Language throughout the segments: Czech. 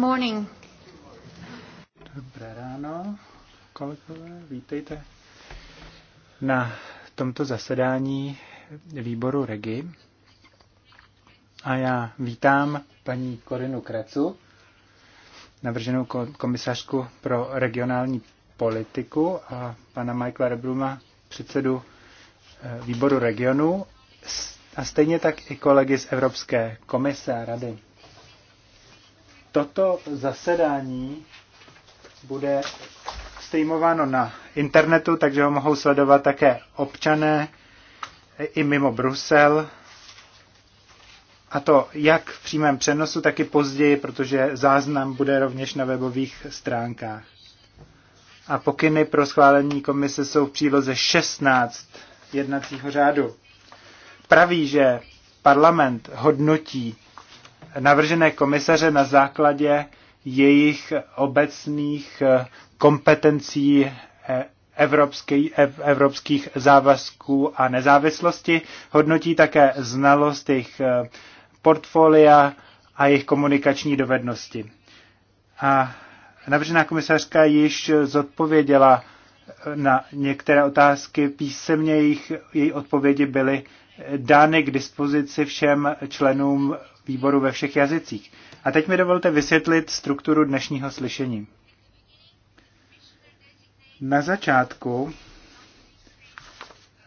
morning. Dobré ráno, kolegové, vítejte na tomto zasedání výboru REGI. A já vítám paní Korinu Krecu, navrženou komisařku pro regionální politiku a pana Michaela Rebruma, předsedu eh, výboru regionu a stejně tak i kolegy z Evropské komise a rady. Toto zasedání bude streamováno na internetu, takže ho mohou sledovat také občané i mimo Brusel. A to jak v přímém přenosu, tak i později, protože záznam bude rovněž na webových stránkách. A pokyny pro schválení komise jsou v příloze 16 jednacího řádu. Praví, že parlament hodnotí navržené komisaře na základě jejich obecných eh, kompetencí eh, evropský, evropských závazků a nezávislosti. Hodnotí také znalost jejich eh, portfolia a jejich komunikační dovednosti. A navržená komisařka již zodpověděla na některé otázky písemně, jejich, její odpovědi byly dány k dispozici všem členům výboru ve všech jazycích. A teď mi dovolte vysvětlit strukturu dnešního slyšení. Na začátku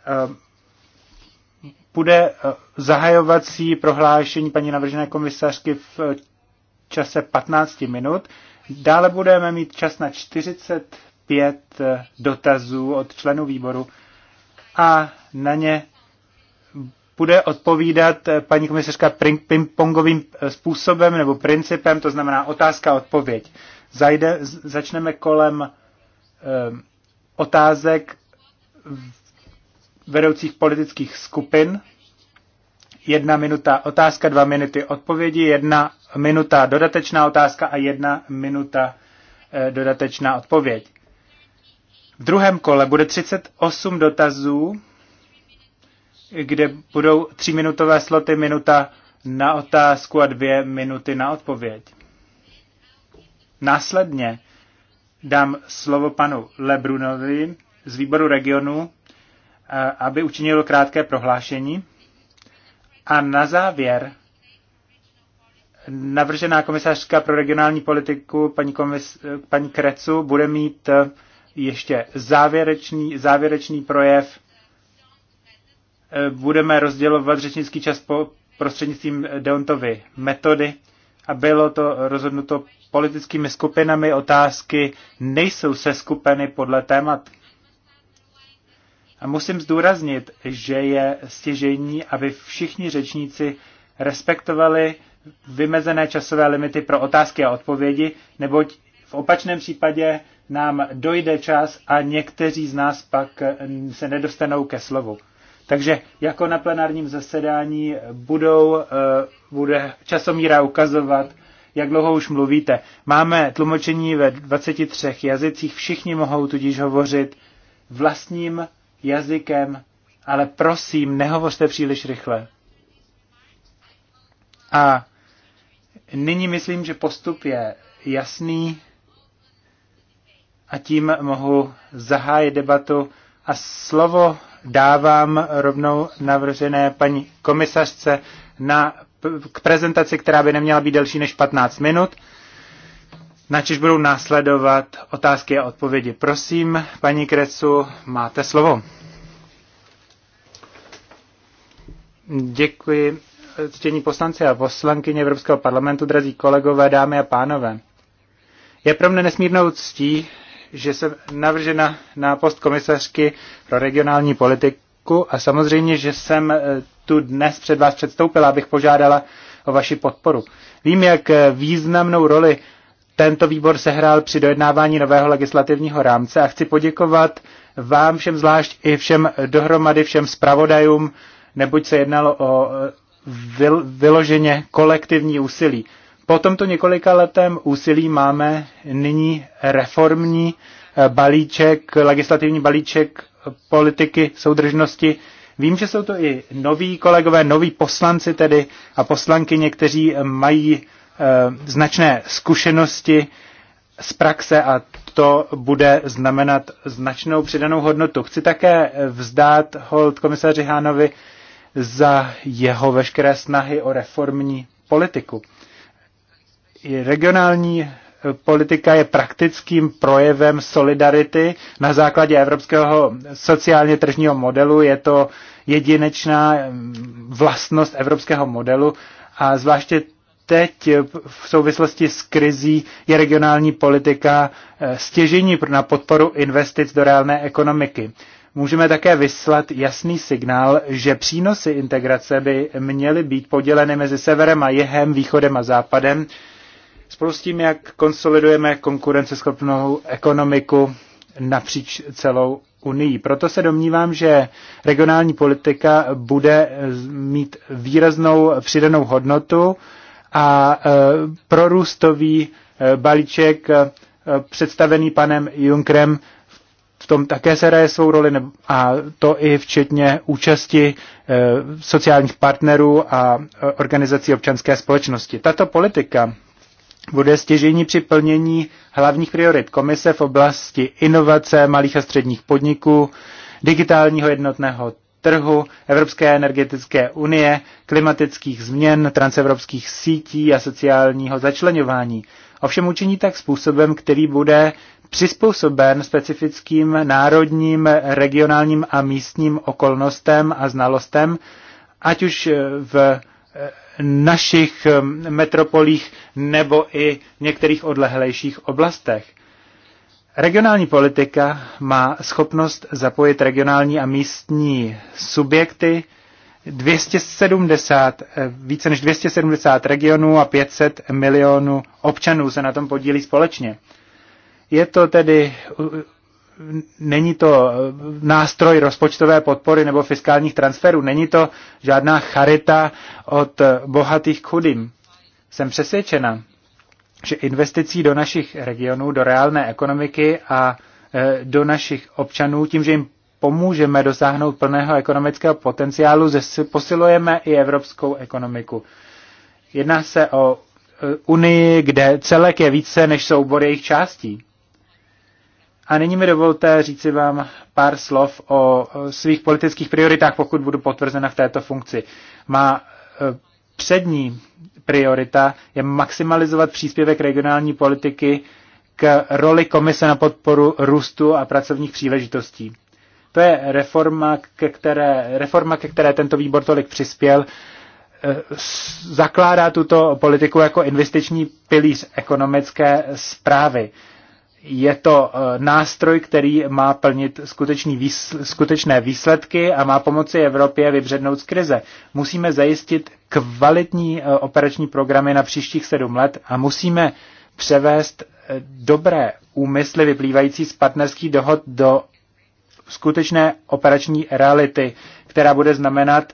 eh, bude eh, zahajovací prohlášení paní navržené komisařky v eh, čase 15 minut. Dále budeme mít čas na 45 dotazů od členů výboru a na ně bude odpovídat eh, paní komisařka pingpongovým eh, způsobem nebo principem, to znamená otázka odpověď. Zajde, začneme kolem um, otázek vedoucích politických skupin. Jedna minuta otázka, dva minuty odpovědi, jedna minuta dodatečná otázka a jedna minuta e, dodatečná odpověď. V druhém kole bude 38 dotazů kde budou tříminutové sloty, minuta na otázku a dvě minuty na odpověď. Následně dám slovo panu Lebrunovi z výboru regionu, eh, aby učinil krátké prohlášení. A na závěr navržená komisařka pro regionální politiku paní, komis, paní Krecu bude mít ještě závěrečný, závěrečný projev budeme rozdělovat řečnický čas po prostřednictvím Deontovy metody a bylo to rozhodnuto politickými skupinami. Otázky nejsou seskupeny podle témat. A musím zdůraznit, že je stěžení, aby všichni řečníci respektovali vymezené časové limity pro otázky a odpovědi, neboť v opačném případě nám dojde čas a někteří z nás pak se nedostanou ke slovu. Takže jako na plenárním zasedání budou, eh, bude časomíra ukazovat, jak dlouho už mluvíte. Máme tlumočení ve 23 jazycích, všichni mohou tudíž hovořit vlastním jazykem, ale prosím, nehovořte příliš rychle. A nyní myslím, že postup je jasný a tím mohu zahájit debatu a slovo dávám rovnou navržené paní komisařce na, k prezentaci, která by neměla být delší než 15 minut. Načež budou následovat otázky a odpovědi. Prosím, paní Krecu, máte slovo. Děkuji, ctění poslanci a poslankyně Evropského parlamentu, drazí kolegové, dámy a pánové. Je pro mne nesmírnou ctí že jsem navržena na post komisařky pro regionální politiku a samozřejmě, že jsem eh, tu dnes před vás předstoupila, abych požádala o vaši podporu. Vím, jak eh, významnou roli tento výbor sehrál při dojednávání nového legislativního rámce a chci poděkovat vám všem zvlášť i všem dohromady, všem zpravodajům, neboť se jednalo o eh, vyloženě kolektivní úsilí. Po tomto několika letém úsilí máme nyní reformní eh, balíček, legislativní balíček politiky soudržnosti. Vím, že jsou to i noví kolegové, noví poslanci tedy a poslanky, někteří mají e, značné zkušenosti z praxe a to bude znamenat značnou přidanou hodnotu. Chci také vzdát hold komisaři Hánovi za jeho veškeré snahy o reformní politiku regionální eh, politika je praktickým projevem solidarity na základě evropského sociálně tržního modelu. Je to jedinečná mm, vlastnost evropského modelu a zvláště teď eh, v souvislosti s krizí je regionální politika eh, stěžení na podporu investic do reálné ekonomiky. Můžeme také vyslat jasný signál, že přínosy integrace by měly být poděleny mezi severem a jihem, východem a západem, Spolu s tím, jak konsolidujeme konkurenceschopnou ekonomiku napříč celou unii. Proto se domnívám, že regionální politika bude mít výraznou přidanou hodnotu a e, prorůstový e, balíček e, představený panem Junkrem v tom také se hraje svou roli a to i včetně účasti sociálních partnerů a organizací občanské společnosti. Tato politika bude stěžení při plnění hlavních priorit komise v oblasti inovace malých a středních podniků, digitálního jednotného trhu, Evropské energetické unie, klimatických změn, transevropských sítí a sociálního začlenování. Ovšem učiní tak způsobem, který bude přizpůsoben specifickým národním, regionálním a místním okolnostem a znalostem, ať už v našich eh, metropolích nebo i některých odlehlejších oblastech. Regionální politika má schopnost zapojit regionální a místní subjekty, 270, eh, více než 270 regionů a 500 milionů občanů se na tom podílí společně. Je to tedy není to eh, nástroj rozpočtové podpory nebo fiskálních transferů, není to žádná charita od eh, bohatých k chudým. Jsem přesvědčena, že investicí do našich regionů, do reálné ekonomiky a eh, do našich občanů, tím, že jim pomůžeme dosáhnout plného ekonomického potenciálu, posilujeme i evropskou ekonomiku. Jedná se o Unii, kde celek je více než soubor jejich částí. A nyní mi dovolte říci vám pár slov o svých politických prioritách, pokud budu potvrzena v této funkci. Má e, přední priorita je maximalizovat příspěvek regionální politiky k roli Komise na podporu růstu a pracovních příležitostí. To je reforma, ke které, reforma, ke které tento výbor tolik přispěl. E, zakládá tuto politiku jako investiční pilíř ekonomické zprávy je to eh, nástroj, který má plnit skutečný výsl, skutečné výsledky a má pomoci Evropě vybřednout z krize. Musíme zajistit kvalitní eh, operační programy na příštích sedm let a musíme převést eh, dobré úmysly vyplývající z partnerských dohod do skutečné operační reality, která bude znamenat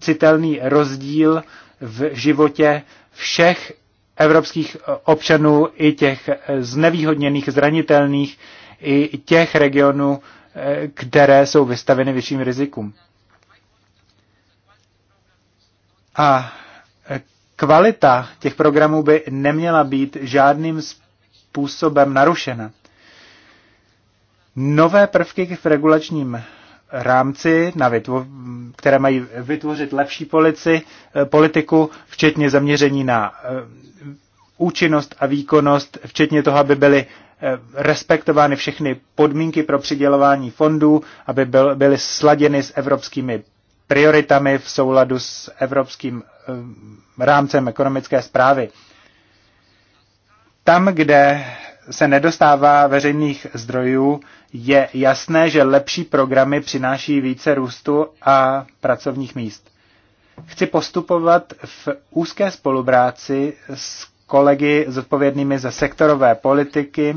citelný rozdíl v životě všech evropských eh, občanů i těch eh, znevýhodněných, zranitelných, i těch regionů, eh, které jsou vystaveny vyšším rizikům. A kvalita těch programů by neměla být žádným způsobem narušena. Nové prvky v regulačním rámci, na vytvo- které mají vytvořit lepší polici, eh, politiku, včetně zaměření na eh, účinnost a výkonnost, včetně toho, aby byly eh, respektovány všechny podmínky pro přidělování fondů, aby byly sladěny s evropskými prioritami v souladu s evropským rámcem ekonomické zprávy. Tam, kde se nedostává veřejných zdrojů, je jasné, že lepší programy přináší více růstu a pracovních míst. Chci postupovat v úzké spolupráci s kolegy zodpovědnými za sektorové politiky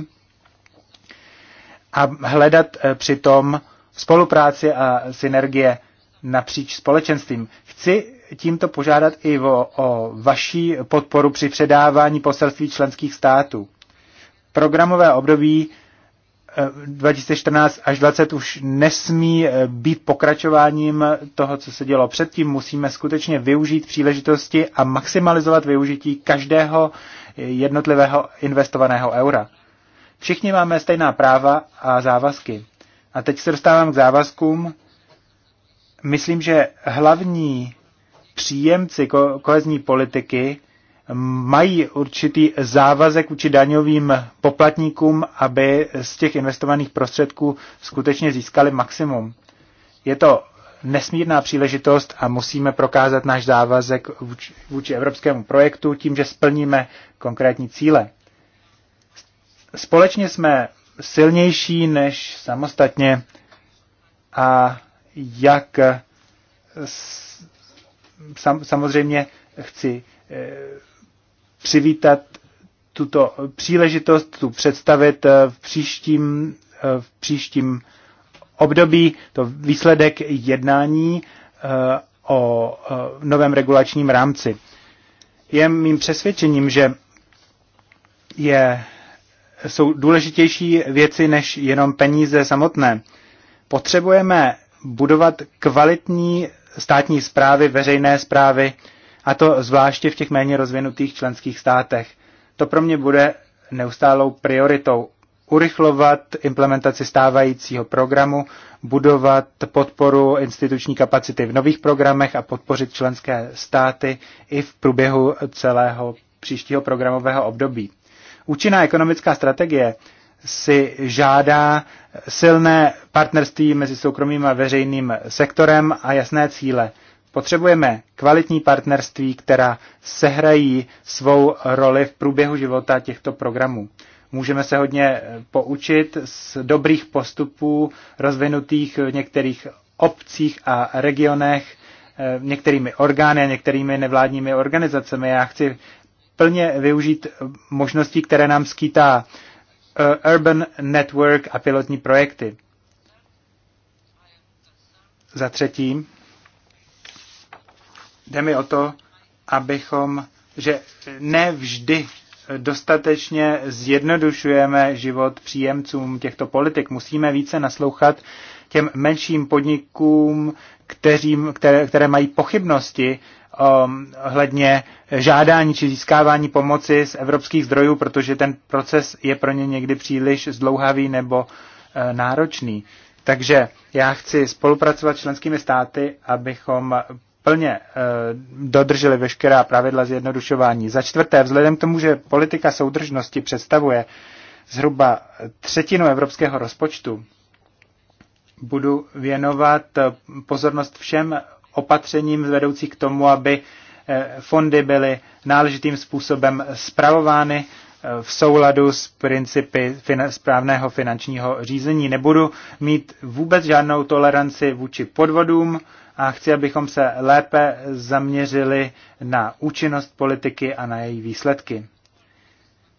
a hledat eh, přitom spolupráci a synergie napříč společenstvím. Chci tímto požádat i o, o vaší podporu při předávání poselství členských států. Programové období 2014 až 20 už nesmí eh, být pokračováním toho, co se dělo předtím. Musíme skutečně využít příležitosti a maximalizovat využití každého eh, jednotlivého investovaného eura. Všichni máme stejná práva a závazky. A teď se dostávám k závazkům. Myslím, že hlavní příjemci ko- kohezní politiky mají určitý závazek uči daňovým poplatníkům, aby z těch investovaných prostředků skutečně získali maximum. Je to nesmírná příležitost a musíme prokázat náš závazek vůči evropskému projektu tím, že splníme konkrétní cíle. Společně jsme silnější než samostatně a jak sam, samozřejmě chci eh, přivítat tuto příležitost tu představit eh, v příštím, eh, v příštím období to výsledek jednání eh, o novém regulačním rámci. Je mým přesvědčením, že je, jsou důležitější věci než jenom peníze samotné. Potřebujeme budovat kvalitní státní zprávy, veřejné zprávy, a to zvláště v těch méně rozvinutých členských státech. To pro mě bude neustálou prioritou urychlovat implementaci stávajícího programu, budovat podporu instituční kapacity v nových programech a podpořit členské státy i v průběhu celého příštího programového období. Účinná ekonomická strategie si žádá silné partnerství mezi soukromým a veřejným sektorem a jasné cíle. Potřebujeme kvalitní partnerství, která sehrají svou roli v průběhu života těchto programů. Můžeme se hodně eh, poučit z dobrých postupů rozvinutých v některých obcích a regionech, eh, některými orgány a některými nevládními organizacemi. Já chci plně využít možností, které nám skýtá eh, Urban Network a pilotní projekty. Za třetím, Jde mi o to, abychom, že nevždy dostatečně zjednodušujeme život příjemcům těchto politik. Musíme více naslouchat těm menším podnikům, kteřím, které, které mají pochybnosti um, hledně žádání či získávání pomoci z evropských zdrojů, protože ten proces je pro ně někdy příliš zdlouhavý nebo e, náročný. Takže já chci spolupracovat s členskými státy, abychom plně eh, dodrželi veškerá pravidla zjednodušování. Za čtvrté, vzhledem k tomu, že politika soudržnosti představuje zhruba třetinu evropského rozpočtu, budu věnovat eh, pozornost všem opatřením vedoucí k tomu, aby eh, fondy byly náležitým způsobem spravovány v souladu s principy správného finančního řízení. Nebudu mít vůbec žádnou toleranci vůči podvodům, a chci, abychom se lépe zaměřili na účinnost politiky a na její výsledky.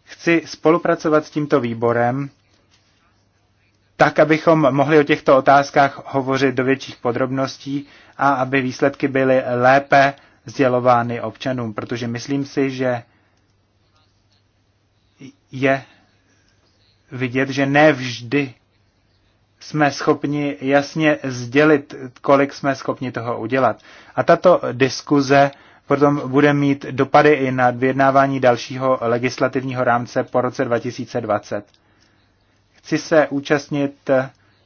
Chci spolupracovat s tímto výborem, tak, abychom mohli o těchto otázkách hovořit do větších podrobností a aby výsledky byly lépe sdělovány občanům, protože myslím si, že je vidět, že ne vždy jsme schopni jasně sdělit, kolik jsme schopni toho udělat. A tato diskuze potom bude mít dopady i na vyjednávání dalšího legislativního rámce po roce 2020. Chci se účastnit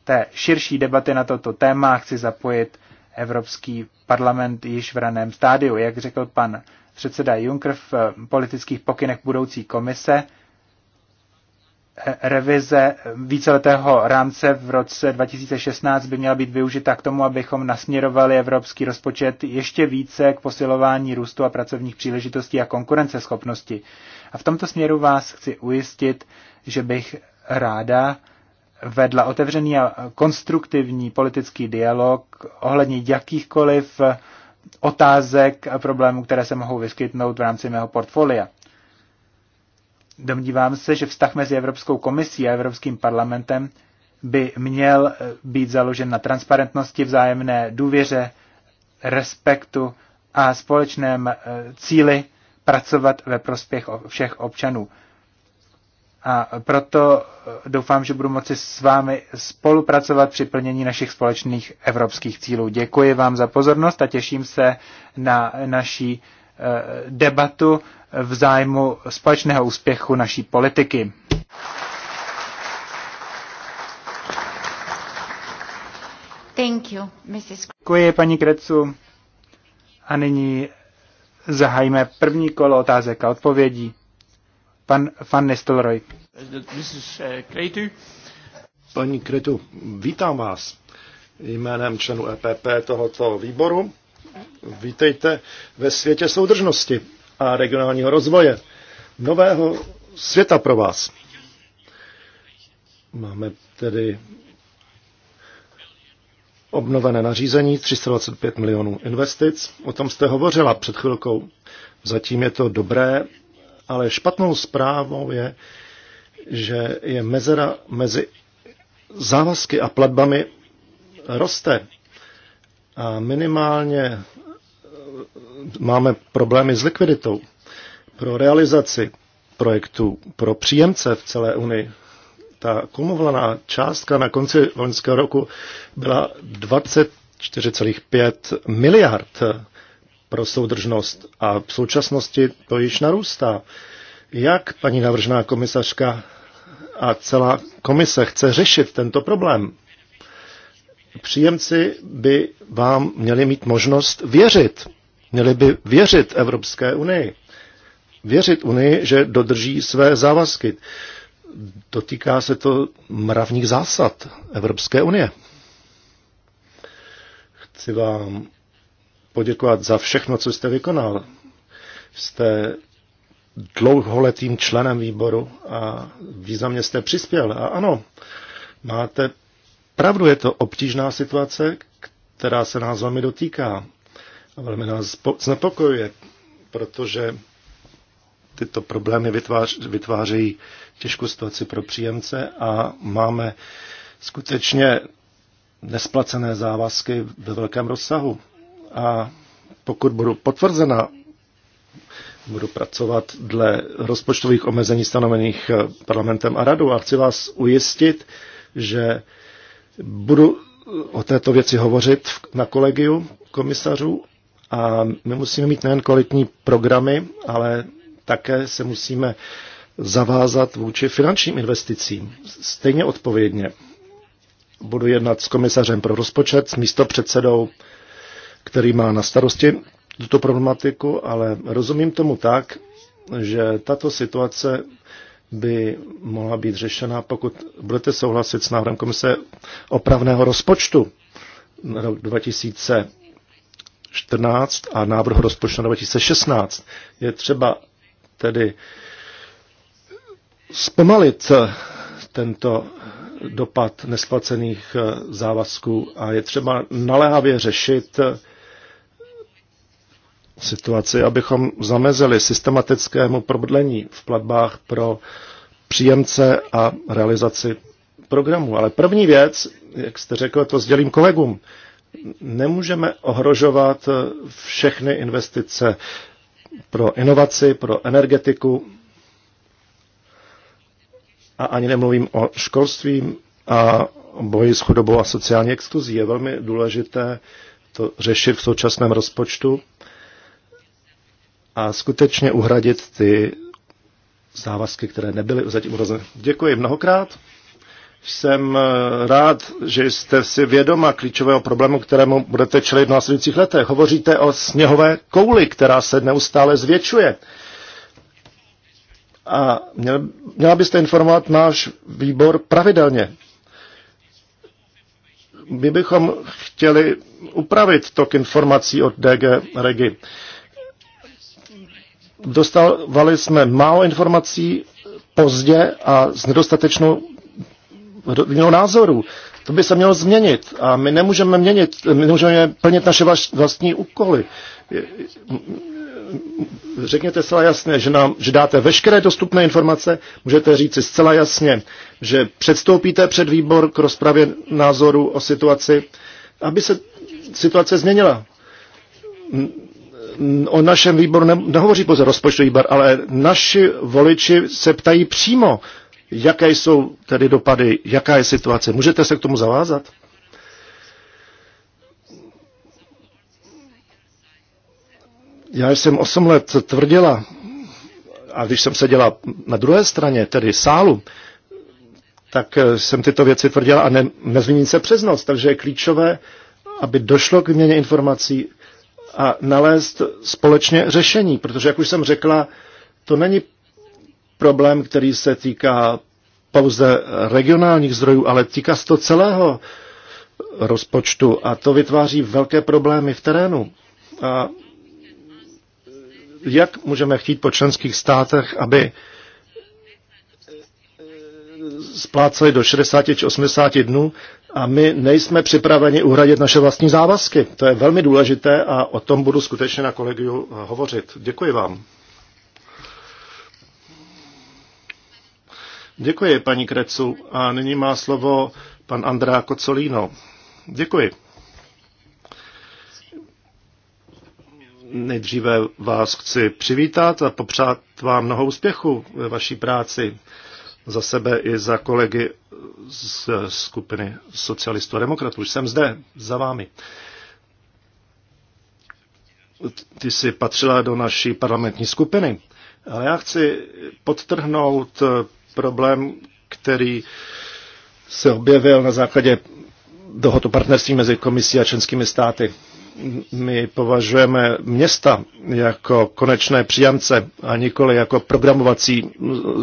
té širší debaty na toto téma, chci zapojit Evropský parlament již v raném stádiu. Jak řekl pan předseda Juncker v politických pokynech budoucí komise, revize víceletého rámce v roce 2016 by měla být využita k tomu, abychom nasměrovali evropský rozpočet ještě více k posilování růstu a pracovních příležitostí a konkurenceschopnosti. A v tomto směru vás chci ujistit, že bych ráda vedla otevřený a konstruktivní politický dialog ohledně jakýchkoliv otázek a problémů, které se mohou vyskytnout v rámci mého portfolia domnívám se, že vztah mezi Evropskou komisí a Evropským parlamentem by měl eh, být založen na transparentnosti, vzájemné důvěře, respektu a společném eh, cíli pracovat ve prospěch všech občanů. A proto eh, doufám, že budu moci s vámi spolupracovat při plnění našich společných evropských cílů. Děkuji vám za pozornost a těším se na naší debatu v zájmu společného úspěchu naší politiky. Thank you, Mrs. Děkuji, paní Krecu. A nyní zahajíme první kolo otázek a odpovědí. Pan, Van Nistelrooy. Mrs. Kretu. Paní Kretu, vítám vás jménem členů EPP tohoto výboru Vítejte ve světě soudržnosti a regionálního rozvoje. Nového světa pro vás. Máme tedy obnovené nařízení 325 milionů investic. O tom jste hovořila před chvilkou. Zatím je to dobré, ale špatnou zprávou je, že je mezera mezi závazky a platbami roste. A minimálně eh, máme problémy s likviditou pro realizaci projektů pro příjemce v celé Unii. Ta kumulovaná částka na konci loňského roku byla 24,5 miliard pro soudržnost a v současnosti to již narůstá. Jak paní navržená komisařka a celá komise chce řešit tento problém? příjemci by vám měli mít možnost věřit. Měli by věřit Evropské unii. Věřit unii, že dodrží své závazky. Dotýká se to mravních zásad Evropské unie. Chci vám poděkovat za všechno, co jste vykonal. Jste dlouholetým členem výboru a významně jste přispěl. A ano, máte pravdu je to obtížná situace, která se nás velmi dotýká a velmi nás znepokojuje, protože tyto problémy vytvářejí těžkou situaci pro příjemce a máme skutečně nesplacené závazky ve velkém rozsahu. A pokud budu potvrzena, budu pracovat dle rozpočtových omezení stanovených eh, parlamentem a radou a chci vás ujistit, že Budu o této věci hovořit na kolegiu komisařů a my musíme mít nejen kvalitní programy, ale také se musíme zavázat vůči finančním investicím. Stejně odpovědně. Budu jednat s komisařem pro rozpočet, s místopředsedou, který má na starosti tuto problematiku, ale rozumím tomu tak, že tato situace by mohla být řešena, pokud budete souhlasit s návrhem komise opravného rozpočtu na rok 2014 a návrhu rozpočtu na 2016. Je třeba tedy zpomalit tento dopad nesplacených závazků a je třeba naléhavě řešit situaci, abychom zamezili systematickému prodlení v platbách pro příjemce a realizaci programu. Ale první věc, jak jste řekl, to sdělím kolegům. Nemůžeme ohrožovat všechny investice pro inovaci, pro energetiku a ani nemluvím o školství a boji s chudobou a sociální exkluzí. Je velmi důležité to řešit v současném rozpočtu a skutečně uhradit ty závazky, které nebyly zatím uhrazeny. Děkuji mnohokrát. Jsem eh, rád, že jste si vědoma klíčového problému, kterému budete čelit v následujících letech. Hovoříte o sněhové kouli, která se neustále zvětšuje. A měla byste informovat náš výbor pravidelně. My bychom chtěli upravit tok informací od DG Regi dostávali jsme málo informací pozdě a s nedostatečnou jinou názoru. To by se mělo změnit a my nemůžeme měnit, my nemůžeme plnit naše vlastní úkoly. Řekněte zcela jasně, že, nám, že dáte veškeré dostupné informace, můžete říci zcela jasně, že předstoupíte před výbor k rozpravě názoru o situaci, aby se situace změnila Mm, o našem výboru ne, nehovoří pouze rozpočtový výbor, ale naši voliči se ptají přímo, jaké jsou tedy dopady, jaká je situace. Můžete se k tomu zavázat? Já jsem 8 let tvrdila, a když jsem seděla na druhé straně, tedy sálu, tak jsem tyto věci tvrdila a ne, nezmění se přes noc. Takže je klíčové, aby došlo k měně informací a nalézt společně řešení, protože, jak už jsem řekla, to není problém, který se týká pouze regionálních zdrojů, ale týká se to celého rozpočtu a to vytváří velké problémy v terénu. A jak můžeme chtít po členských státech, aby spláceli do 60 či 80 dnů, a my nejsme připraveni uhradit naše vlastní závazky. To je velmi důležité a o tom budu skutečně na kolegiu eh, hovořit. Děkuji vám. Děkuji, paní Krecu. A nyní má slovo pan Andrá Kocolíno. Děkuji. Nejdříve vás chci přivítat a popřát vám mnoho úspěchu ve vaší práci za sebe i za kolegy z skupiny socialistů a demokratů. jsem zde, za vámi. Ty jsi patřila do naší parlamentní skupiny, ale já chci podtrhnout eh, problém, který se objevil na základě dohodu partnerství mezi komisí a členskými státy my považujeme města jako konečné příjemce a nikoli jako programovací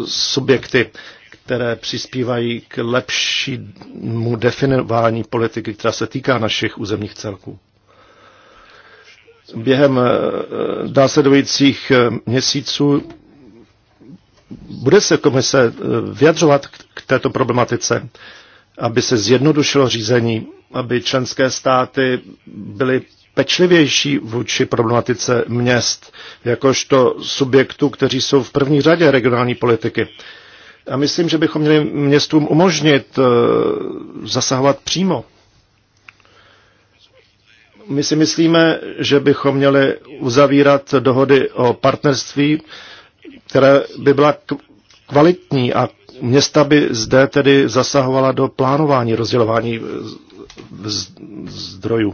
subjekty, které přispívají k lepšímu definování politiky, která se týká našich územních celků. Během eh, následujících eh, měsíců bude se komise eh, vyjadřovat k této problematice, aby se zjednodušilo řízení, aby členské státy byly pečlivější vůči problematice měst, jakožto subjektů, kteří jsou v první řadě regionální politiky. A myslím, že bychom měli městům umožnit eh, zasahovat přímo. My si myslíme, že bychom měli uzavírat dohody o partnerství, které by byla kvalitní a města by zde tedy zasahovala do plánování rozdělování eh, zdrojů.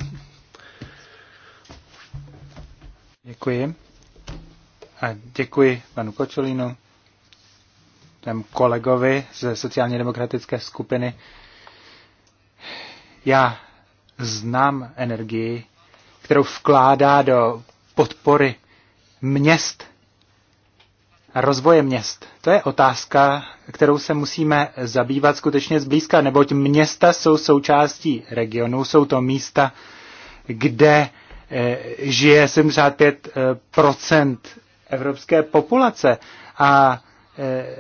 Děkuji. A děkuji panu Kočolínu, tam kolegovi ze sociálně demokratické skupiny. Já znám energii, kterou vkládá do podpory měst a rozvoje měst. To je otázka, kterou se musíme zabývat skutečně zblízka, neboť města jsou součástí regionu, jsou to místa, kde Eh, žije 75 eh, evropské populace a eh,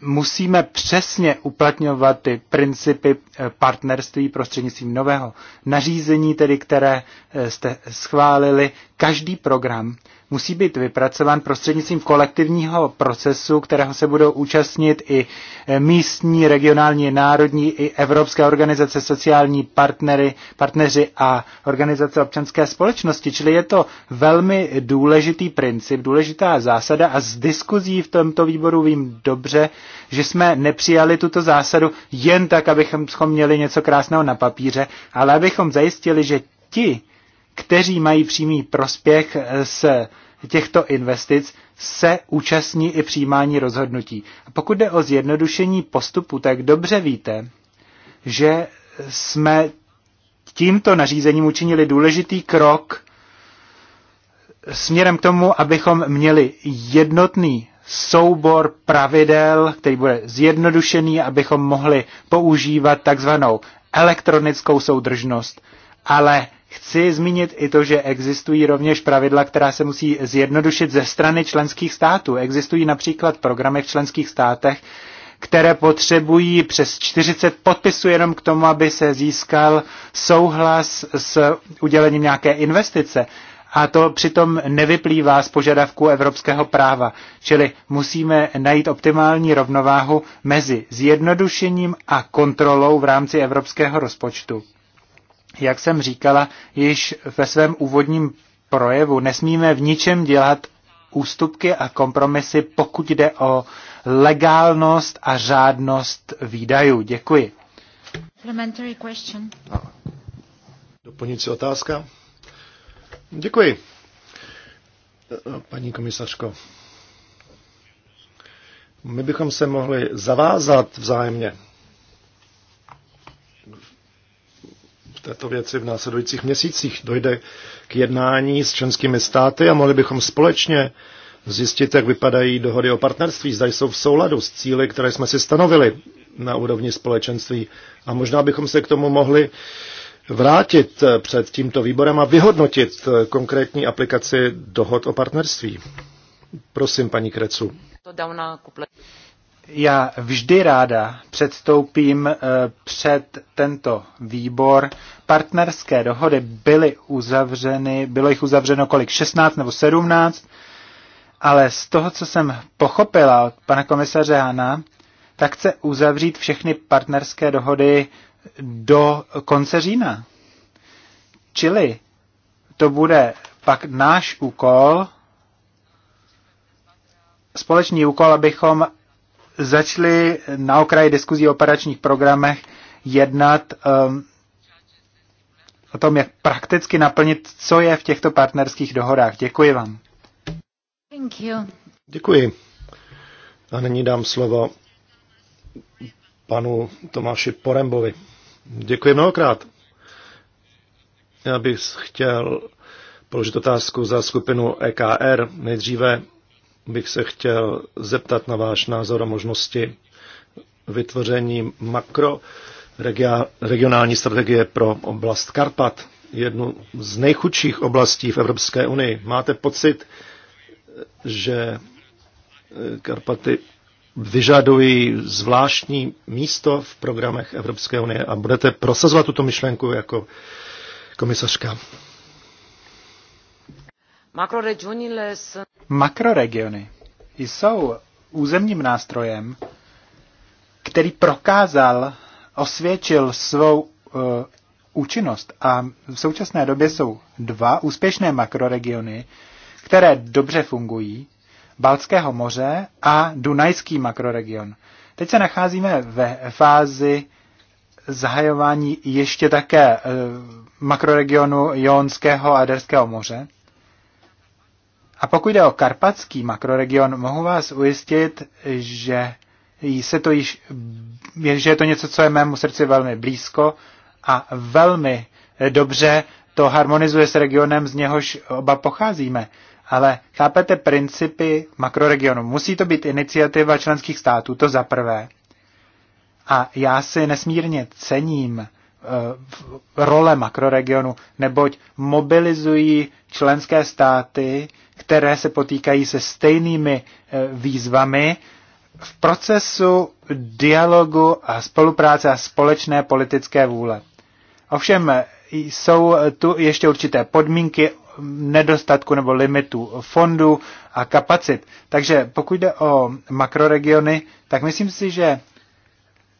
musíme přesně uplatňovat ty principy partnerství prostřednictvím nového nařízení, tedy které jste schválili, Každý program musí být vypracován prostřednictvím kolektivního procesu, kterého se budou účastnit i eh, místní, regionální, národní i evropské organizace, sociální partnery, partneři a organizace občanské společnosti. Čili je to velmi důležitý princip, důležitá zásada a z diskuzí v tomto výboru vím dobře, že jsme nepřijali tuto zásadu jen tak, abychom měli něco krásného na papíře, ale abychom zajistili, že ti, kteří mají přímý prospěch z eh, těchto investic, se účastní i přijímání rozhodnutí. A pokud jde o zjednodušení postupu, tak dobře víte, že jsme tímto nařízením učinili důležitý krok směrem k tomu, abychom měli jednotný soubor pravidel, který bude zjednodušený, abychom mohli používat takzvanou elektronickou soudržnost, ale Chci zmínit i to, že existují rovněž pravidla, která se musí zjednodušit ze strany členských států. Existují například programy v členských státech, které potřebují přes 40 podpisů jenom k tomu, aby se získal souhlas s udělením nějaké investice. A to přitom nevyplývá z požadavků evropského práva. Čili musíme najít optimální rovnováhu mezi zjednodušením a kontrolou v rámci evropského rozpočtu. Jak jsem říkala již ve svém úvodním projevu, nesmíme v ničem dělat ústupky a kompromisy, pokud jde o legálnost a řádnost výdajů. Děkuji. No. Doplňující otázka? Děkuji. Paní komisařko, my bychom se mohli zavázat vzájemně této věci v následujících měsících. Dojde k jednání s členskými státy a mohli bychom společně zjistit, jak vypadají dohody o partnerství, zda jsou v souladu s cíly, které jsme si stanovili na úrovni společenství. A možná bychom se k tomu mohli vrátit před tímto výborem a vyhodnotit konkrétní aplikaci dohod o partnerství. Prosím, paní Krecu já vždy ráda předstoupím eh, před tento výbor. Partnerské dohody byly uzavřeny, bylo jich uzavřeno kolik? 16 nebo 17? Ale z toho, co jsem pochopila od pana komisaře Hana, tak chce uzavřít všechny partnerské dohody do konce října. Čili to bude pak náš úkol, společný úkol, abychom začali na okraji diskuzí o operačních programech jednat um, o tom, jak prakticky naplnit, co je v těchto partnerských dohodách. Děkuji vám. Thank you. Děkuji. A nyní dám slovo panu Tomáši Porembovi. Děkuji mnohokrát. Já bych chtěl položit otázku za skupinu EKR. Nejdříve bych se chtěl zeptat na váš názor a možnosti vytvoření makro regionální strategie pro oblast Karpat, jednu z nejchudších oblastí v Evropské unii. Máte pocit, že Karpaty vyžadují zvláštní místo v programech Evropské unie a budete prosazovat tuto myšlenku jako komisařka? Makroregionile sunt Makroregiony jsou územním nástrojem, který prokázal, osvědčil svou uh, účinnost. A v současné době jsou dva úspěšné makroregiony, které dobře fungují, Balckého moře a Dunajský makroregion. Teď se nacházíme ve fázi zahajování ještě také eh, makroregionu Jonského a Derského moře. A pokud jde o karpatský makroregion, mohu vás ujistit, že se to již, že je to něco, co je mému srdci velmi blízko a velmi dobře to harmonizuje s regionem, z něhož oba pocházíme. Ale chápete principy makroregionu. Musí to být iniciativa členských států, to za prvé. A já si nesmírně cením eh, role makroregionu, neboť mobilizují členské státy které se potýkají se stejnými eh, výzvami v procesu dialogu a spolupráce a společné politické vůle. Ovšem eh, jsou tu ještě určité podmínky nedostatku nebo limitu fondů a kapacit. Takže pokud jde o makroregiony, tak myslím si, že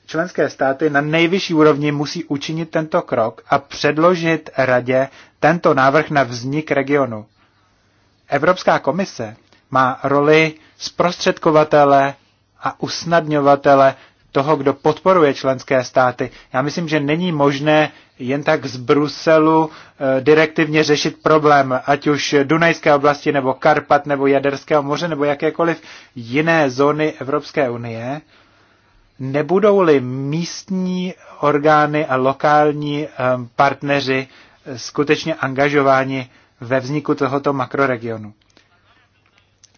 členské státy na nejvyšší úrovni musí učinit tento krok a předložit radě tento návrh na vznik regionu. Evropská komise má roli zprostředkovatele a usnadňovatele toho, kdo podporuje členské státy. Já myslím, že není možné jen tak z Bruselu eh, direktivně řešit problém, ať už Dunajské oblasti, nebo Karpat, nebo Jaderského moře, nebo jakékoliv jiné zóny Evropské unie. Nebudou-li místní orgány a lokální eh, partneři skutečně angažováni ve vzniku tohoto makroregionu.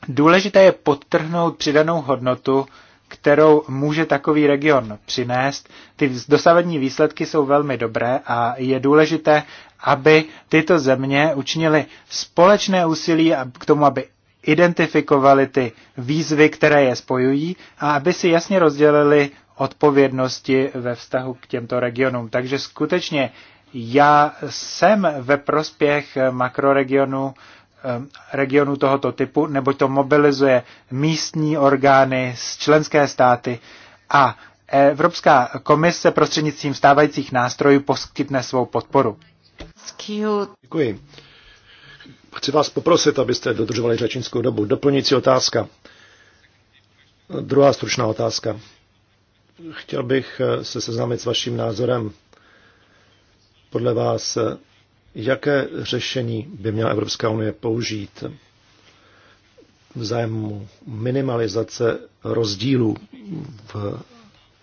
Důležité je podtrhnout přidanou hodnotu, kterou může takový region přinést. Ty dosavadní výsledky jsou velmi dobré a je důležité, aby tyto země učinily společné úsilí k tomu, aby identifikovali ty výzvy, které je spojují a aby si jasně rozdělili odpovědnosti ve vztahu k těmto regionům. Takže skutečně já jsem ve prospěch makroregionu regionu tohoto typu, nebo to mobilizuje místní orgány z členské státy a Evropská komise prostřednictvím stávajících nástrojů poskytne svou podporu. Děkuji. Chci vás poprosit, abyste dodržovali řečnickou dobu. Doplňující otázka. Druhá stručná otázka. Chtěl bych eh, se seznámit s vaším názorem podle vás, jaké řešení by měla Evropská unie použít v zájmu minimalizace rozdílů v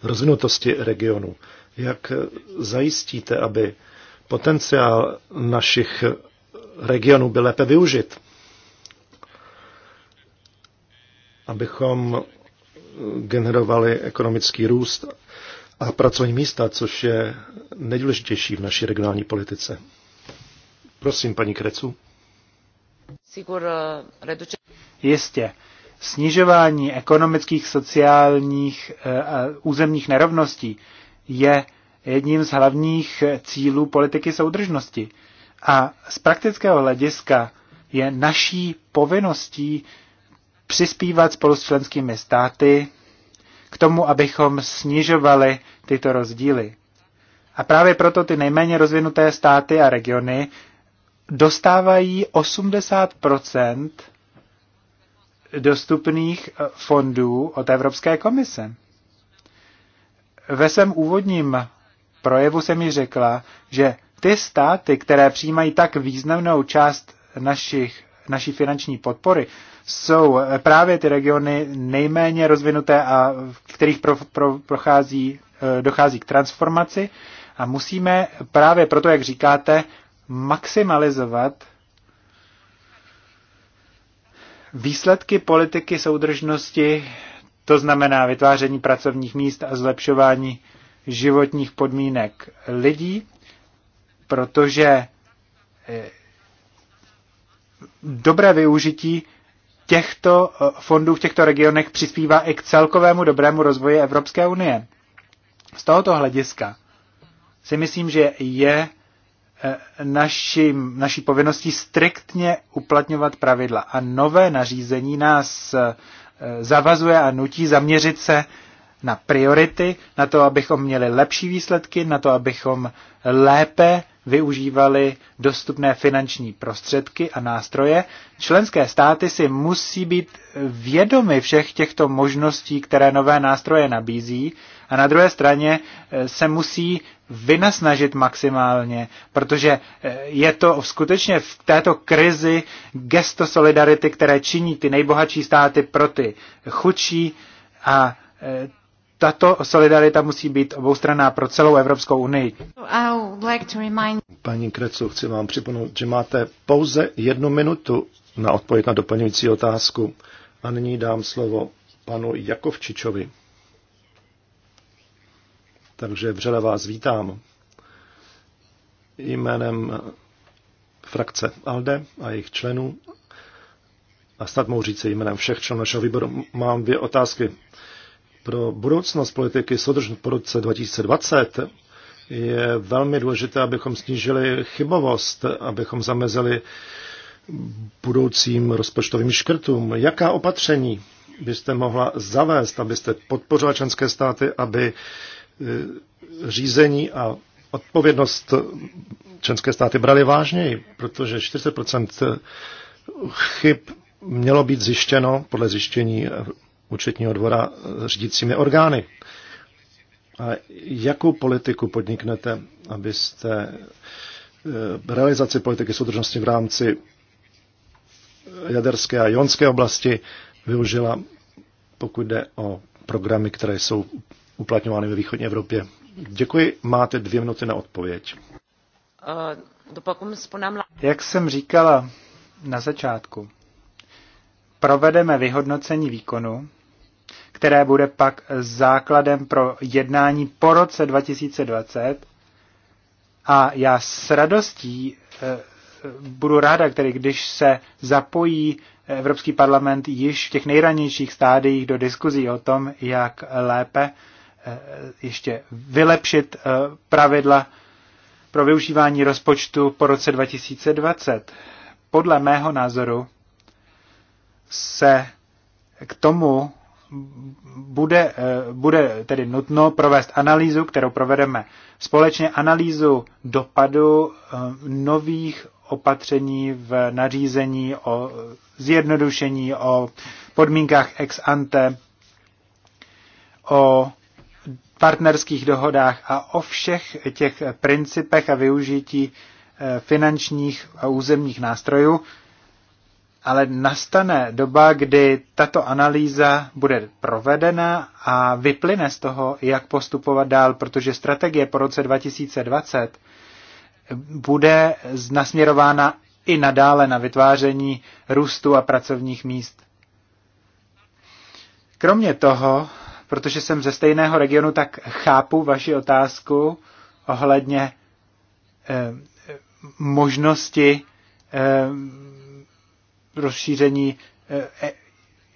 rozvinutosti regionu? Jak zajistíte, aby potenciál našich regionů byl lépe využit? Abychom generovali ekonomický růst a pracovní místa, což je nejdůležitější v naší regionální politice. Prosím, paní Krecu. Eh, Jistě. Snižování ekonomických, sociálních eh, a územních nerovností je jedním z hlavních cílů politiky soudržnosti. A z praktického hlediska je naší povinností přispívat spolu s členskými státy k tomu, abychom snižovali tyto rozdíly. A právě proto ty nejméně rozvinuté státy a regiony dostávají 80 dostupných eh, fondů od Evropské komise. Ve svém úvodním projevu jsem mi řekla, že ty státy, které přijímají tak významnou část našich naší finanční podpory jsou právě ty regiony nejméně rozvinuté a v kterých pro, pro, prochází, eh, dochází k transformaci a musíme právě proto, jak říkáte, maximalizovat výsledky politiky soudržnosti, to znamená vytváření pracovních míst a zlepšování životních podmínek lidí, protože eh, dobré využití těchto eh, fondů v těchto regionech přispívá i k celkovému dobrému rozvoji Evropské unie. Z tohoto hlediska si myslím, že je eh, naši, naší povinností striktně uplatňovat pravidla. A nové nařízení nás eh, zavazuje a nutí zaměřit se na priority, na to, abychom měli lepší výsledky, na to, abychom lépe využívali dostupné finanční prostředky a nástroje. Členské státy si musí být vědomy všech těchto možností, které nové nástroje nabízí a na druhé straně eh, se musí vynasnažit maximálně, protože eh, je to skutečně v této krizi gesto solidarity, které činí ty nejbohatší státy pro ty chudší a eh, tato solidarita musí být oboustranná pro celou Evropskou unii. Paní Krecu, chci vám připomenout, že máte pouze jednu minutu na odpověď na doplňující otázku. A nyní dám slovo panu Jakovčičovi. Takže vřele vás vítám jménem frakce ALDE a jejich členů a snad mohu říct jménem všech členů našeho výboru. Mám dvě otázky. Pro budoucnost politiky soudržnosti po roce 2020 je velmi důležité, abychom snížili chybovost, abychom zamezili budoucím rozpočtovým škrtům. Jaká opatření byste mohla zavést, abyste podpořila členské státy, aby e, řízení a odpovědnost členské státy brali vážněji, protože 40 chyb mělo být zjištěno podle zjištění účetního dvora řídícími orgány. A jakou politiku podniknete, abyste eh, realizaci politiky soudržnosti v rámci jaderské a jonské oblasti využila, pokud jde o programy, které jsou uplatňovány ve východní Evropě. Děkuji, máte dvě minuty na odpověď. Jak jsem říkala na začátku, provedeme vyhodnocení výkonu které bude pak základem pro jednání po roce 2020. A já s radostí eh, budu ráda, který, když se zapojí Evropský parlament již v těch nejranějších stádiích do diskuzí o tom, jak lépe eh, ještě vylepšit eh, pravidla pro využívání rozpočtu po roce 2020. Podle mého názoru se k tomu bude, eh, bude tedy nutno provést analýzu, kterou provedeme společně, analýzu dopadu eh, nových opatření v nařízení o zjednodušení, o podmínkách ex ante, o partnerských dohodách a o všech těch principech a využití eh, finančních a územních nástrojů, ale nastane doba, kdy tato analýza bude provedena a vyplyne z toho, jak postupovat dál, protože strategie po roce 2020 bude nasměrována i nadále na vytváření růstu a pracovních míst. Kromě toho, protože jsem ze stejného regionu, tak chápu vaši otázku ohledně eh, eh možnosti eh, rozšíření. Eh, e,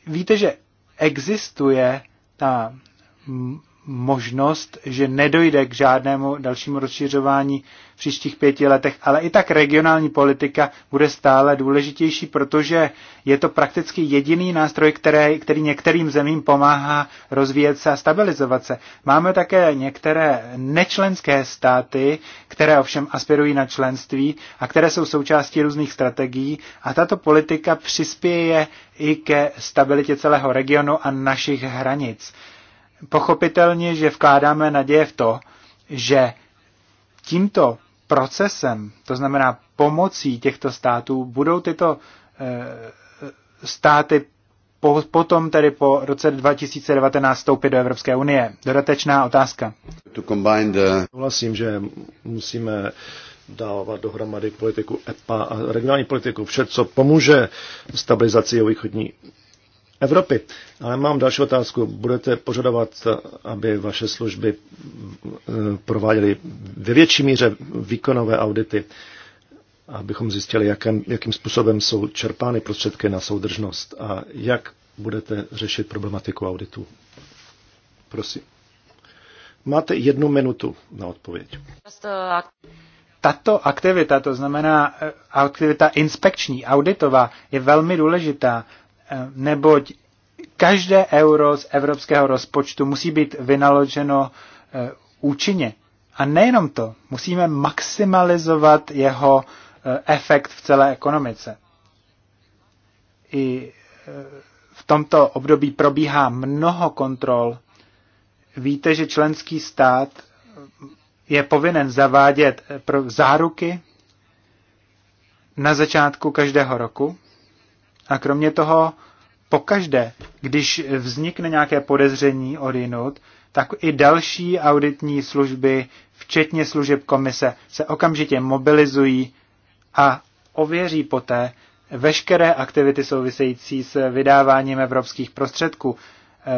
víte, že existuje ta možnost, že nedojde k žádnému dalšímu rozšiřování v příštích pěti letech, ale i tak regionální politika bude stále důležitější, protože je to prakticky jediný nástroj, který, který některým zemím pomáhá rozvíjet se a stabilizovat se. Máme také některé nečlenské státy, které ovšem aspirují na členství a které jsou součástí různých strategií a tato politika přispěje i ke stabilitě celého regionu a našich hranic pochopitelně, že vkládáme naděje v to, že tímto procesem, to znamená pomocí těchto států, budou tyto eh, státy po, potom tedy po roce 2019 vstoupit do Evropské unie. Dodatečná otázka. Souhlasím, že musíme dávat dohromady politiku EPA a regionální politiku. Vše, co pomůže stabilizaci jeho východní Evropy. Ale mám další otázku. Budete požadovat, aby vaše služby eh, prováděly ve větší míře výkonové audity, abychom zjistili, jakým, jakým způsobem jsou čerpány prostředky na soudržnost a jak budete řešit problematiku auditu. Prosím. Máte jednu minutu na odpověď. Tato aktivita, to znamená eh, aktivita inspekční, auditová, je velmi důležitá, Eh, neboť každé euro z evropského rozpočtu musí být vynaloženo eh, účinně. A nejenom to, musíme maximalizovat jeho eh, efekt v celé ekonomice. I v tomto období probíhá mnoho kontrol. Víte, že členský stát je povinen zavádět záruky na začátku každého roku a kromě toho, pokaždé, když vznikne nějaké podezření jinut, tak i další auditní služby, včetně služeb komise, se okamžitě mobilizují a ověří poté veškeré aktivity související s vydáváním evropských prostředků.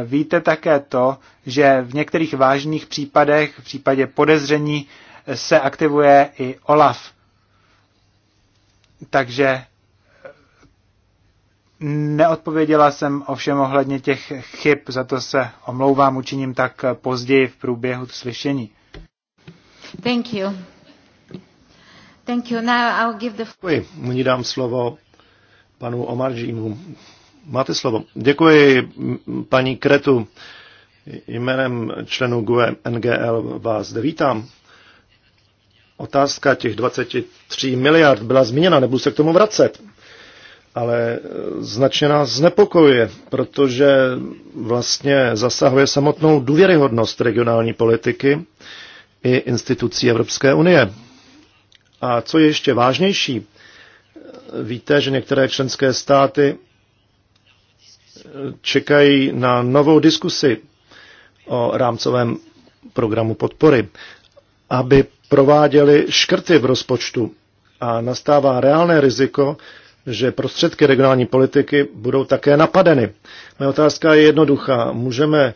Víte také to, že v některých vážných případech, v případě podezření, se aktivuje i OLAF. Takže Neodpověděla jsem ovšem ohledně těch chyb, za to se omlouvám, učiním tak později v průběhu slyšení. Thank you. Thank you. Now I'll give the... Děkuji. Nyní dám slovo panu Omaržímu. Máte slovo. Děkuji paní Kretu. Jménem členů GUE NGL vás zde vítám. Otázka těch 23 miliard byla zmíněna, nebudu se k tomu vracet ale e, značně nás znepokojuje, protože vlastně zasahuje samotnou důvěryhodnost regionální politiky i institucí Evropské unie. A co je ještě vážnější, e, víte, že některé členské státy e, čekají na novou diskusi o rámcovém programu podpory, aby prováděli škrty v rozpočtu a nastává reálné riziko, že prostředky regionální politiky budou také napadeny. Moje otázka je jednoduchá. Můžeme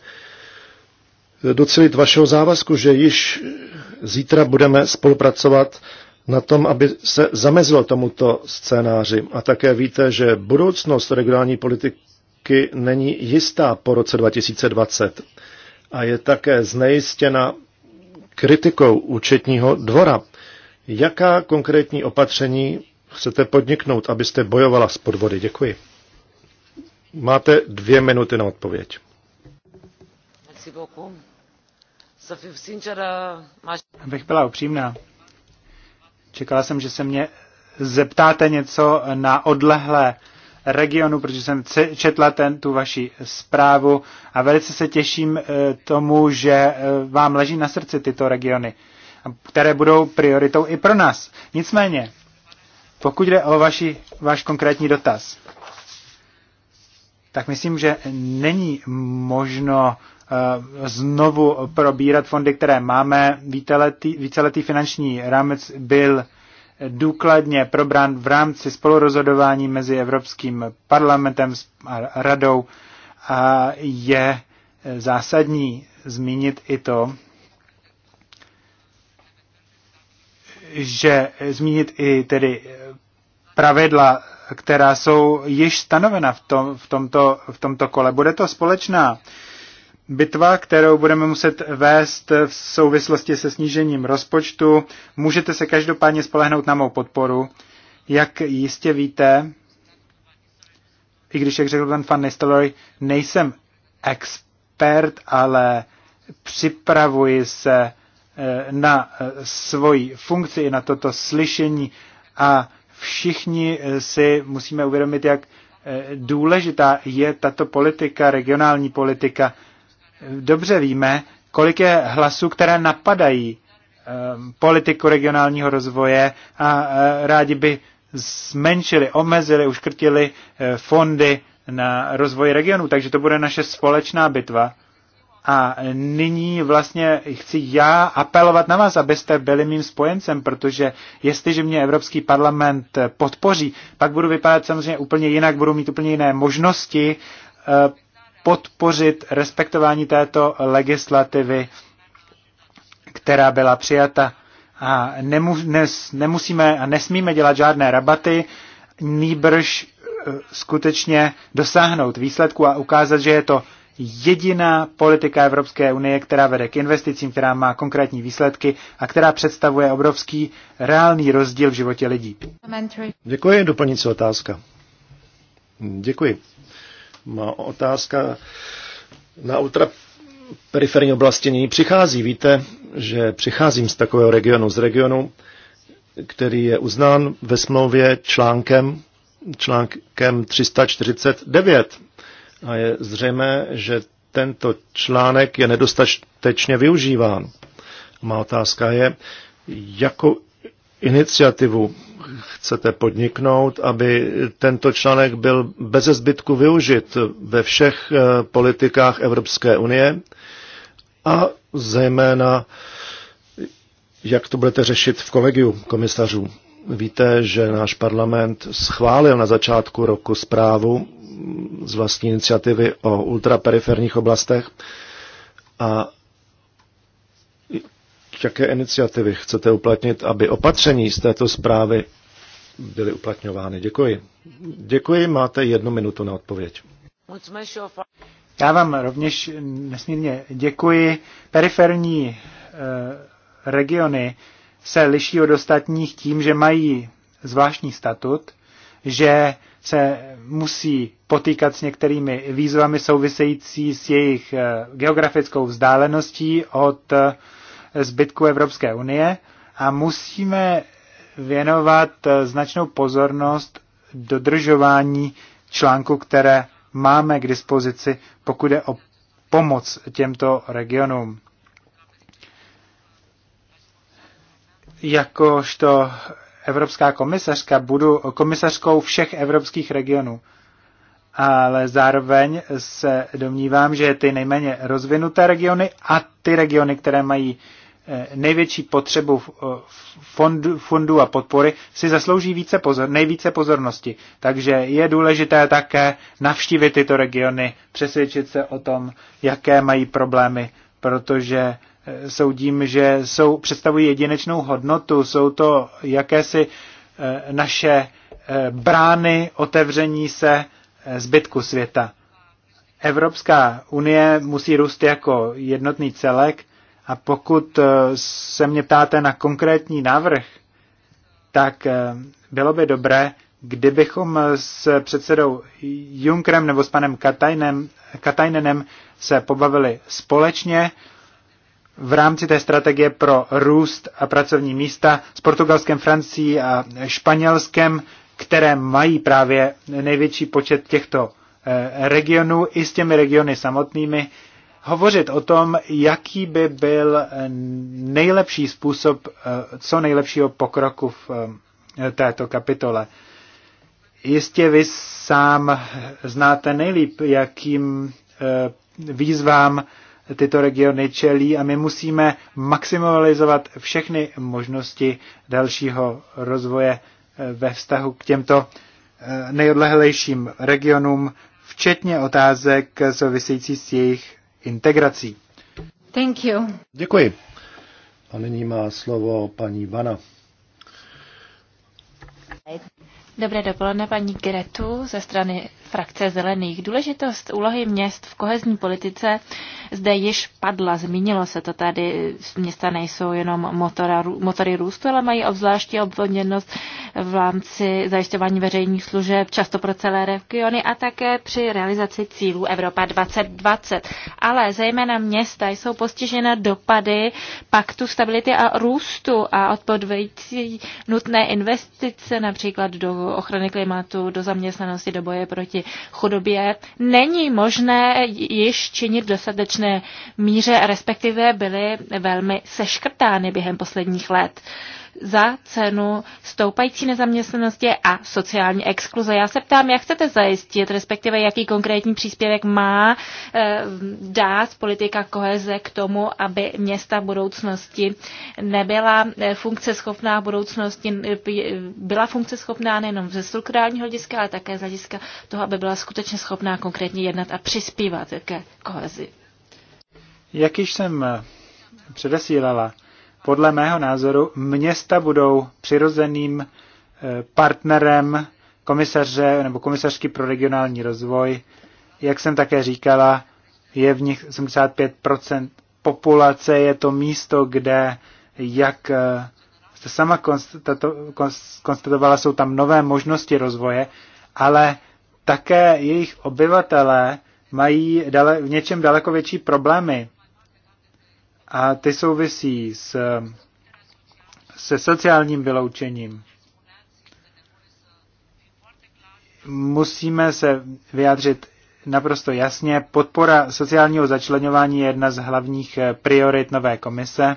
docelit vašeho závazku, že již zítra budeme spolupracovat na tom, aby se zamezilo tomuto scénáři. A také víte, že budoucnost regionální politiky není jistá po roce 2020 a je také znejistěna kritikou účetního dvora. Jaká konkrétní opatření chcete podniknout, abyste bojovala s podvody? Děkuji. Máte dvě minuty na odpověď. Abych byla upřímná, čekala jsem, že se mě zeptáte něco na odlehlé regionu, protože jsem četla ten, tu vaši zprávu a velice se těším eh, tomu, že eh, vám leží na srdci tyto regiony, které budou prioritou i pro nás. Nicméně, pokud jde o vaši, váš konkrétní dotaz, tak myslím, že není možno eh, znovu probírat fondy, které máme. Víceletý, víceletý finanční rámec byl důkladně probrán v rámci spolurozhodování mezi Evropským parlamentem a radou a je zásadní zmínit i to, že zmínit i tedy pravidla, která jsou již stanovena v, tom, v, tomto, v tomto kole. Bude to společná bitva, kterou budeme muset vést v souvislosti se snížením rozpočtu. Můžete se každopádně spolehnout na mou podporu. Jak jistě víte, i když, jak řekl pan Fan, Nistelrooy, nejsem expert, ale připravuji se Eh, na eh, svoji funkci i na toto slyšení a všichni eh, si musíme uvědomit, jak důležitá je tato politika, regionální politika. Dobře víme, kolik je hlasů, které napadají politiku regionálního rozvoje a rádi by zmenšili, omezili, uškrtili fondy na rozvoj regionu. Takže to bude naše společná bitva a nyní vlastně chci já apelovat na vás, abyste byli mým spojencem, protože jestliže mě Evropský parlament podpoří, pak budu vypadat samozřejmě úplně jinak, budu mít úplně jiné možnosti eh, podpořit respektování této legislativy, která byla přijata. A nemu, nes, nemusíme a nesmíme dělat žádné rabaty, nýbrž eh, skutečně dosáhnout výsledku a ukázat, že je to jediná politika Evropské unie, která vede k investicím, která má konkrétní výsledky a která představuje obrovský reálný rozdíl v životě lidí. Děkuji, doplňující otázka. Děkuji. Má otázka na ultra periferní oblasti nyní přichází. Víte, že přicházím z takového regionu, z regionu, který je uznán ve smlouvě článkem, článkem 349 a je zřejmé, že tento článek je nedostatečně využíván. Má otázka je, jakou iniciativu chcete podniknout, aby tento článek byl bez zbytku využit ve všech eh, politikách Evropské unie a zejména jak to budete řešit v kolegiu komisařů. Víte, že náš parlament schválil na začátku roku zprávu z vlastní iniciativy o ultraperiferních oblastech. A jaké iniciativy chcete uplatnit, aby opatření z této zprávy byly uplatňovány? Děkuji. Děkuji, máte jednu minutu na odpověď. Já vám rovněž nesmírně děkuji. Periferní e, regiony se liší od ostatních tím, že mají zvláštní statut, že se musí potýkat s některými výzvami související s jejich eh, geografickou vzdáleností od eh, zbytku Evropské unie a musíme věnovat eh, značnou pozornost dodržování článku, které máme k dispozici, pokud je o pomoc těmto regionům. Jakožto evropská komisařka, budu komisařkou všech evropských regionů. Ale zároveň se domnívám, že ty nejméně rozvinuté regiony a ty regiony, které mají eh, největší potřebu eh, fondu, fondu a podpory, si zaslouží více pozor, nejvíce pozornosti. Takže je důležité také navštívit tyto regiony, přesvědčit se o tom, jaké mají problémy, protože Eh, soudím, že jsou, představují jedinečnou hodnotu. Jsou to jakési eh, naše eh, brány otevření se zbytku světa. Evropská unie musí růst jako jednotný celek a pokud se mě ptáte na konkrétní návrh, tak bylo by dobré, kdybychom s předsedou Junkrem nebo s panem Katajnenem se pobavili společně v rámci té strategie pro růst a pracovní místa s Portugalskem, Francií a Španělskem, které mají právě největší počet těchto eh, regionů i s těmi regiony samotnými, hovořit o tom, jaký by byl eh, nejlepší způsob eh, co nejlepšího pokroku v této kapitole. Jistě vy sám znáte nejlíp, jakým výzvám tyto regiony čelí a my musíme maximalizovat všechny možnosti dalšího rozvoje eh, ve vztahu k těmto eh, nejodlehlejším regionům, včetně otázek související s jejich integrací. Thank you. Děkuji. A nyní má slovo paní Vana. Dobré dopoledne, paní Gretu ze strany frakce zelených. Důležitost úlohy měst v kohezní politice zde již padla, zmínilo se to tady. Města nejsou jenom motora, motory růstu, ale mají obzvláště obvodněnost v rámci zajišťování veřejných služeb, často pro celé regiony a také při realizaci cílů Evropa 2020. Ale zejména města jsou postižena dopady paktu stability a růstu a odpovědící nutné investice, například do ochrany klimatu, do zaměstnanosti, do boje proti chudobě, není možné již činit v dostatečné míře, respektive byly velmi seškrtány během posledních let za cenu stoupající nezaměstnanosti a sociální exkluze. Já se ptám, jak chcete zajistit, respektive jaký konkrétní příspěvek má eh, dát politika koheze k tomu, aby města budoucnosti nebyla eh, funkce schopná v budoucnosti, eh, byla funkce schopná nejenom ze strukturálního hlediska, ale také z hlediska toho, aby byla skutečně schopná konkrétně jednat a přispívat ke kohezi. Jak již jsem předesílala, podle mého názoru města budou přirozeným eh, partnerem komisaře nebo komisařky pro regionální rozvoj. Jak jsem také říkala, je v nich 75% populace, je to místo, kde, jak eh, jste sama konstatovala, jsou tam nové možnosti rozvoje, ale také jejich obyvatelé mají v něčem daleko větší problémy a ty souvisí s, se sociálním vyloučením. Musíme se vyjádřit naprosto jasně. Podpora sociálního začlenování je jedna z hlavních priorit nové komise.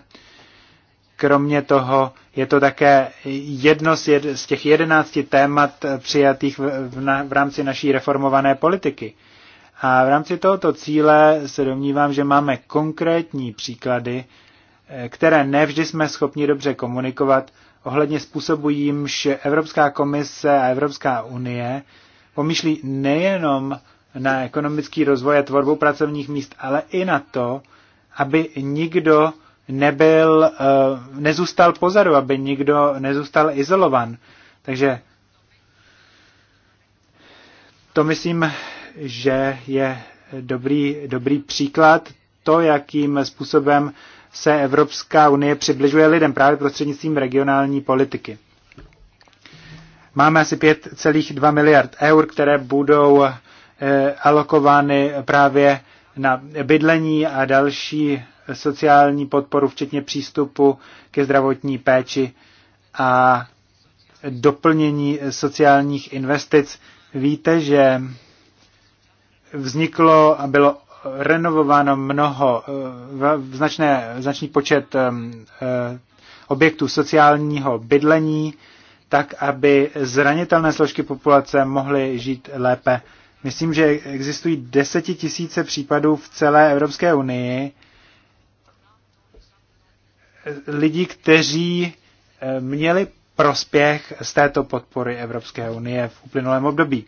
Kromě toho je to také jedno z, těch jedenácti témat přijatých v, v, v rámci naší reformované politiky. A v rámci tohoto cíle se domnívám, že máme konkrétní příklady, eh, které nevždy jsme schopni dobře komunikovat ohledně způsobu, jimž Evropská komise a Evropská unie pomýšlí nejenom na ekonomický rozvoj a tvorbu pracovních míst, ale i na to, aby nikdo nebyl, eh, nezůstal pozadu, aby nikdo nezůstal izolovan. Takže to myslím že je dobrý, dobrý příklad to, jakým způsobem se Evropská unie přibližuje lidem právě prostřednictvím regionální politiky. Máme asi 5,2 miliard eur, které budou eh, alokovány právě na bydlení a další sociální podporu, včetně přístupu ke zdravotní péči a doplnění sociálních investic. Víte, že vzniklo a bylo renovováno mnoho, eh, značné, značný počet eh, objektů sociálního bydlení, tak aby zranitelné složky populace mohly žít lépe. Myslím, že existují desetitisíce případů v celé Evropské unii eh, lidí, kteří měli prospěch z této podpory Evropské unie v uplynulém období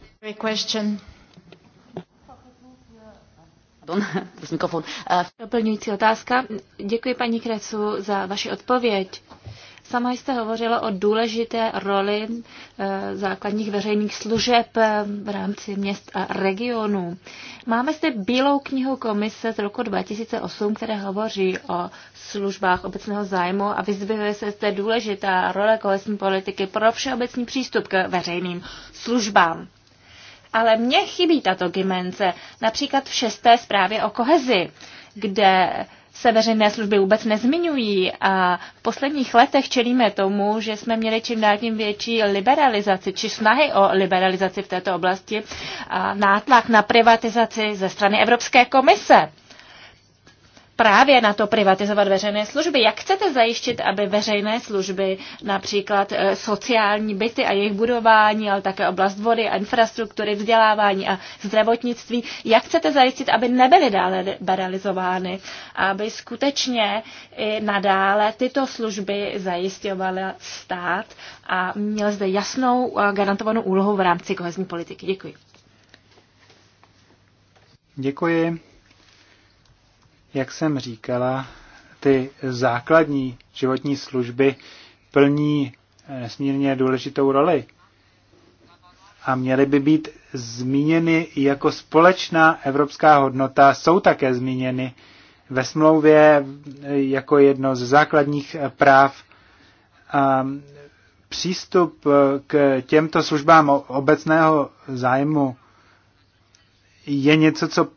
pardon, mikrofon. Eh, Doplňující otázka. Děkuji paní Krecu za vaši odpověď. Sama jste hovořila o důležité roli eh, základních veřejných služeb eh, v rámci měst a regionů. Máme zde Bílou knihu komise z roku 2008, která hovoří o službách obecného zájmu a vyzvihuje se zde důležitá role kohesní politiky pro všeobecný přístup k veřejným službám. Ale mně chybí tato dimenze, například v šesté zprávě o kohezi, kde se veřejné služby vůbec nezmiňují a v posledních letech čelíme tomu, že jsme měli čím dál tím větší liberalizaci, či snahy o liberalizaci v této oblasti a nátlak na privatizaci ze strany Evropské komise právě na to privatizovat veřejné služby. Jak chcete zajištit, aby veřejné služby, například eh, sociální byty a jejich budování, ale také oblast vody a infrastruktury, vzdělávání a zdravotnictví, jak chcete zajistit, aby nebyly dále liberalizovány, aby skutečně i nadále tyto služby zajistil stát a měl zde jasnou a eh, garantovanou úlohu v rámci kohezní politiky. Děkuji. Děkuji jak jsem říkala, ty základní životní služby plní eh, nesmírně důležitou roli a měly by být zmíněny jako společná evropská hodnota, jsou také zmíněny ve smlouvě eh, jako jedno z základních eh, práv. A mm, přístup k těmto službám obecného zájmu je něco, co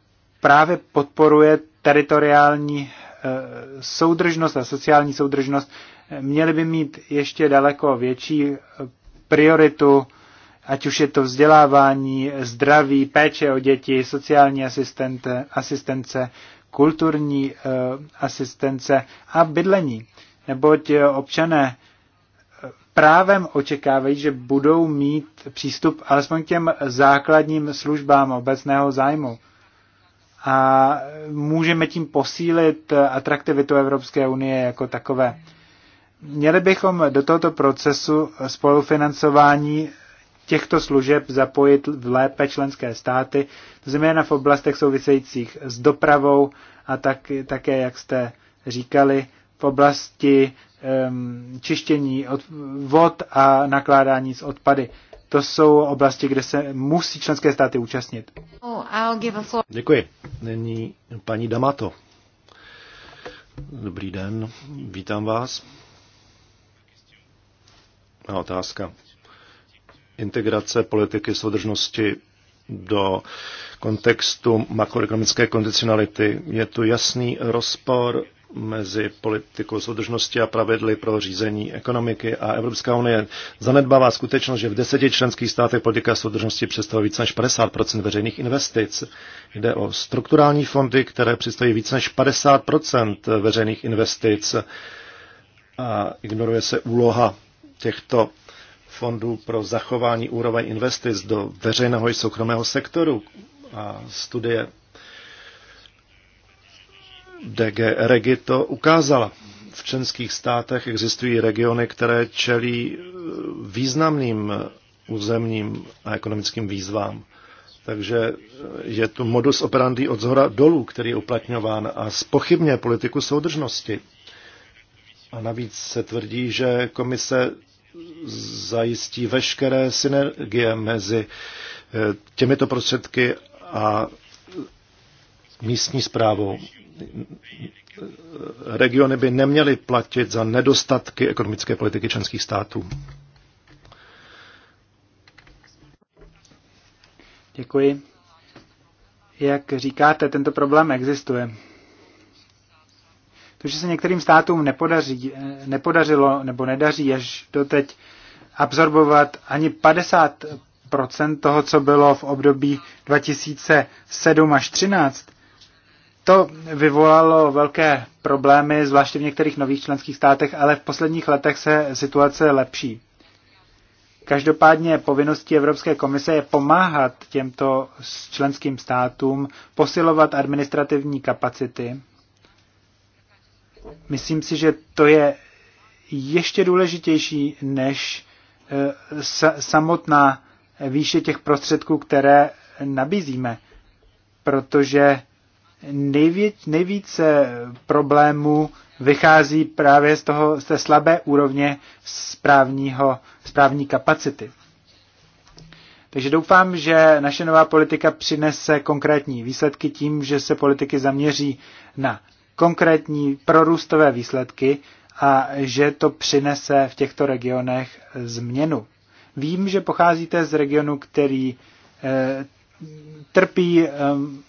právě podporuje teritoriální eh, soudržnost a sociální soudržnost, měly by mít ještě daleko větší eh, prioritu, ať už je to vzdělávání, zdraví, péče o děti, sociální asistente, asistence, kulturní eh, asistence a bydlení. Neboť občané právem očekávají, že budou mít přístup alespoň k těm základním službám obecného zájmu a můžeme tím posílit atraktivitu Evropské unie jako takové. Měli bychom do tohoto procesu spolufinancování těchto služeb zapojit v lépe členské státy, zejména v oblastech souvisejících s dopravou a tak, také, jak jste říkali, v oblasti um, čištění od, vod a nakládání s odpady. To jsou oblasti, kde se musí členské státy účastnit. Oh, Děkuji. Není paní Damato. Dobrý den, vítám vás. A otázka. Integrace politiky soudržnosti do kontextu makroekonomické kondicionality. Je tu jasný rozpor mezi politikou soudržnosti a pravidly pro řízení ekonomiky a Evropská unie zanedbává skutečnost, že v deseti členských státech politika soudržnosti představuje více než 50 veřejných investic. Jde o strukturální fondy, které představují více než 50 veřejných investic a ignoruje se úloha těchto fondů pro zachování úroveň investic do veřejného i soukromého sektoru. A studie DG Regi to ukázala. V členských státech existují regiony, které čelí e, významným územním a ekonomickým výzvám. Takže e, je tu modus operandi od zhora dolů, který je uplatňován a spochybně politiku soudržnosti. A navíc se tvrdí, že komise zajistí veškeré synergie mezi e, těmito prostředky a místní zprávou regiony by neměly platit za nedostatky ekonomické politiky členských států. Děkuji. Jak říkáte, tento problém existuje. To, že se některým státům nepodaří, nepodařilo nebo nedaří až doteď absorbovat ani 50 toho, co bylo v období 2007 až 13, to vyvolalo velké problémy, zvláště v některých nových členských státech, ale v posledních letech se situace lepší. Každopádně povinností Evropské komise je pomáhat těmto členským státům posilovat administrativní kapacity. Myslím si, že to je ještě důležitější než e, samotná výše těch prostředků, které nabízíme, protože nejvíc, nejvíce problémů vychází právě z, toho, z té slabé úrovně správního, správní kapacity. Takže doufám, že naše nová politika přinese konkrétní výsledky tím, že se politiky zaměří na konkrétní prorůstové výsledky a že to přinese v těchto regionech změnu. Vím, že pocházíte z regionu, který eh, trpí eh,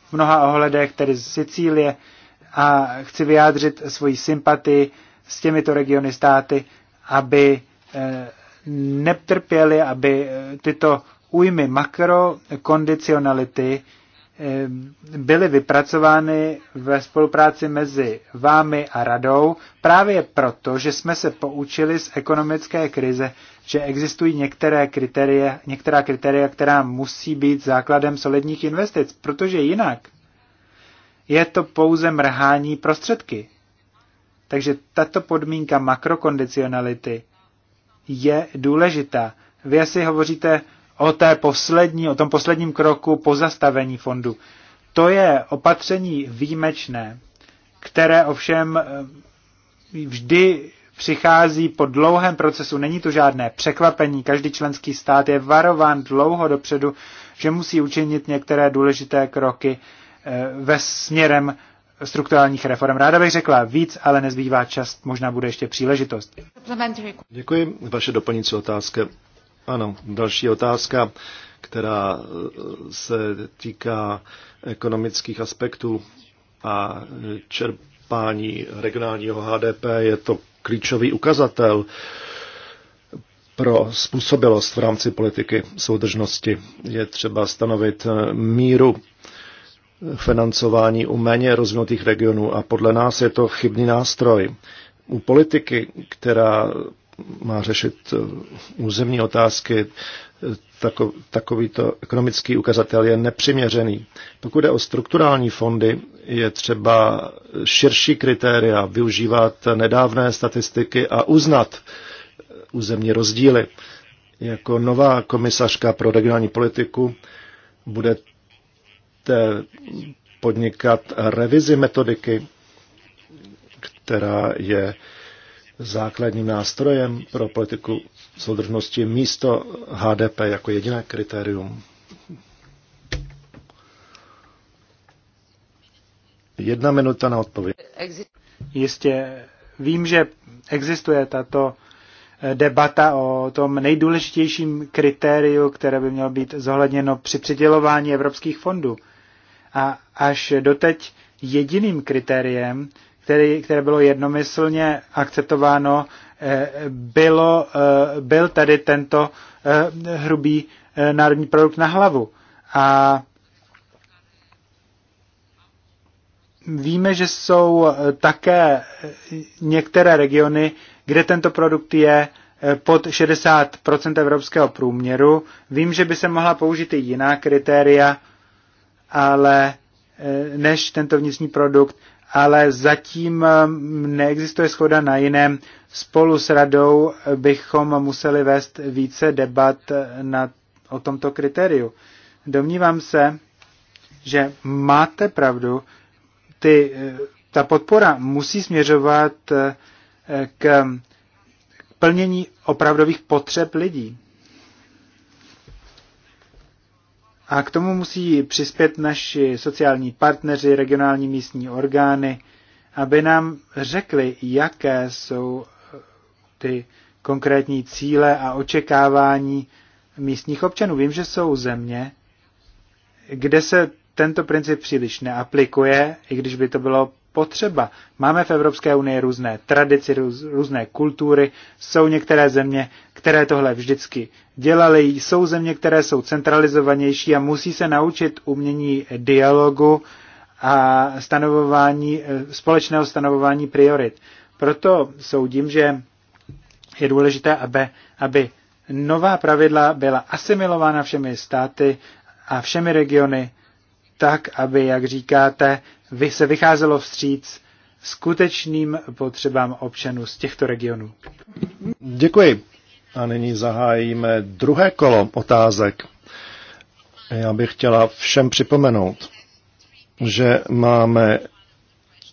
v mnoha ohledech, tedy z Sicílie, a chci vyjádřit svoji sympatii s těmito regiony státy, aby eh, netrpěli, aby eh, tyto újmy makrokondicionality Eh, byly vypracovány ve spolupráci mezi vámi a radou právě proto, že jsme se poučili z ekonomické krize, že existují některé kritéria, některá kritéria, která musí být základem solidních investic, protože jinak je to pouze mrhání prostředky. Takže tato podmínka makrokondicionality je důležitá. Vy asi hovoříte o, té poslední, o tom posledním kroku pozastavení fondu. To je opatření výjimečné, které ovšem eh, vždy přichází po dlouhém procesu. Není to žádné překvapení. Každý členský stát je varován dlouho dopředu, že musí učinit některé důležité kroky eh, ve směrem strukturálních reform. Ráda bych řekla víc, ale nezbývá čas, možná bude ještě příležitost. Děkuji. Vaše doplňující otázka ano, další otázka, která eh, se týká ekonomických aspektů a čerpání regionálního HDP. Je to klíčový ukazatel pro způsobilost v rámci politiky soudržnosti. Je třeba stanovit eh, míru financování u méně rozvinutých regionů a podle nás je to chybný nástroj. U politiky, která má řešit eh, územní otázky, eh, takovýto ekonomický ukazatel je nepřiměřený. Pokud jde o strukturální fondy, je třeba širší kritéria využívat nedávné statistiky a uznat eh, územní rozdíly. Jako nová komisařka pro regionální politiku budete podnikat revizi metodiky, která je základním nástrojem pro politiku soudržnosti místo HDP jako jediné kritérium. Jedna minuta na odpověď. Jistě vím, že existuje tato eh, debata o tom nejdůležitějším kritériu, které by mělo být zohledněno při přidělování evropských fondů. A až doteď jediným kritériem který, které bylo jednomyslně akceptováno, eh, bylo, eh, byl tady tento eh, hrubý národní produkt na hlavu. A víme, že jsou také některé regiony, kde tento produkt je pod 60% evropského průměru. Vím, že by se mohla použít i jiná kritéria, ale než tento vnitřní produkt, ale zatím eh, neexistuje schoda na jiném. Spolu s radou bychom museli vést více debat eh, na, o tomto kritériu. Domnívám se, že máte pravdu, ty, eh, ta podpora musí směřovat k plnění opravdových potřeb lidí. A k tomu musí přispět naši sociální partneři, regionální místní orgány, aby nám řekli, jaké jsou eh, ty konkrétní cíle a očekávání místních občanů. Vím, že jsou země, kde se tento princip příliš neaplikuje, i když by to bylo potřeba. Máme v Evropské unii různé tradici, růz, různé kultury, jsou některé země, které tohle vždycky dělaly, jsou země, které jsou centralizovanější a musí se naučit umění dialogu a stanovování, eh, společného stanovování priorit. Proto soudím, že je důležité, aby, aby nová pravidla byla asimilována všemi státy a všemi regiony tak, aby, jak říkáte, vy se vycházelo vstříc skutečným potřebám občanů z těchto regionů. Děkuji. A nyní zahájíme druhé kolo otázek. Já bych chtěla všem připomenout, že máme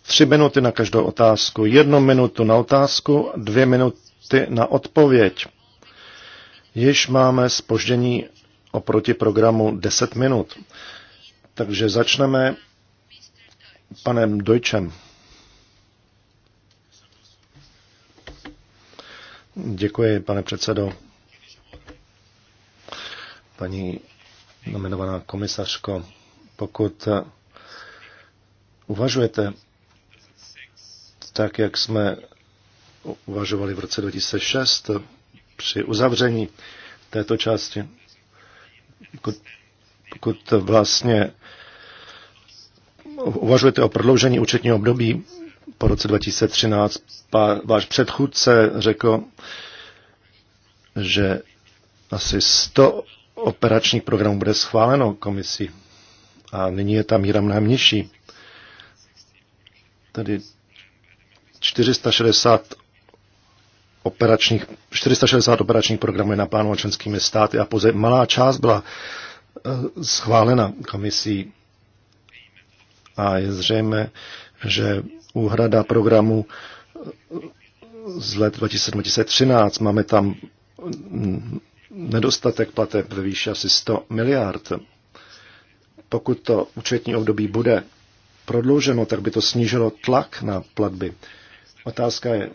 tři minuty na každou otázku, jednu minutu na otázku, dvě minuty na odpověď. Již máme spoždění oproti programu 10 minut. Takže začneme panem Dojčem. Děkuji, pane předsedo. Paní nominovaná komisařko, pokud uvažujete tak, jak jsme uvažovali v roce 2006 při uzavření této části, jako pokud vlastně uvažujete o prodloužení účetního období po roce 2013, váš předchůdce řekl, že asi 100 operačních programů bude schváleno komisí a nyní je ta míra mnohem nižší. Tedy 460 operačních, 460 operačních programů je naplánováno členskými státy a pouze malá část byla schválena komisí a je zřejmé, že úhrada programu eh, z let 2013 máme tam mm, nedostatek plateb ve výši asi 100 miliard. Pokud to účetní období bude prodlouženo, tak by to snížilo tlak na platby. Otázka je,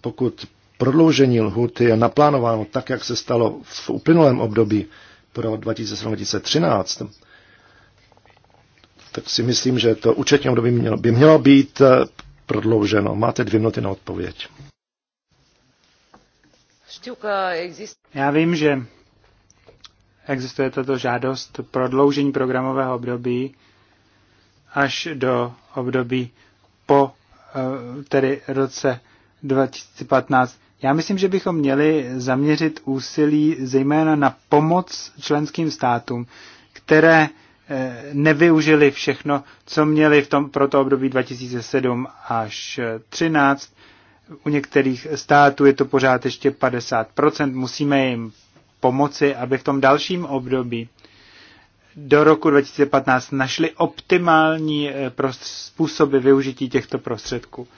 pokud prodloužení lhuty je naplánováno tak, jak se stalo v uplynulém období, pro 2007-2013, tak si myslím, že to účetní období by mělo být eh, prodlouženo. Máte dvě minuty na odpověď. Já vím, že existuje tato žádost prodloužení programového období až do období po eh, tedy roce 2015. Já myslím, že bychom měli zaměřit úsilí zejména na pomoc členským státům, které eh, nevyužili všechno, co měli v tom, pro to období 2007 až 2013. U některých států je to pořád ještě 50%. Musíme jim pomoci, aby v tom dalším období do roku 2015 našli optimální eh, způsoby využití těchto prostředků.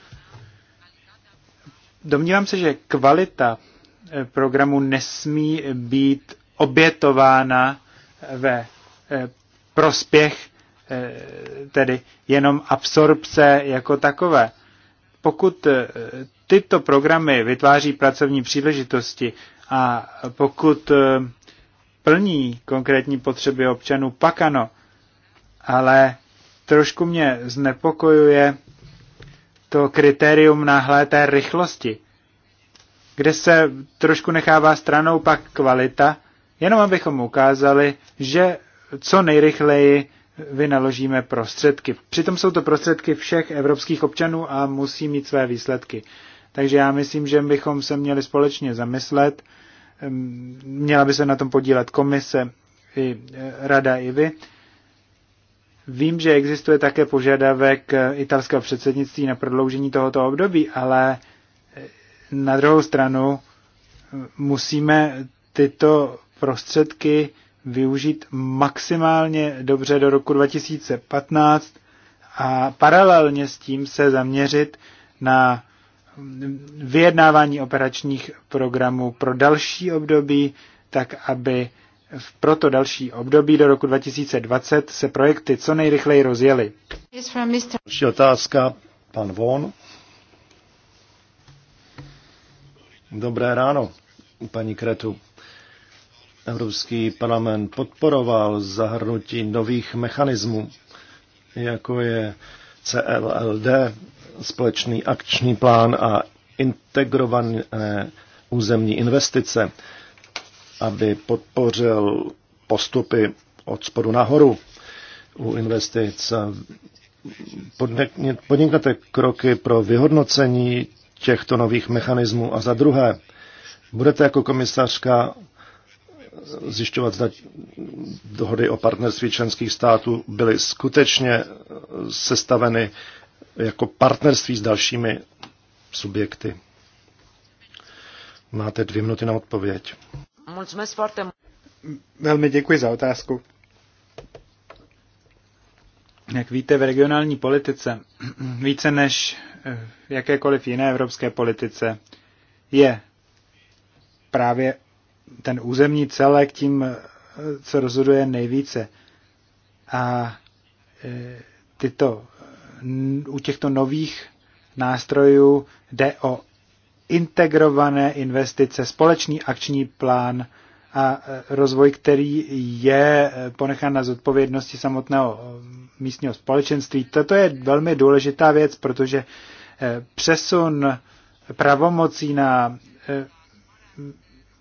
Domnívám se, že kvalita eh, programu nesmí být obětována eh, ve eh, prospěch tedy jenom absorpce jako takové. Pokud tyto programy vytváří pracovní příležitosti a pokud plní konkrétní potřeby občanů, pak ano. Ale trošku mě znepokojuje to kritérium náhlé té rychlosti, kde se trošku nechává stranou pak kvalita, jenom abychom ukázali, že co nejrychleji vynaložíme prostředky. Přitom jsou to prostředky všech evropských občanů a musí mít své výsledky. Takže já myslím, že bychom se měli společně zamyslet, měla by se na tom podílet komise, i e, rada, i vy, Vím, že existuje také požadavek eh, italského předsednictví na prodloužení tohoto období, ale eh, na druhou stranu eh, musíme tyto prostředky využít maximálně dobře do roku 2015 a paralelně s tím se zaměřit na mm, vyjednávání operačních programů pro další období, tak aby proto další období do roku 2020 se projekty co nejrychleji rozjely. Další otázka, pan Von. Dobré ráno, paní Kretu. Evropský parlament podporoval zahrnutí nových mechanismů, jako je CLLD, společný akční plán a integrované územní investice aby podpořil postupy od spodu nahoru u investic. Podniknete kroky pro vyhodnocení těchto nových mechanismů a za druhé, budete jako komisařka zjišťovat, zda dohody o partnerství členských států byly skutečně sestaveny jako partnerství s dalšími subjekty. Máte dvě minuty na odpověď. Mulțumesc foarte mult. Velmi děkuji za otázku. Jak víte, v regionální politice více než v eh, jakékoliv jiné evropské politice je právě ten územní celek tím, eh, co rozhoduje nejvíce. A eh, tyto, u těchto nových nástrojů jde o integrované investice, společný akční plán a e, rozvoj, který je e, ponechán na zodpovědnosti samotného e, místního společenství. Toto je velmi důležitá věc, protože přesun pravomocí na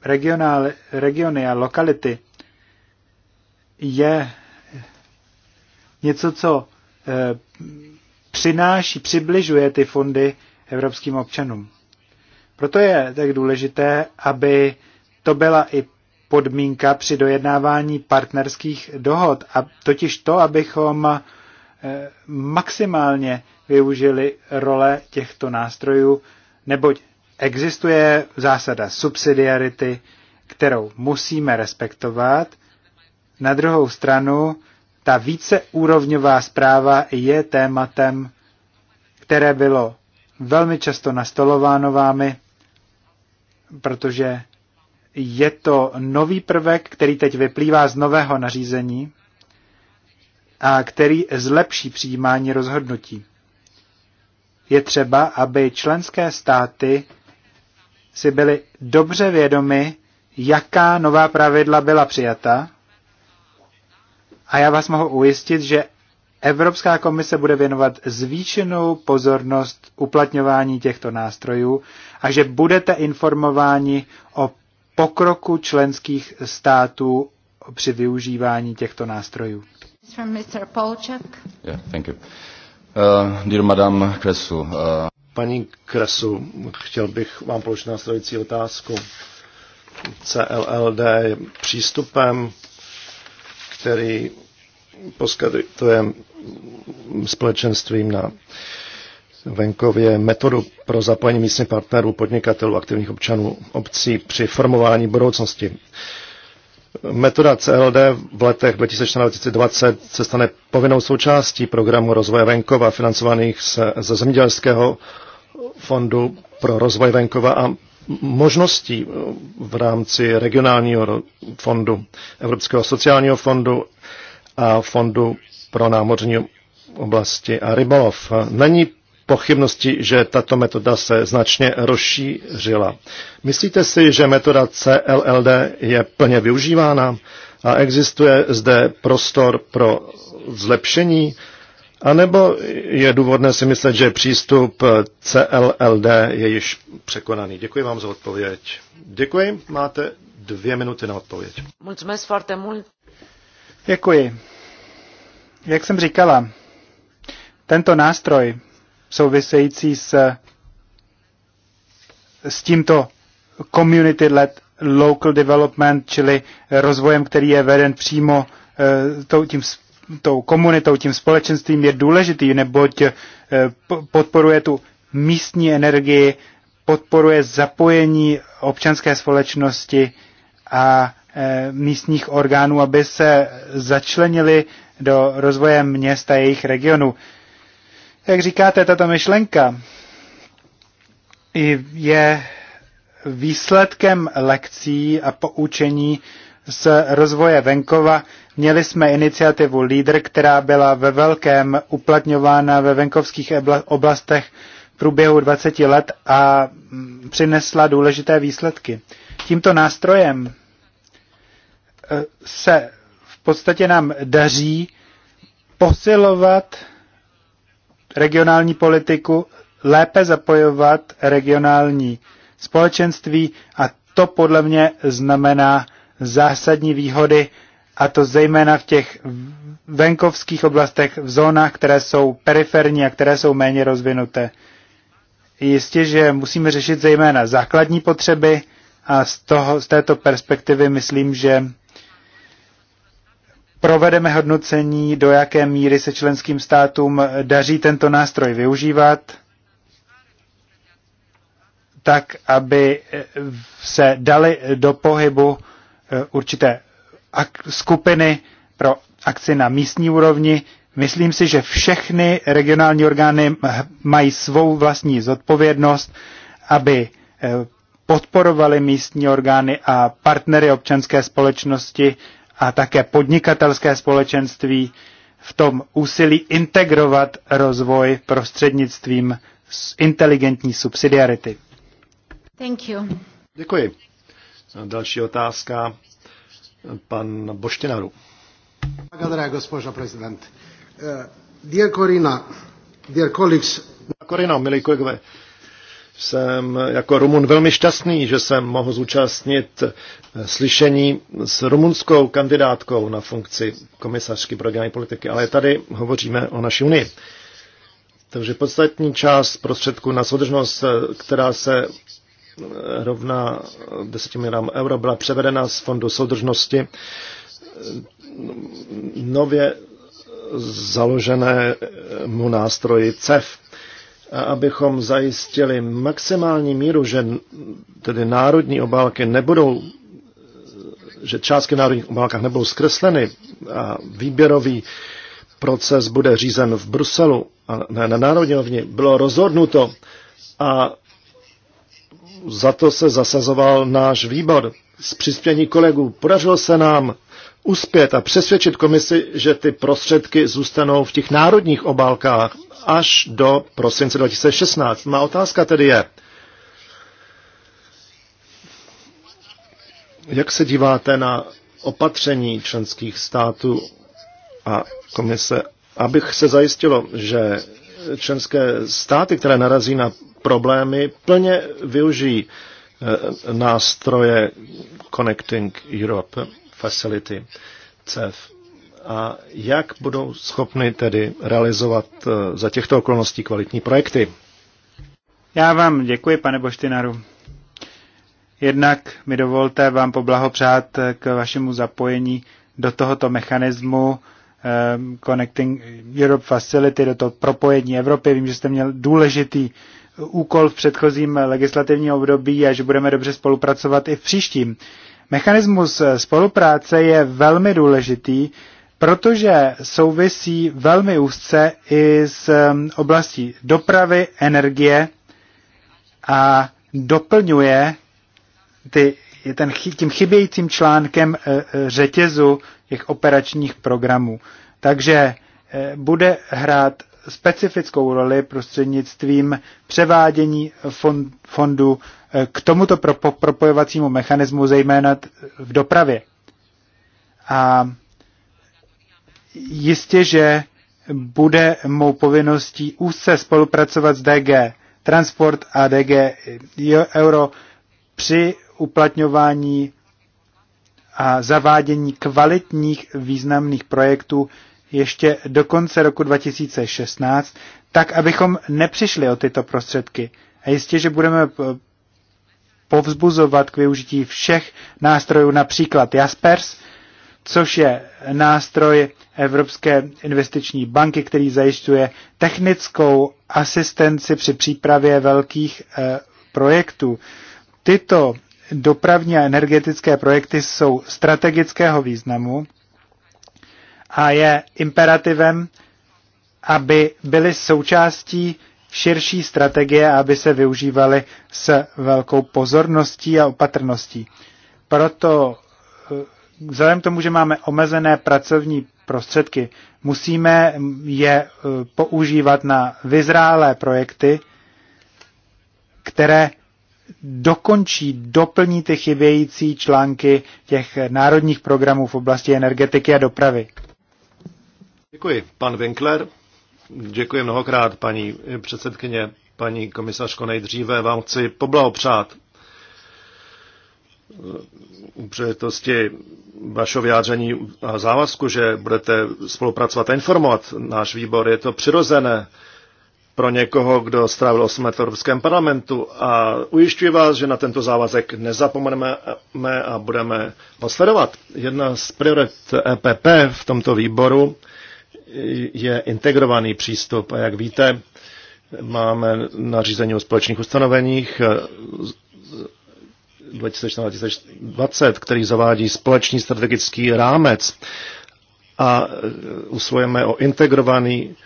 regionál, regiony a lokality je něco, co přináší, přibližuje ty fondy evropským občanům. Proto je tak důležité, aby to byla i podmínka při dojednávání partnerských dohod, a totiž to, abychom eh, maximálně využili role těchto nástrojů, neboť existuje zásada subsidiarity, kterou musíme respektovat. Na druhou stranu, ta víceúrovňová zpráva je tématem, které bylo velmi často nastolováno vámi protože je to nový prvek, který teď vyplývá z nového nařízení a který zlepší přijímání rozhodnutí. Je třeba, aby členské státy si byly dobře vědomy, jaká nová pravidla byla přijata. A já vás mohu ujistit, že Evropská komise bude věnovat zvýšenou pozornost uplatňování těchto nástrojů a že budete informováni o pokroku členských států při využívání těchto nástrojů. Uh, uh, Paní Kresu, chtěl bych vám položit následující otázku. CLLD je přístupem, který poskytuje společenstvím na venkově metodu pro zapojení místních partnerů, podnikatelů, aktivních občanů obcí při formování budoucnosti. Metoda CLD v letech 2014-2020 se stane povinnou součástí programu rozvoje venkova financovaných se, ze Zemědělského fondu pro rozvoj venkova a možností v rámci regionálního fondu, Evropského sociálního fondu, a Fondu pro námořní oblasti a rybolov. Není pochybnosti, že tato metoda se značně rozšířila. Myslíte si, že metoda CLLD je plně využívána a existuje zde prostor pro zlepšení? A nebo je důvodné si myslet, že přístup CLLD je již překonaný? Děkuji vám za odpověď. Děkuji, máte dvě minuty na odpověď. Mulțumesc Děkuji. Jak jsem říkala, tento nástroj související s, s tímto community-led local development, čili rozvojem, který je veden přímo eh, tou, tím, tou komunitou, tím společenstvím, je důležitý, neboť eh, podporuje tu místní energii, podporuje zapojení občanské společnosti a Eh, místních orgánů, aby se začlenili do rozvoje města a jejich regionu. Jak říkáte, tato myšlenka je výsledkem lekcí a poučení z rozvoje venkova. Měli jsme iniciativu LEADER, která byla ve velkém uplatňována ve venkovských oblastech v průběhu 20 let a mm, přinesla důležité výsledky. Tímto nástrojem se v podstatě nám daří posilovat regionální politiku, lépe zapojovat regionální společenství a to podle mě znamená zásadní výhody a to zejména v těch venkovských oblastech, v zónách, které jsou periferní a které jsou méně rozvinuté. Jistě, že musíme řešit zejména základní potřeby a z, toho, z této perspektivy myslím, že provedeme hodnocení, do jaké míry se členským státům daří tento nástroj využívat, tak, aby eh, se dali do pohybu eh, určité skupiny pro akci na místní úrovni. Myslím si, že všechny regionální orgány mají svou vlastní zodpovědnost, aby eh, podporovali místní orgány a partnery občanské společnosti a také podnikatelské společenství v tom úsilí integrovat rozvoj prostřednictvím inteligentní subsidiarity. Thank you. Děkuji. Další otázka. Pan Boštinaru. Děkuji, госпожо президент. Dear Corina, dear colleagues. Corino, milí kolegové, jsem jako Rumun velmi šťastný, že jsem mohl zúčastnit eh, slyšení s rumunskou kandidátkou na funkci komisařky pro regionální politiky, ale tady hovoříme o naší unii. Takže podstatní část prostředků na soudržnost, eh, která se eh, rovná 10 milionům euro, byla převedena z fondu soudržnosti nově založenému nástroji CEF a abychom zajistili maximální míru, že tedy národní obálky nebudou, že částky v národních obálkách nebudou zkresleny a výběrový proces bude řízen v Bruselu a ne na národní rovni, bylo rozhodnuto a za to se zasazoval náš výbor z přispění kolegů. Podařilo se nám uspět a přesvědčit komisi, že ty prostředky zůstanou v těch národních obálkách až do prosince 2016. Má otázka tedy je, jak se díváte na opatření členských států a komise, abych se zajistilo, že členské státy, které narazí na problémy, plně využijí eh, nástroje Connecting Europe Facility, CEF a jak budou schopny tedy realizovat eh, za těchto okolností kvalitní projekty. Já vám děkuji, pane Boštinaru. Jednak mi dovolte vám poblahopřát eh, k vašemu zapojení do tohoto mechanismu um, Connecting Europe Facility, do toho propojení Evropy. Vím, že jste měl důležitý úkol v předchozím legislativním období a že budeme dobře spolupracovat i v příštím. Mechanismus spolupráce je velmi důležitý protože souvisí velmi úzce i s um, oblastí dopravy, energie a doplňuje ty, ten, tím chybějícím článkem eh, eh, řetězu těch operačních programů. Takže eh, bude hrát specifickou roli prostřednictvím převádění fond, fondu k tomuto propojovacímu mechanismu, zejména v dopravě. A Jistě, že bude mou povinností úzce spolupracovat s DG Transport a DG Euro při uplatňování a zavádění kvalitních významných projektů ještě do konce roku 2016, tak abychom nepřišli o tyto prostředky. A jistě, že budeme povzbuzovat k využití všech nástrojů, například Jaspers, což je nástroj Evropské investiční banky, který zajišťuje technickou asistenci při přípravě velkých eh, projektů. Tyto dopravní a energetické projekty jsou strategického významu a je imperativem, aby byly součástí širší strategie a aby se využívaly s velkou pozorností a opatrností. Proto eh, vzhledem k tomu, že máme omezené pracovní prostředky, musíme je e, používat na vyzrálé projekty, které dokončí, doplní ty chybějící články těch národních programů v oblasti energetiky a dopravy. Děkuji, pan Winkler. Děkuji mnohokrát, paní předsedkyně, paní komisařko. Nejdříve vám chci poblahopřát u příležitosti vašeho vyjádření a závazku, že budete spolupracovat a informovat náš výbor. Je to přirozené pro někoho, kdo strávil 8 let v Evropském parlamentu a ujišťuji vás, že na tento závazek nezapomeneme a budeme ho sledovat. Jedna z priorit EPP v tomto výboru je integrovaný přístup a jak víte, máme nařízení o společných ustanoveních 2014-2020, který zavádí společný strategický rámec a e, usvojeme o integrovaný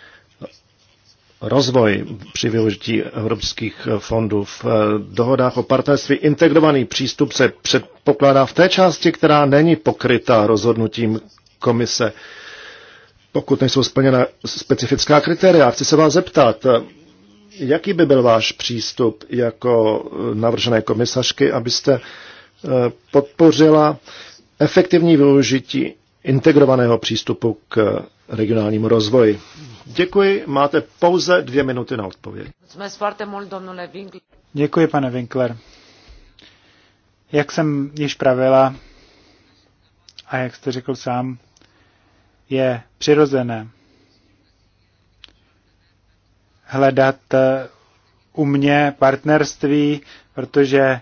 rozvoj při využití evropských e, fondů. V e, dohodách o partnerství integrovaný přístup se předpokládá v té části, která není pokryta rozhodnutím komise, pokud nejsou splněna specifická kritéria. Chci se vás zeptat, Jaký by byl váš přístup jako eh, navržené komisařky, abyste eh, podpořila efektivní využití integrovaného přístupu k regionálnímu rozvoji? Děkuji, máte pouze dvě minuty na odpověď. Děkuji, pane Winkler. Jak jsem již pravila a jak jste řekl sám, je přirozené, hledat eh, u mě partnerství, protože eh,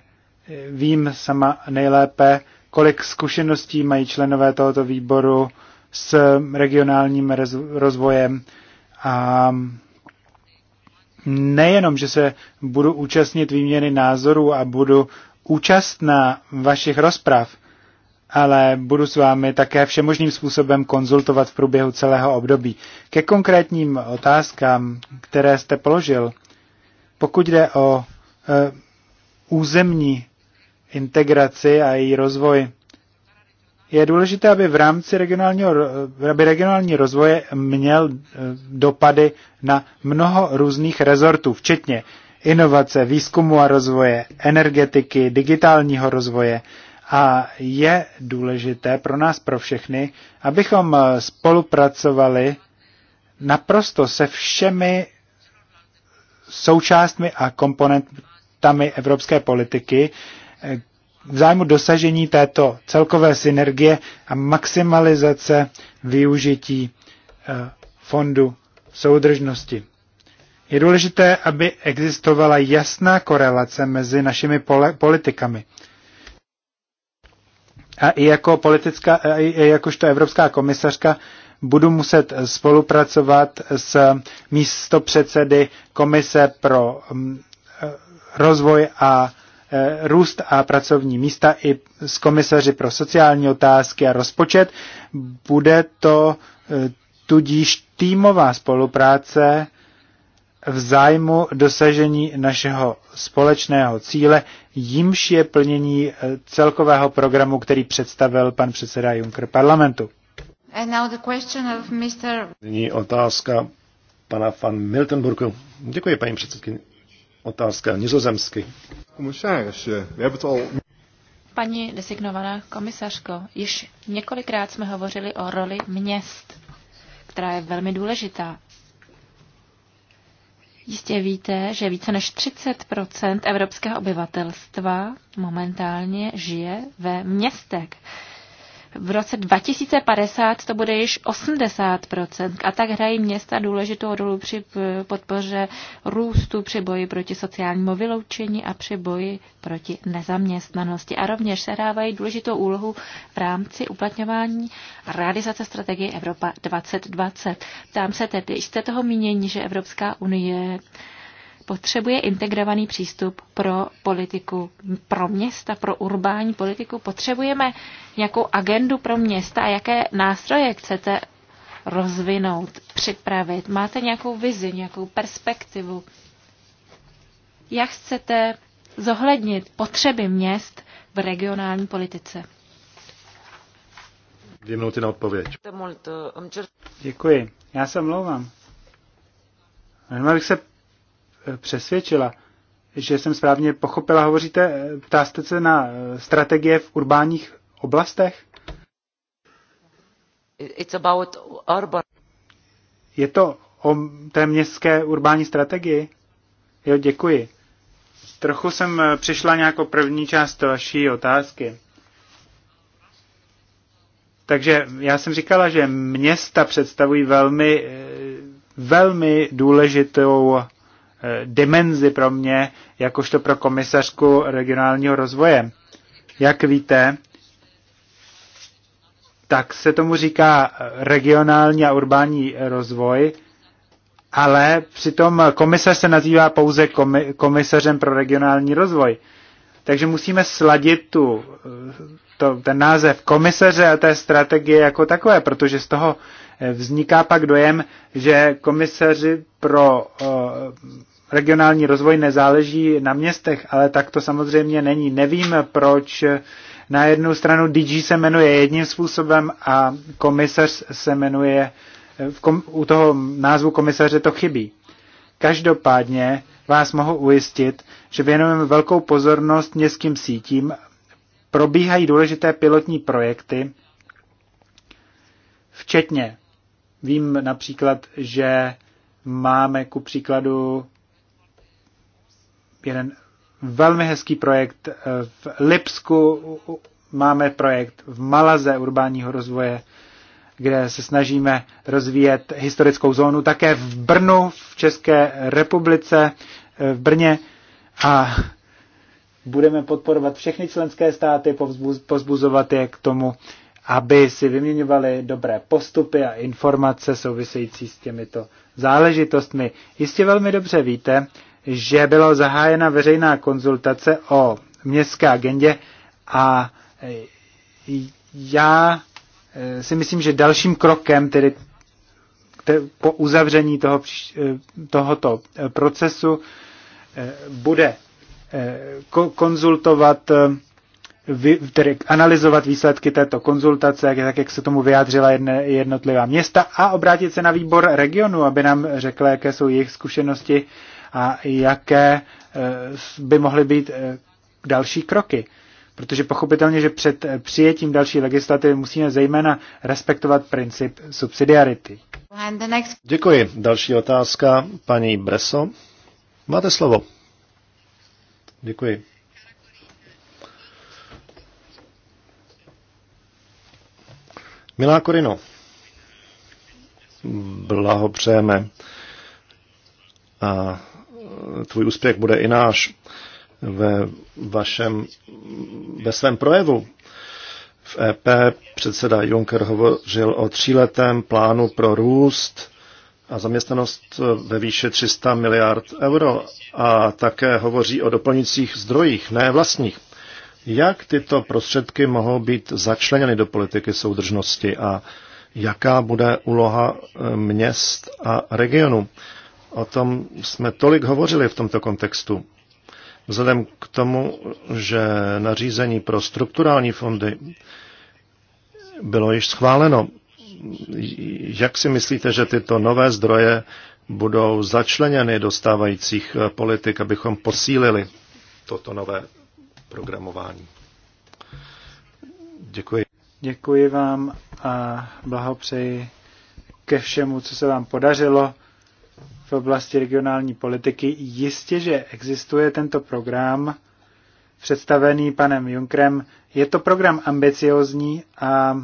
vím sama nejlépe, kolik zkušeností mají členové tohoto výboru s regionálním rozvojem. A nejenom, že se budu účastnit výměny názorů a budu účastná vašich rozprav, ale budu s vámi také všemožným způsobem konzultovat v průběhu celého období. Ke konkrétním otázkám, které jste položil, pokud jde o e, územní integraci a její rozvoj, je důležité, aby v rámci regionálního, aby regionální rozvoje měl e, dopady na mnoho různých rezortů, včetně inovace, výzkumu a rozvoje, energetiky, digitálního rozvoje, a je důležité pro nás, pro všechny, abychom spolupracovali naprosto se všemi součástmi a komponentami evropské politiky v zájmu dosažení této celkové synergie a maximalizace využití eh, fondu soudržnosti. Je důležité, aby existovala jasná korelace mezi našimi politikami a i jako politická, i jakožto evropská komisařka budu muset spolupracovat s místopředsedy Komise pro mm, eh, rozvoj a eh, růst a pracovní místa i s komisaři pro sociální otázky a rozpočet. Bude to eh, tudíž týmová spolupráce v zájmu dosažení našeho společného cíle, jímž je plnění eh, celkového programu, který představil pan předseda Juncker parlamentu. Mr... Nyní otázka pana van Miltenburgu. Děkuji, paní předsedkyně. Otázka nizozemsky. Paní designovaná komisařko, již několikrát jsme hovořili o roli měst, která je velmi důležitá Jistě víte, že více než 30 evropského obyvatelstva momentálně žije ve městech. V roce 2050 to bude již 80%. A tak hrají města důležitou rolu při podpoře růstu, při boji proti sociálnímu vyloučení a při boji proti nezaměstnanosti. A rovněž se sehrávají důležitou úlohu v rámci uplatňování a realizace strategie Evropa 2020. Tam se tedy, jste toho mínění, že Evropská unie potřebuje integrovaný přístup pro politiku, pro města, pro urbání politiku. Potřebujeme nějakou agendu pro města a jaké nástroje chcete rozvinout, připravit. Máte nějakou vizi, nějakou perspektivu. Jak chcete zohlednit potřeby měst v regionální politice? Dvě minuty na odpověď. Děkuji. Já se mluvám. Já bych se přesvědčila, že jsem správně pochopila. Hovoříte, ptáste se na eh, strategie v urbánních oblastech? It's about urban. Je to o té městské urbání strategii? Jo, děkuji. Trochu jsem eh, přišla o první část vaší otázky. Takže já jsem říkala, že města představují velmi, eh, velmi důležitou dimenzi pro mě, jakožto pro komisařku regionálního rozvoje. Jak víte, tak se tomu říká regionální a urbání rozvoj, ale přitom komisař se nazývá pouze komisařem pro regionální rozvoj. Takže musíme sladit tu, to, ten název komisaře a té strategie jako takové, protože z toho vzniká pak dojem, že komisaři pro eh, regionální rozvoj nezáleží na městech, ale tak to samozřejmě není. Nevím, proč na jednu stranu DG se jmenuje jedním způsobem a komisař se jmenuje, v kom, u toho názvu komisaře to chybí. Každopádně vás mohu ujistit, že věnujeme velkou pozornost městským sítím, probíhají důležité pilotní projekty, včetně, vím například, že máme ku příkladu jeden velmi hezký projekt eh, v Lipsku, máme projekt v Malaze urbáního rozvoje, kde se snažíme rozvíjet historickou zónu také v Brnu, v České republice, eh, v Brně a budeme podporovat všechny členské státy, pozbuzovat je k tomu, aby si vyměňovali dobré postupy a informace související s těmito záležitostmi. Jistě velmi dobře víte, že byla zahájena veřejná konzultace o městské agendě a e, já e, si myslím, že dalším krokem, tedy po uzavření toho, e, tohoto procesu, bude konzultovat, tedy analyzovat výsledky této konzultace, tak jak se tomu vyjádřila jednotlivá města a obrátit se na výbor regionu, aby nám řekla, jaké jsou jejich zkušenosti a jaké eh, by mohly být eh, další kroky. Protože pochopitelně, že před eh, přijetím další legislativy musíme zejména respektovat princip subsidiarity. Děkuji. Další otázka, paní Breso. Máte slovo. Děkuji. Milá Korino, blahopřejeme a tvůj úspěch bude i náš ve, vašem, ve svém projevu. V EP předseda Juncker hovořil o tříletém plánu pro růst a zaměstnanost ve výše 300 miliard euro a také hovoří o doplňujících zdrojích, ne vlastních. Jak tyto prostředky mohou být začleněny do politiky soudržnosti a jaká bude úloha měst a regionu? O tom jsme tolik hovořili v tomto kontextu. Vzhledem k tomu, že nařízení pro strukturální fondy bylo již schváleno, jak si myslíte, že tyto nové zdroje budou začleněny do stávajících politik, abychom posílili toto nové programování? Děkuji. Děkuji vám a blahopřeji ke všemu, co se vám podařilo v oblasti regionální politiky. Jistě, že existuje tento program představený panem Junkrem. Je to program ambiciozní a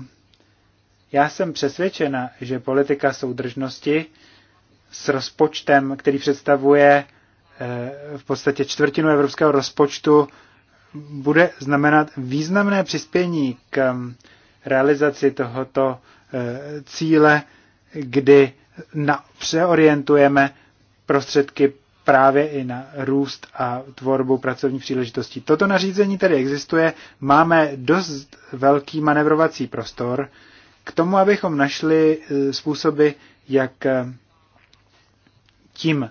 já jsem přesvědčena, že politika soudržnosti s rozpočtem, který představuje eh, v podstatě čtvrtinu evropského rozpočtu, bude znamenat významné přispění k mm, realizaci tohoto eh, cíle, kdy na, přeorientujeme prostředky právě i na růst a tvorbu pracovních příležitostí. Toto nařízení tedy existuje, máme dost velký manevrovací prostor k tomu, abychom našli eh, způsoby, jak eh, tím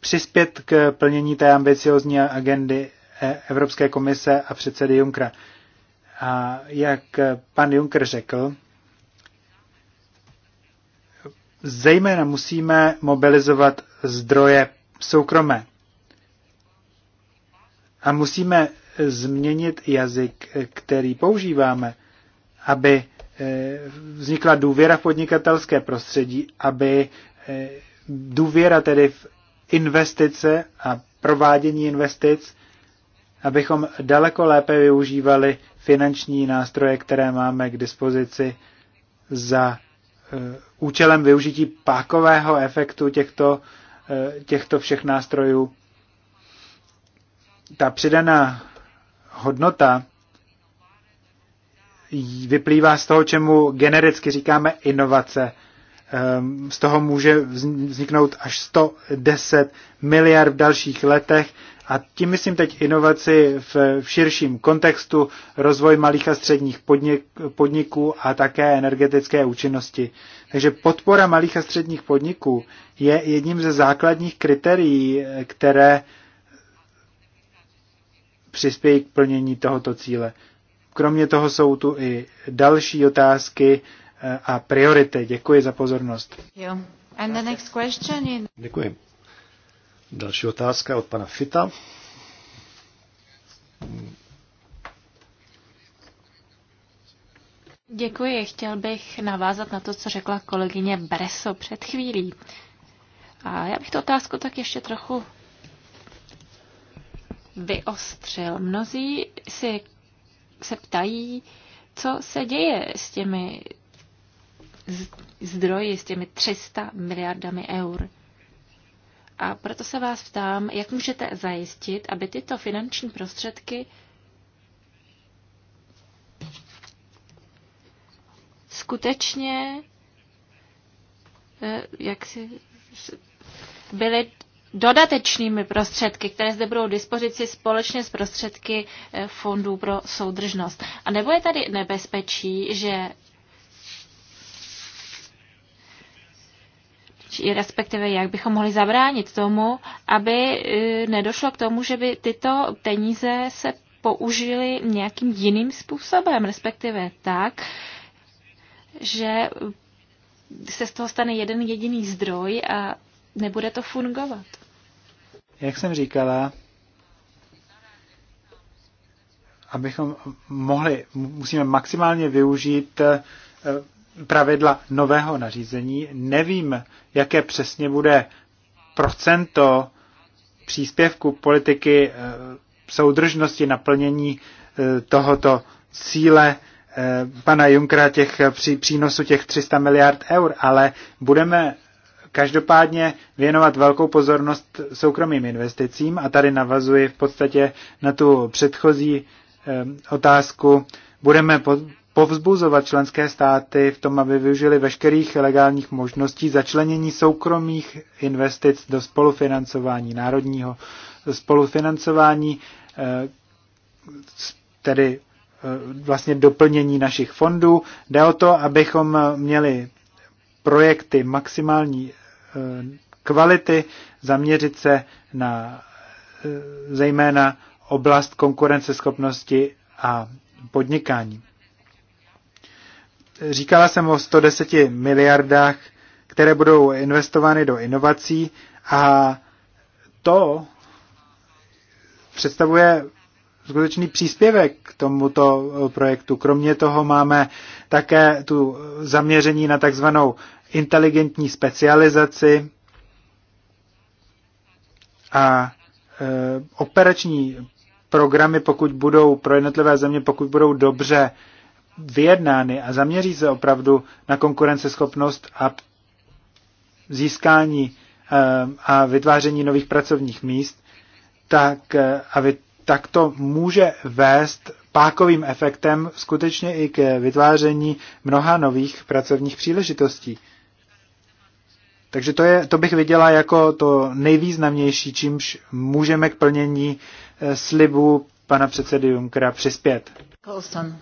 přispět k plnění té ambiciozní agendy eh, Evropské komise a předsedy Junckera. A jak pan Juncker řekl, Zejména musíme mobilizovat zdroje soukromé. A musíme změnit jazyk, který používáme, aby eh, vznikla důvěra v podnikatelské prostředí, aby eh, důvěra tedy v investice a provádění investic, abychom daleko lépe využívali finanční nástroje, které máme k dispozici za Eh, účelem využití pákového efektu těchto, eh, těchto všech nástrojů. Ta přidaná hodnota vyplývá z toho, čemu genericky říkáme inovace. Ehm, z toho může vzniknout až 110 miliard v dalších letech a tím myslím teď inovaci v, v širším kontextu, rozvoj malých a středních podnik, podniků a také energetické účinnosti. Takže podpora malých a středních podniků je jedním ze základních kritérií, které přispějí k plnění tohoto cíle. Kromě toho jsou tu i další otázky eh, a priority. Děkuji za pozornost. Děkuji. Další otázka od pana Fita. Děkuji. Chtěl bych navázat na to, co řekla kolegyně Breso před chvílí. A já bych tu otázku tak ještě trochu vyostřil. Mnozí si se ptají, co se děje s těmi zdroji, s těmi 300 miliardami eur. A proto se vás ptám, jak můžete zajistit, aby tyto finanční prostředky skutečně eh, jak si, byly dodatečnými prostředky, které zde budou dispozici společně s prostředky eh, fondů pro soudržnost. A nebo je tady nebezpečí, že respektive jak bychom mohli zabránit tomu, aby e, nedošlo k tomu, že by tyto peníze se použili nějakým jiným způsobem, respektive tak, že se z toho stane jeden jediný zdroj a nebude to fungovat. Jak jsem říkala, abychom mohli, musíme maximálně využít e, pravidla nového nařízení. Nevím, jaké přesně bude procento příspěvku politiky eh, soudržnosti naplnění eh, tohoto cíle eh, pana Junkra těch při přínosu těch 300 miliard eur, ale budeme každopádně věnovat velkou pozornost soukromým investicím a tady navazuji v podstatě na tu předchozí otázku. Budeme povzbuzovat členské státy v tom, aby využili veškerých legálních možností začlenění soukromých investic do spolufinancování, národního spolufinancování, eh, tedy eh, vlastně doplnění našich fondů. Jde o to, abychom měli projekty maximální eh, kvality, zaměřit se na zejména oblast konkurenceschopnosti a podnikání. Říkala jsem o 110 miliardách, které budou investovány do inovací a to představuje skutečný příspěvek k tomuto projektu. Kromě toho máme také tu zaměření na takzvanou inteligentní specializaci a e, operační programy, pokud budou pro jednotlivé země, pokud budou dobře e, vyjednány a zaměří se opravdu na konkurenceschopnost a získání eh, a vytváření nových pracovních míst, tak, eh, a vy, tak to může vést pákovým efektem skutečně i k vytváření mnoha nových pracovních příležitostí. Takže to, je, to bych viděla jako to nejvýznamnější, čímž můžeme k plnění eh, slibu pana předsedy Junkera přispět. Colson.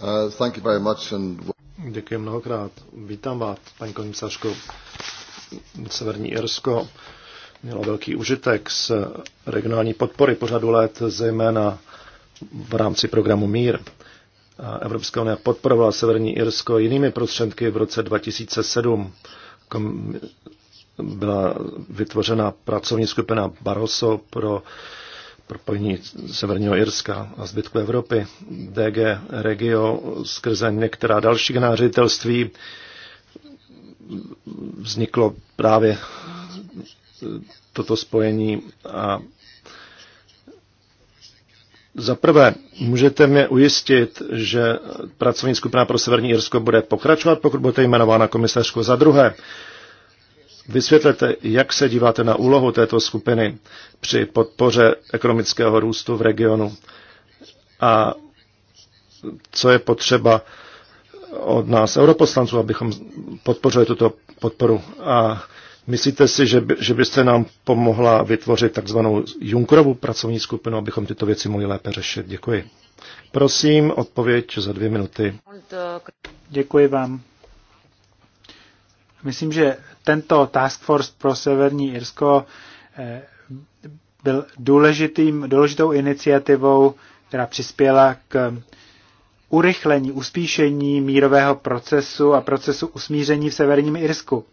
Uh, Děkuji mnohokrát. Vítám vás, paní komisařko. Severní Irsko mělo velký užitek z regionální podpory pořadu let, zejména v rámci programu Mír. Evropská unie podporovala Severní Irsko jinými prostředky v roce 2007. Byla vytvořena pracovní skupina Barroso pro propojení Severního Irska a zbytku Evropy. DG Regio skrze některá další nářitelství vzniklo právě toto spojení a za prvé, můžete mě ujistit, že pracovní skupina pro Severní Irsko bude pokračovat, pokud budete jmenována komisařkou. Za druhé, vysvětlete, jak se díváte na úlohu této skupiny při podpoře ekonomického růstu v regionu a co je potřeba od nás, europoslanců, abychom podpořili tuto podporu. A myslíte si, že, by, že byste nám pomohla vytvořit takzvanou Junkrovu pracovní skupinu, abychom tyto věci mohli lépe řešit? Děkuji. Prosím, odpověď za dvě minuty. Děkuji vám. Myslím, že tento Task Force pro Severní Irsko eh, byl důležitým, důležitou iniciativou, která přispěla k urychlení, uspíšení mírového procesu a procesu usmíření v Severním Irsku.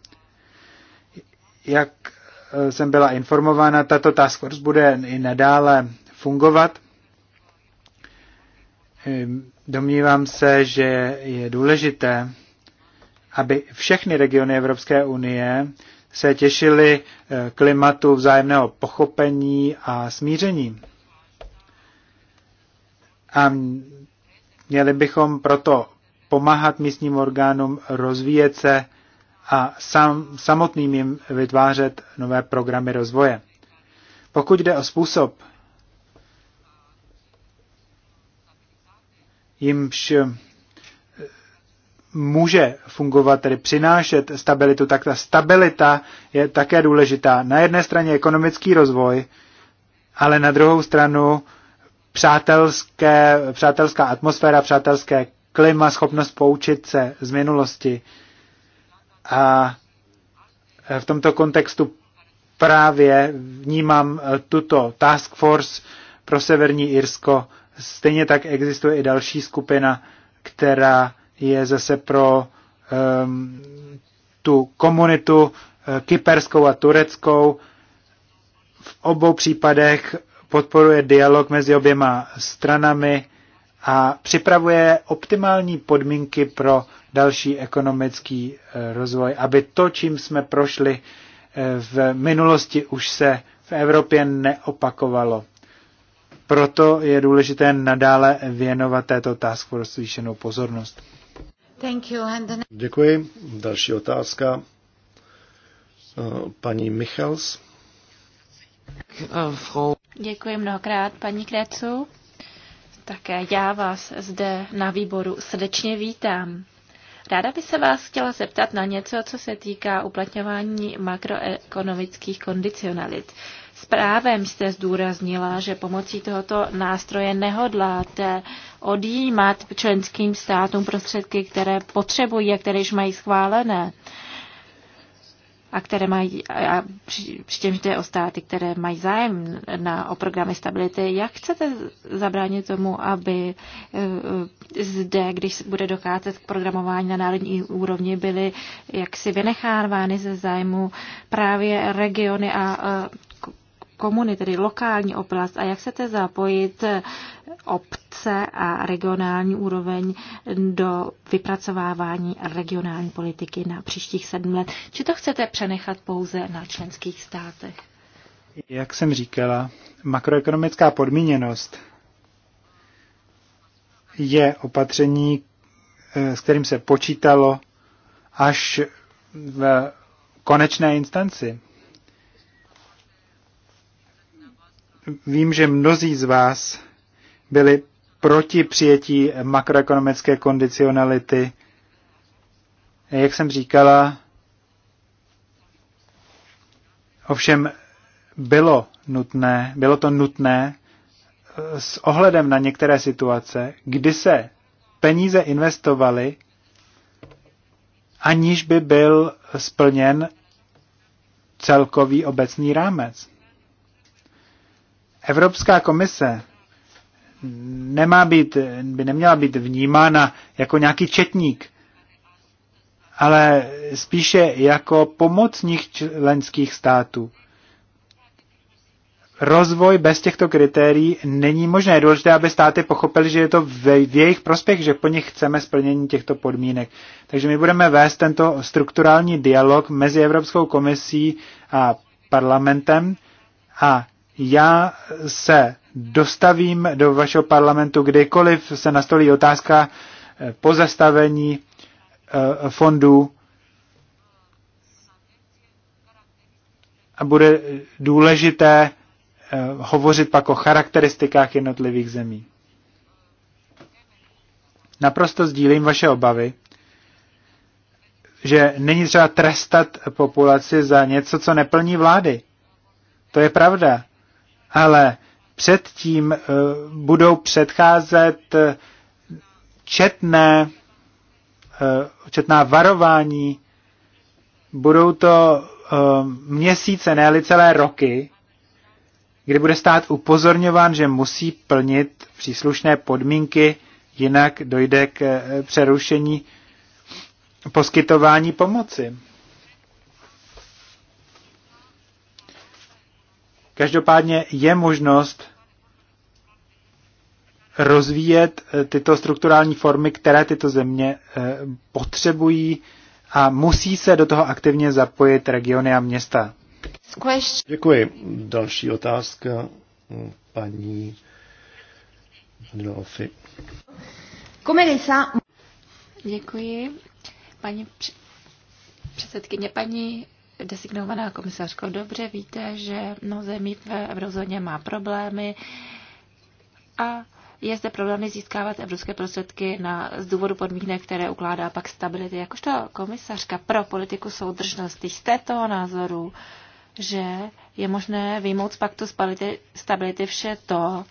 Jak eh, jsem byla informována, tato task force bude i nadále fungovat. Ehm, domnívám se, že je důležité, aby všechny regiony Evropské unie se těšily eh, klimatu vzájemného pochopení a smíření. A měli bychom proto pomáhat místním orgánům rozvíjet se a sam, samotným jim vytvářet nové programy rozvoje. Pokud jde o způsob, jimž může fungovat, tedy přinášet stabilitu, tak ta stabilita je také důležitá. Na jedné straně ekonomický rozvoj, ale na druhou stranu přátelské, přátelská atmosféra, přátelské klima, schopnost poučit se z minulosti. A v tomto kontextu právě vnímám tuto task force pro Severní Irsko. Stejně tak existuje i další skupina, která je zase pro um, tu komunitu eh, kyperskou a tureckou. V obou případech podporuje dialog mezi oběma stranami a připravuje optimální podmínky pro další ekonomický eh, rozvoj, aby to, čím jsme prošli eh, v minulosti, už se v Evropě neopakovalo. Proto je důležité nadále věnovat této task force zvýšenou pozornost. Děkuji. Další otázka. Paní Michals. Děkuji mnohokrát, paní Krecu. Také já vás zde na výboru srdečně vítám. Ráda by se vás chtěla zeptat na něco, co se týká uplatňování makroekonomických kondicionalit. S právem jste zdůraznila, že pomocí tohoto nástroje nehodláte odjímat členským státům prostředky, které potřebují a které již mají schválené a které mají, a přičemž jde o státy, které mají zájem na, o programy stability, jak chcete zabránit tomu, aby e, e, zde, když bude docházet k programování na národní úrovni, byly jaksi vynechávány ze zájmu právě regiony a e, komuny, tedy lokální oblast a jak chcete zapojit obce a regionální úroveň do vypracovávání regionální politiky na příštích sedm let. Či to chcete přenechat pouze na členských státech? Jak jsem říkala, makroekonomická podmíněnost je opatření, eh, s kterým se počítalo až v konečné instanci. vím, že mnozí z vás byli proti přijetí makroekonomické kondicionality. Jak jsem říkala, ovšem bylo nutné, bylo to nutné eh, s ohledem na některé situace, kdy se peníze investovaly, aniž by byl splněn celkový obecný rámec. Evropská komise nemá být, by neměla být vnímána jako nějaký četník, ale spíše jako pomocník členských států. Rozvoj bez těchto kritérií není možné. Je důležité, aby státy pochopili, že je to v jejich prospěch, že po nich chceme splnění těchto podmínek. Takže my budeme vést tento strukturální dialog mezi Evropskou komisí a parlamentem a já se dostavím do vašeho parlamentu, kdykoliv se nastolí otázka eh, pozastavení eh, fondů a bude důležité eh, hovořit pak o charakteristikách jednotlivých zemí. Naprosto sdílím vaše obavy, že není třeba trestat populaci za něco, co neplní vlády. To je pravda ale předtím eh, budou předcházet eh, četné, eh, četná varování, budou to měsíce, ne celé roky, kdy bude stát upozorňován, že musí plnit příslušné podmínky, jinak dojde k přerušení poskytování pomoci. Každopádně je možnost rozvíjet eh, tyto strukturální formy, které tyto země eh, potřebují a musí se do toho aktivně zapojit regiony a města. Děkuji. Další otázka mm, paní Vanilofy. Děkuji. Paní předsedkyně, paní designovaná komisařko, dobře víte, že mnoho zemí v eurozóně má problémy a je zde problémy získávat evropské prostředky na, z důvodu podmínek, které ukládá pak stability. Jakožto komisařka pro politiku soudržnosti z této názoru, že je možné vyjmout z paktu stability vše to,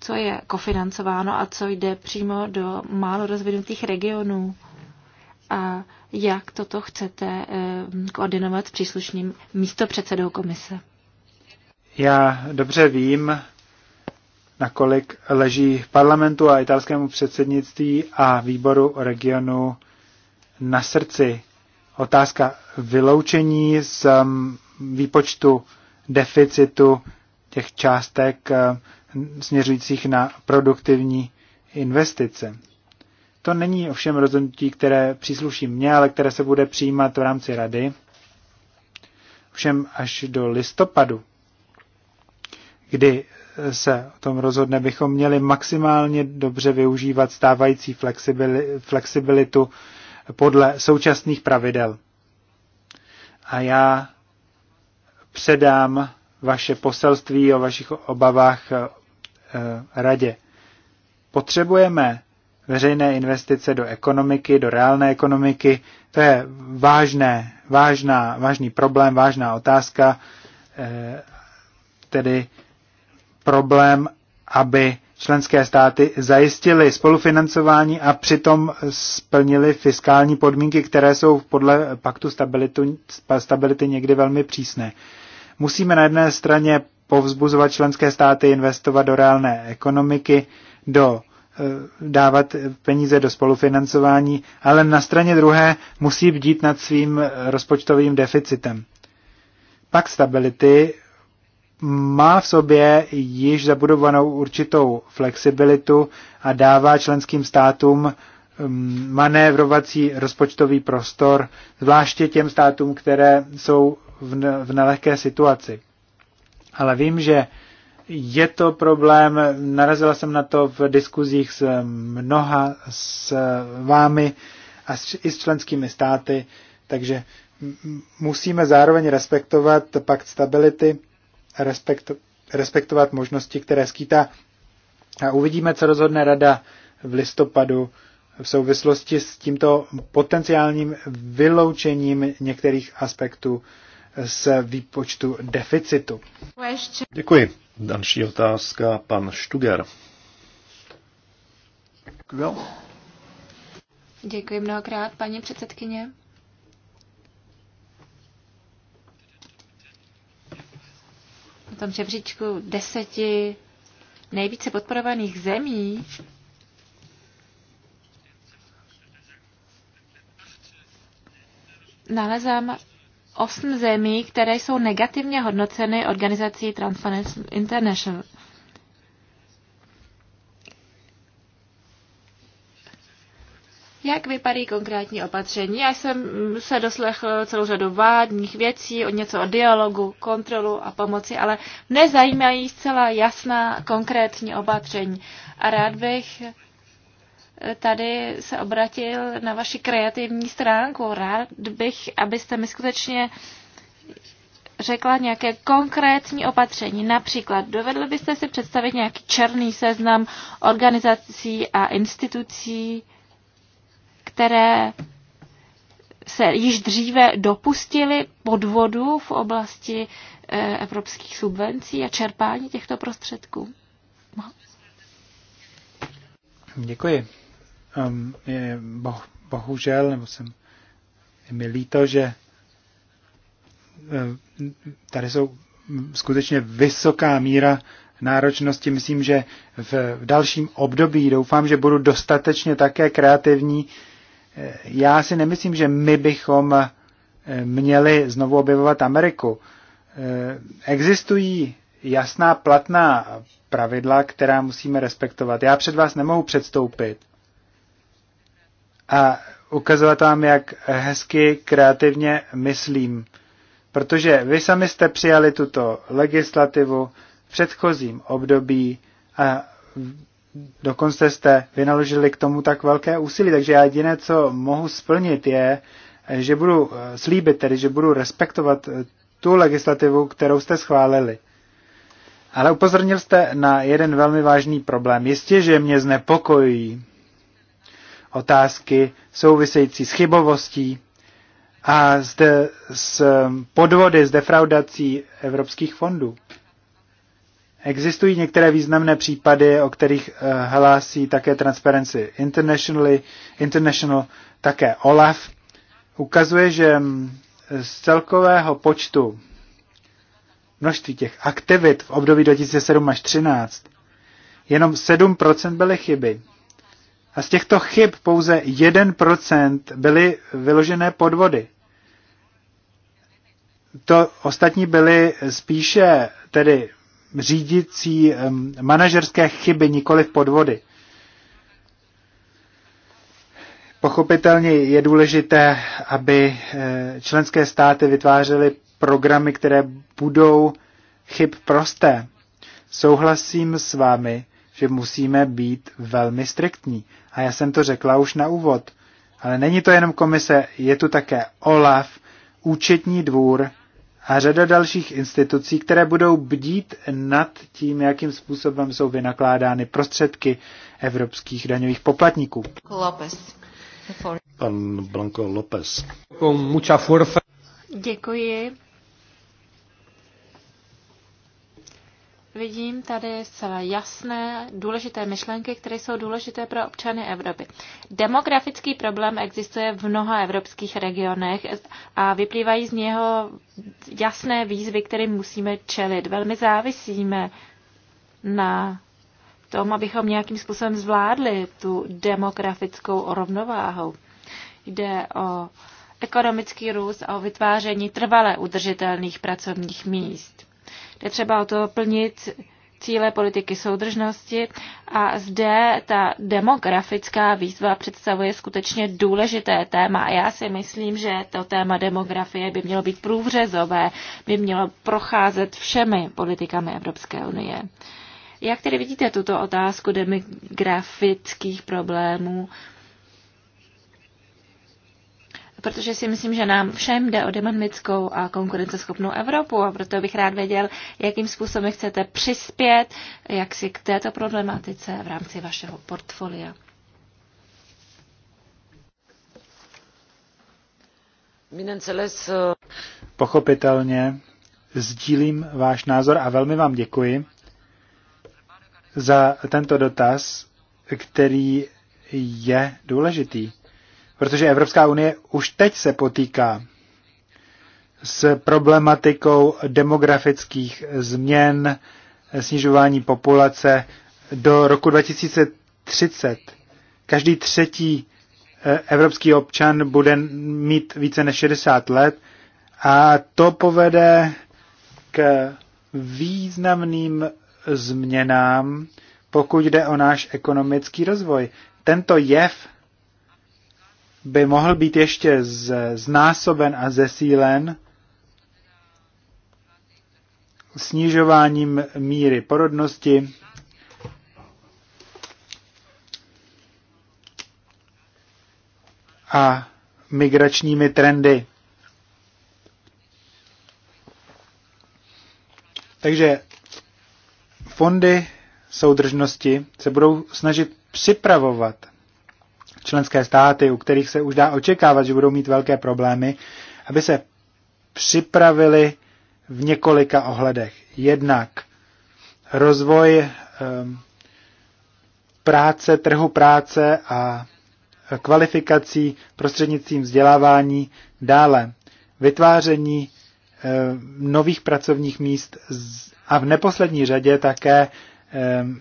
co je kofinancováno a co jde přímo do málo rozvinutých regionů a jak toto chcete eh, koordinovat s příslušným místopředsedou komise. Já dobře vím, nakolik leží parlamentu a italskému předsednictví a výboru regionu na srdci otázka vyloučení z mm, výpočtu deficitu těch částek eh, směřujících na produktivní investice. To není ovšem rozhodnutí, které přísluší mně, ale které se bude přijímat v rámci rady. Všem až do listopadu, kdy se o tom rozhodne, bychom měli maximálně dobře využívat stávající flexibilitu podle současných pravidel. A já předám vaše poselství o vašich obavách eh, radě. Potřebujeme veřejné investice do ekonomiky, do reálné ekonomiky. To je vážné, vážná, vážný problém, vážná otázka, eh, tedy problém, aby členské státy zajistily spolufinancování a přitom splnili fiskální podmínky, které jsou podle paktu stabilitu, stability někdy velmi přísné. Musíme na jedné straně povzbuzovat členské státy investovat do reálné ekonomiky, do Eh, dávat peníze do spolufinancování, ale na straně druhé musí bdít nad svým rozpočtovým deficitem. Pak stability má v sobě již zabudovanou určitou flexibilitu a dává členským státům mm, manévrovací rozpočtový prostor, zvláště těm státům, které jsou v nelehké situaci. Ale vím, že je to problém, narazila jsem na to v diskuzích s mnoha, s vámi a s, i s členskými státy, takže musíme zároveň respektovat pakt stability, respekt, respektovat možnosti, které skýtá. A uvidíme, co rozhodne rada v listopadu v souvislosti s tímto potenciálním vyloučením některých aspektů z výpočtu deficitu. Děkuji. Další otázka, pan Štuger. Děkuji mnohokrát, paní předsedkyně. Na tom žebříčku deseti nejvíce podporovaných zemí nalezám osm zemí, které jsou negativně hodnoceny organizací Transparency International. Jak vypadají konkrétní opatření? Já jsem se doslechl celou řadu vádních věcí, od něco o dialogu, kontrolu a pomoci, ale nezajímají zcela jasná konkrétní opatření. A rád bych tady se obratil na vaši kreativní stránku. Rád bych, abyste mi skutečně řekla nějaké konkrétní opatření. Například, dovedli byste si představit nějaký černý seznam organizací a institucí, které se již dříve dopustili podvodu v oblasti eh, evropských subvencí a čerpání těchto prostředků. Děkuji um, je, bo, bohužel, nebo jsem, je mi líto, že eh, tady jsou skutečně vysoká míra náročnosti. Myslím, že v dalším období doufám, že budu dostatečně také kreativní. Eh, já si nemyslím, že my bychom eh, měli znovu objevovat Ameriku. Existují jasná platná pravidla, která musíme respektovat. Já před vás nemohu předstoupit a ukazovat vám, jak hezky, kreativně myslím. Protože vy sami jste přijali tuto legislativu v předchozím období a dokonce jste vynaložili k tomu tak velké úsilí, takže já jediné, co mohu splnit, je, že budu eh, slíbit, tedy že budu respektovat eh, tu legislativu, kterou jste schválili. Ale upozornil jste na jeden velmi vážný problém. Jistě, že mě znepokojí otázky související s chybovostí a zde s um, podvody, s defraudací evropských fondů. Existují některé významné případy, o kterých eh, hlásí také Transparency International, také OLAF. Ukazuje, že mm, z celkového počtu množství těch aktivit v období 2007 až 2013 jenom 7% byly chyby. A z těchto chyb pouze 1% byly vyložené podvody. To ostatní byly spíše tedy řídící manažerské chyby, nikoli podvody. Pochopitelně je důležité, aby eh, členské státy vytvářely programy, které budou chyb prosté. Souhlasím s vámi, že musíme být velmi striktní. A já jsem to řekla už na úvod. Ale není to jenom komise, je tu také OLAF, účetní dvůr a řada dalších institucí, které budou bdít nad tím, jakým způsobem jsou vynakládány prostředky evropských daňových poplatníků. Pan Blanco López. Děkuji. vidím tady zcela jasné, důležité myšlenky, které jsou důležité pro občany Evropy. Demografický problém existuje v mnoha evropských regionech a vyplývají z něho jasné výzvy, které musíme čelit. Velmi závisíme na tom, abychom nějakým způsobem zvládli tu demografickou rovnováhu. Jde o ekonomický růst a o vytváření trvale udržitelných pracovních míst. Jde třeba o to plnit cíle politiky soudržnosti a zde ta demografická výzva představuje skutečně důležité téma a já si myslím, že to téma demografie by mělo být průvřezové, by mělo procházet všemi politikami Evropské unie. Jak tedy vidíte tuto otázku demografických problémů? protože si myslím, že nám všem jde o demonickou a konkurenceschopnou Evropu a proto bych rád věděl, jakým způsobem chcete přispět jak si k této problematice v rámci vašeho portfolia. Eh, Pochopitelně sdílím váš názor a velmi vám děkuji za tento dotaz, který je důležitý protože Evropská unie už teď se potýká s problematikou demografických změn, snižování populace do roku 2030. Každý třetí e, evropský občan bude mít více než 60 let a to povede k významným změnám, pokud jde o náš ekonomický rozvoj. Tento jev by mohl být ještě z, znásoben a zesílen snižováním míry porodnosti, a migračními trendy. Takže fondy soudržnosti se budou snažit připravovat členské státy, u kterých se už dá očekávat, že budou mít velké problémy, aby se připravili v několika ohledech. Jednak rozvoj ehm, práce, trhu práce a kvalifikací prostřednictvím vzdělávání, dále vytváření ehm, nových pracovních míst a v neposlední řadě také ehm,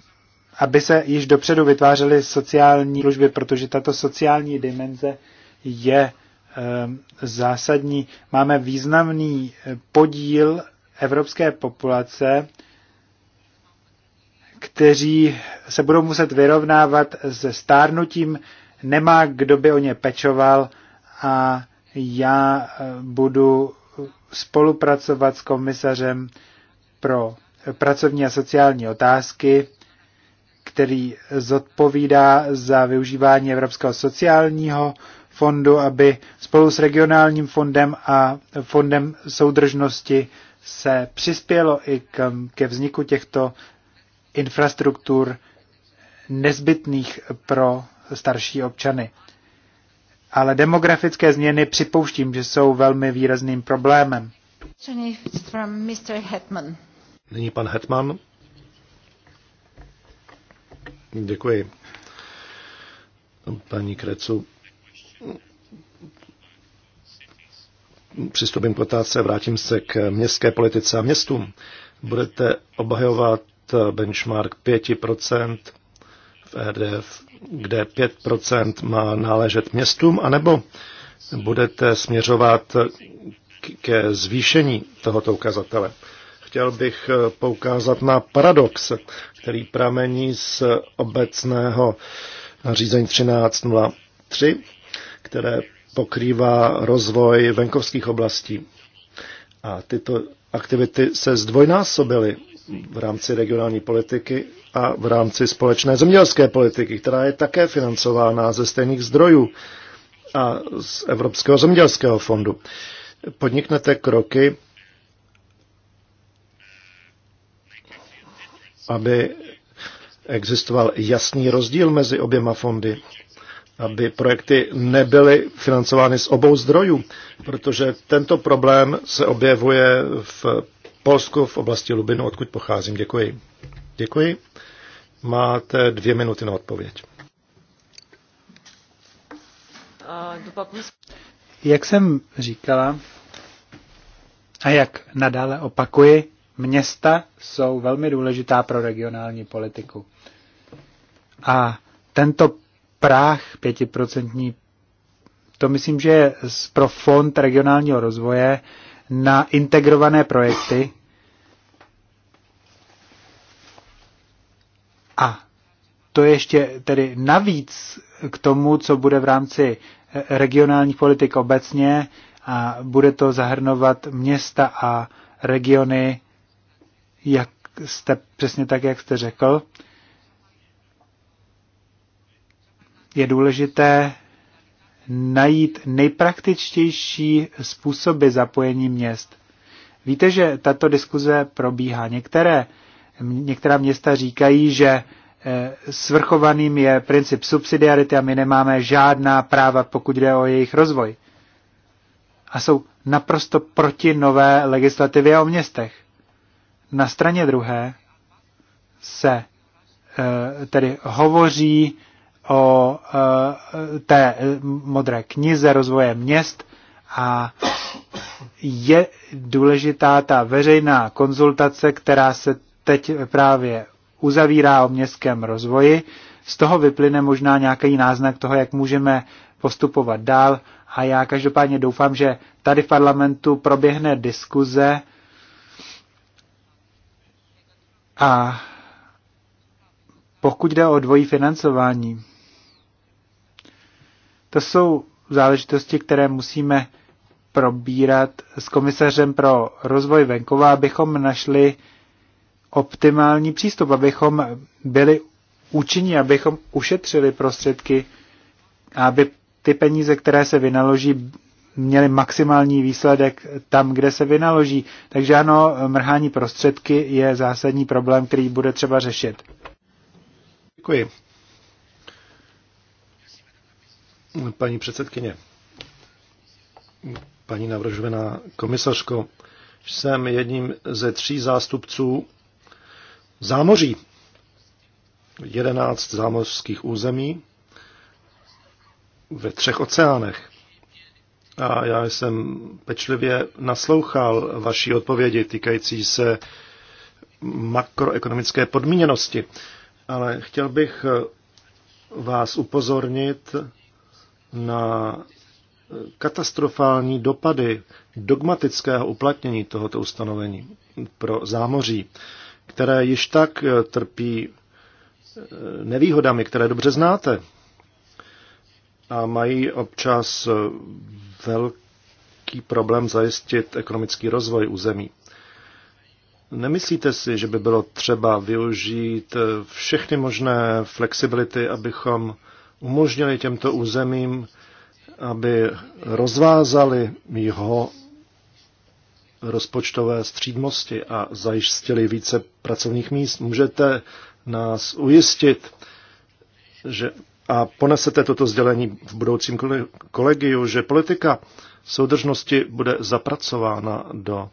aby se již dopředu vytvářely sociální služby, protože tato sociální dimenze je ehm, zásadní. Máme významný eh, podíl evropské populace, kteří se budou muset vyrovnávat se stárnutím, nemá kdo by o ně pečoval a já eh, budu spolupracovat s komisařem pro pracovní a sociální otázky, který zodpovídá za využívání Evropského sociálního fondu, aby spolu s regionálním fondem a fondem soudržnosti se přispělo i k, ke vzniku těchto infrastruktur nezbytných pro starší občany. Ale demografické změny připouštím, že jsou velmi výrazným problémem. Nyní pan Hetman. Děkuji. No, paní Krecu, přistupím k otázce, vrátím se k městské politice a městům. Budete obhajovat benchmark 5% v EDF, kde 5% má náležet městům, anebo budete směřovat ke zvýšení tohoto ukazatele? Chtěl bych eh, poukázat na paradox, který pramení z obecného řízení 1303, které pokrývá rozvoj venkovských oblastí. A tyto aktivity se zdvojnásobily v rámci regionální politiky a v rámci společné zemědělské politiky, která je také financována ze stejných zdrojů a z Evropského zemědělského fondu. Podniknete kroky aby existoval jasný rozdíl mezi oběma fondy, aby projekty nebyly financovány z obou zdrojů, protože tento problém se objevuje v Polsku v oblasti Lubinu, odkud pocházím. Děkuji. Děkuji. Máte dvě minuty na odpověď. Jak jsem říkala a jak nadále opakuji, Města jsou velmi důležitá pro regionální politiku. A tento práh pětiprocentní, to myslím, že je pro fond regionálního rozvoje na integrované projekty. A to ještě tedy navíc k tomu, co bude v rámci eh, regionálních politik obecně a bude to zahrnovat města a regiony jak jste, přesně tak, jak jste řekl, je důležité najít nejpraktičtější způsoby zapojení měst. Víte, že tato diskuze probíhá. Některé, některá města říkají, že e, svrchovaným je princip subsidiarity a my nemáme žádná práva, pokud jde o jejich rozvoj. A jsou naprosto proti nové legislativě o městech. Na straně druhé se eh, tedy hovoří o eh, té eh, modré knize rozvoje měst a je důležitá ta veřejná konzultace, která se teď právě uzavírá o městském rozvoji. Z toho vyplyne možná nějaký náznak toho, jak můžeme postupovat dál. A já každopádně doufám, že tady v parlamentu proběhne diskuze a pokud jde o dvojí financování, to jsou záležitosti, které musíme probírat s komisařem pro rozvoj venkova, abychom našli optimální přístup, abychom byli účinní, abychom ušetřili prostředky, aby ty peníze, které se vynaloží, měli maximální výsledek tam, kde se vynaloží. Takže ano, mrhání prostředky je zásadní problém, který bude třeba řešit. Děkuji. Paní předsedkyně, paní navržovená komisařko, jsem jedním ze tří zástupců zámoří. 11 zámořských území ve třech oceánech a já jsem pečlivě naslouchal vaší odpovědi týkající se makroekonomické podmíněnosti, ale chtěl bych vás upozornit na katastrofální dopady dogmatického uplatnění tohoto ustanovení pro zámoří, které již tak trpí nevýhodami, které dobře znáte a mají občas velký problém zajistit ekonomický rozvoj území. Nemyslíte si, že by bylo třeba využít všechny možné flexibility, abychom umožnili těmto územím, aby rozvázali jeho rozpočtové střídmosti a zajistili více pracovních míst. Můžete nás ujistit, že a ponesete toto sdělení v budoucím kolegiu, že politika soudržnosti bude zapracována do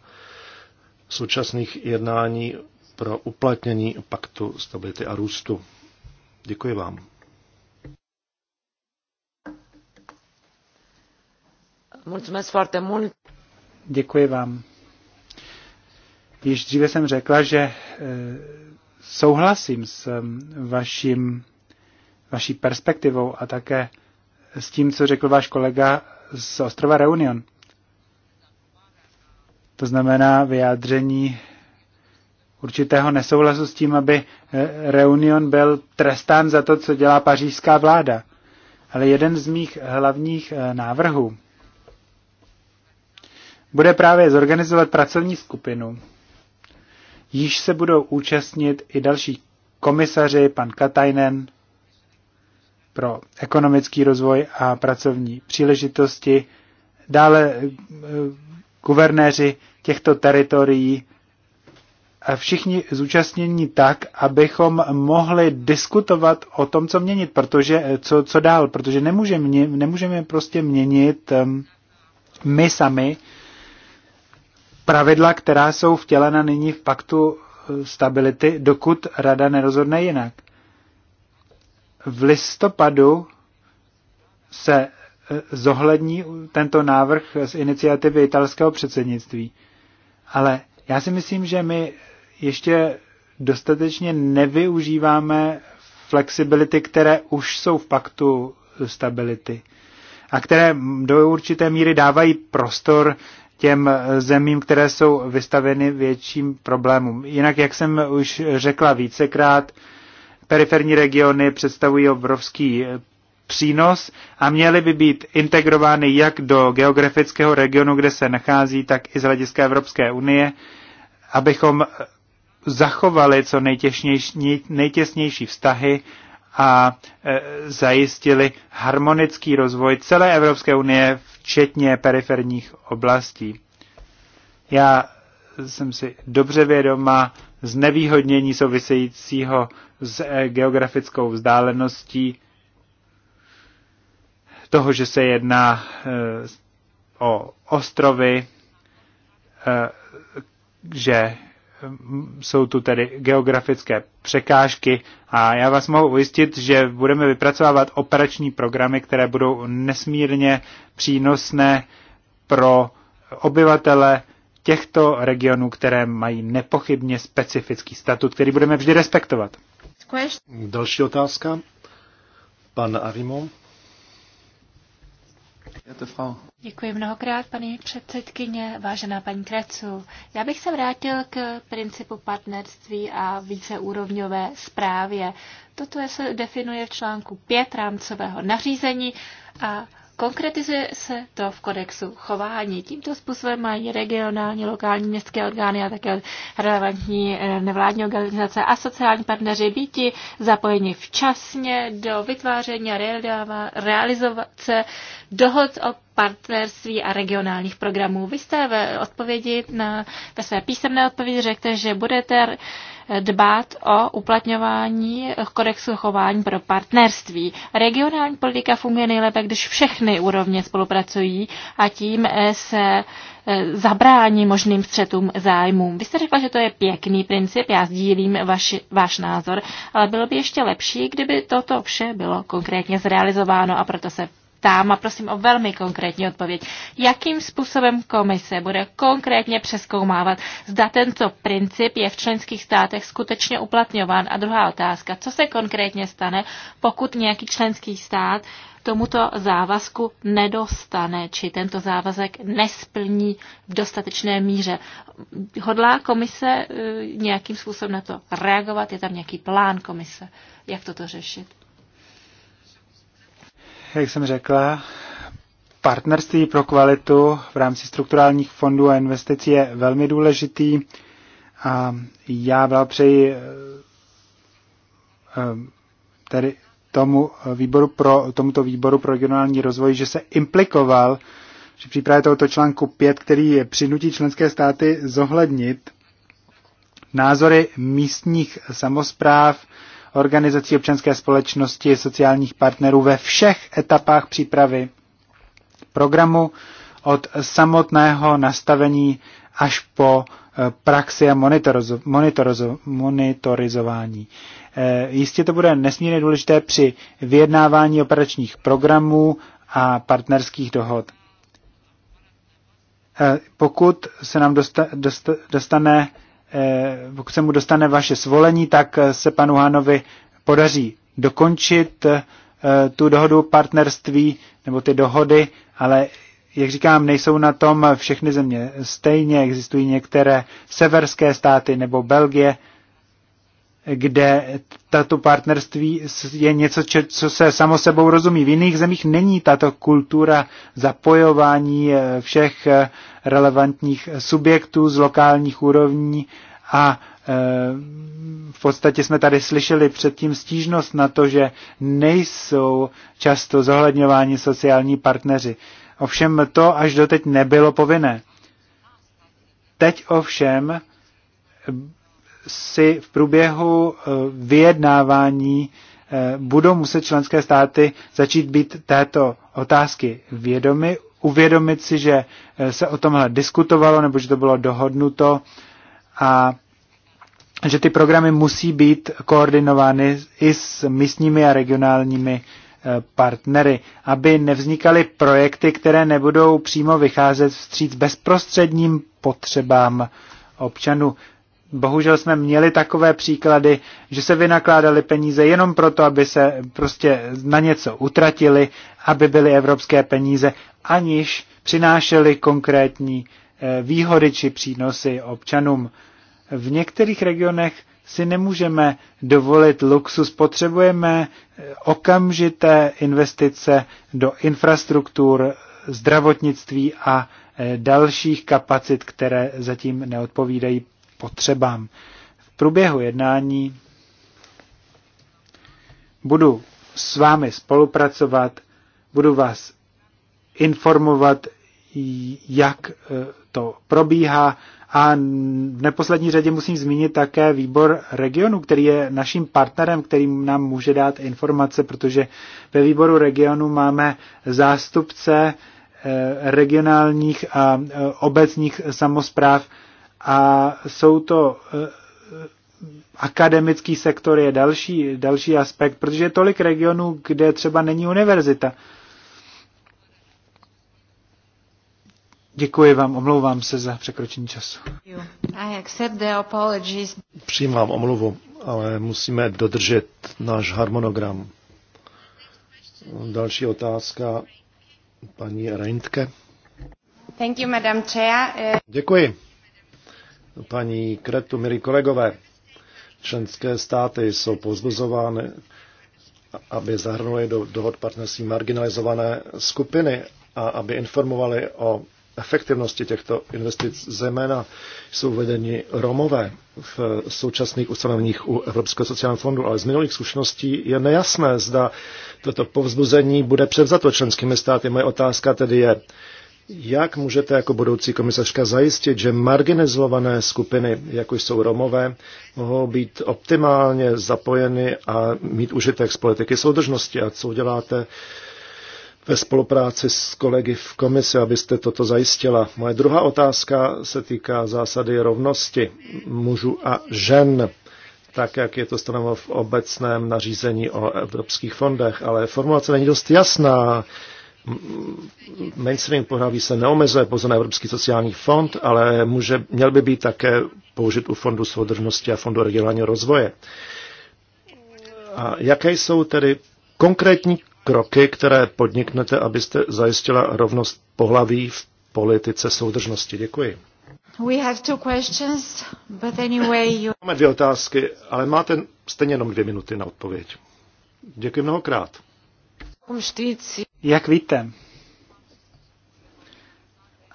současných jednání pro uplatnění paktu stability a růstu. Děkuji vám. Děkuji vám. Již dříve jsem řekla, že eh, souhlasím s eh, vaším vaší perspektivou a také s tím, co řekl váš kolega z ostrova Reunion. To znamená vyjádření určitého nesouhlasu s tím, aby eh, Reunion byl trestán za to, co dělá pařížská vláda. Ale jeden z mých hlavních eh, návrhů bude právě zorganizovat pracovní skupinu, již se budou účastnit i další komisaři, pan Katajnen, pro ekonomický rozvoj a pracovní příležitosti. Dále eh, guvernéři těchto teritorií a všichni zúčastnění tak, abychom mohli diskutovat o tom, co měnit, protože eh, co, co dál, protože nemůžeme, nemůžeme prostě měnit ehm, my sami pravidla, která jsou vtělena nyní v paktu eh, stability, dokud rada nerozhodne jinak v listopadu se eh, zohlední tento návrh z iniciativy italského předsednictví. Ale já si myslím, že my ještě dostatečně nevyužíváme flexibility, které už jsou v paktu stability a které do určité míry dávají prostor těm zemím, které jsou vystaveny větším problémům. Jinak, jak jsem už řekla vícekrát, Periferní regiony představují obrovský eh, přínos a měly by být integrovány jak do geografického regionu, kde se nachází, tak i z hlediska Evropské unie, abychom eh, zachovali co nejtěsnější vztahy a e, zajistili harmonický rozvoj celé Evropské unie, včetně periferních oblastí. Já jsem si dobře vědoma znevýhodnění souvisejícího s eh, geografickou vzdáleností toho, že se jedná eh, o ostrovy, eh, že hm, jsou tu tedy geografické překážky a já vás mohu ujistit, že budeme vypracovávat operační programy, které budou nesmírně přínosné pro obyvatele těchto regionů, které mají nepochybně specifický statut, který budeme vždy respektovat. Další otázka. Pan Arimo. Děkuji mnohokrát, paní předsedkyně, vážená paní Krecu. Já bych se vrátil k principu partnerství a víceúrovňové zprávě. Toto se definuje v článku 5 rámcového nařízení a Konkretizuje se to v kodexu chování. Tímto způsobem mají regionální, lokální, městské orgány a také relevantní eh, nevládní organizace a sociální partneři býti zapojeni včasně do vytváření a realizace dohod o partnerství a regionálních programů. Vy jste ve, odpovědi na, ve své písemné odpovědi řekl, že budete dbát o uplatňování kodexu chování pro partnerství. Regionální politika funguje nejlépe, když všechny úrovně spolupracují a tím se eh, zabrání možným střetům zájmům. Vy jste řekla, že to je pěkný princip, já sdílím vaši, váš názor, ale bylo by ještě lepší, kdyby toto vše bylo konkrétně zrealizováno a proto se ptám a prosím o velmi konkrétní odpověď. Jakým způsobem komise bude konkrétně přeskoumávat, zda tento princip je v členských státech skutečně uplatňován? A druhá otázka, co se konkrétně stane, pokud nějaký členský stát tomuto závazku nedostane, či tento závazek nesplní v dostatečné míře. Hodlá komise eh, nějakým způsobem na to reagovat? Je tam nějaký plán komise, jak toto řešit? Jak jsem řekla, partnerství pro kvalitu v rámci strukturálních fondů a investic je velmi důležitý a já blahopřeji eh, eh, tedy tomu výboru pro, tomuto výboru pro regionální rozvoj, že se implikoval při přípravě tohoto článku 5, který je přinutí členské státy zohlednit názory místních samozpráv, organizací občanské společnosti, sociálních partnerů ve všech etapách přípravy programu od samotného nastavení až po eh, praxi a monitorizování. Eh, jistě to bude nesmírně důležité při vyjednávání operačních programů a partnerských dohod. Eh, pokud se nám dostane Eh, pokud se mu dostane vaše svolení, tak eh, se panu Hánovi podaří dokončit eh, tu dohodu partnerství nebo ty dohody, ale jak říkám, nejsou na tom všechny země stejně. Existují některé severské státy nebo Belgie, kde tato partnerství je něco, co se samo sebou rozumí. V jiných zemích není tato kultura zapojování eh, všech eh, relevantních subjektů z lokálních úrovní a eh, v podstatě jsme tady slyšeli předtím stížnost na to, že nejsou často zohledňováni sociální partneři. Ovšem to až doteď nebylo povinné. Teď ovšem si v průběhu eh, vyjednávání eh, budou muset členské státy začít být této otázky vědomy, uvědomit si, že eh, se o tomhle diskutovalo nebo že to bylo dohodnuto a že ty programy musí být koordinovány i s místními a regionálními partnery, aby nevznikaly projekty, které nebudou přímo vycházet vstříc bezprostředním potřebám občanů bohužel jsme měli takové příklady, že se vynakládaly peníze jenom proto, aby se prostě na něco utratili, aby byly evropské peníze, aniž přinášely konkrétní eh, výhody či přínosy občanům. V některých regionech si nemůžeme dovolit luxus, potřebujeme eh, okamžité investice do infrastruktur, zdravotnictví a eh, dalších kapacit, které zatím neodpovídají potřebám. V průběhu jednání budu s vámi spolupracovat, budu vás informovat, jak e, to probíhá. A v neposlední řadě musím zmínit také výbor regionu, který je naším partnerem, který nám může dát informace, protože ve výboru regionu máme zástupce e, regionálních a e, obecních samozpráv a jsou to eh, akademický sektor je další, další aspekt, protože je tolik regionů, kde třeba není univerzita. Děkuji vám, omlouvám se za překročení času. Přijímám omluvu, ale musíme dodržet náš harmonogram. Další otázka paní Reintke. Thank you, Madam Chair. Eh, Děkuji paní Kretu, milí kolegové. Členské státy jsou pozbuzovány, aby zahrnuli do dohod partnerství marginalizované skupiny a aby informovali o efektivnosti těchto investic, zejména jsou vedeni Romové v současných ustanoveních u Evropského sociálního fondu, ale z minulých zkušeností je nejasné, zda toto povzbuzení bude převzato členskými státy. Moje otázka tedy je, jak můžete jako budoucí komisařka zajistit, že marginalizované skupiny, jako jsou Romové, mohou být optimálně zapojeny a mít užitek z politiky soudržnosti? A co uděláte ve spolupráci s kolegy v komisi, abyste toto zajistila? Moje druhá otázka se týká zásady rovnosti mužů a žen tak, jak je to stanovo v obecném nařízení o evropských fondech, ale formulace není dost jasná mainstream pohraví se neomezuje pouze na Evropský sociální fond, ale může, měl by být také použit u Fondu soudržnosti a Fondu regionálního rozvoje. A jaké jsou tedy konkrétní kroky, které podniknete, abyste zajistila rovnost pohlaví v politice soudržnosti? Děkuji. We have two questions, but anyway you... Máme dvě otázky, ale máte stejně jenom dvě minuty na odpověď. Děkuji mnohokrát. Jak víte,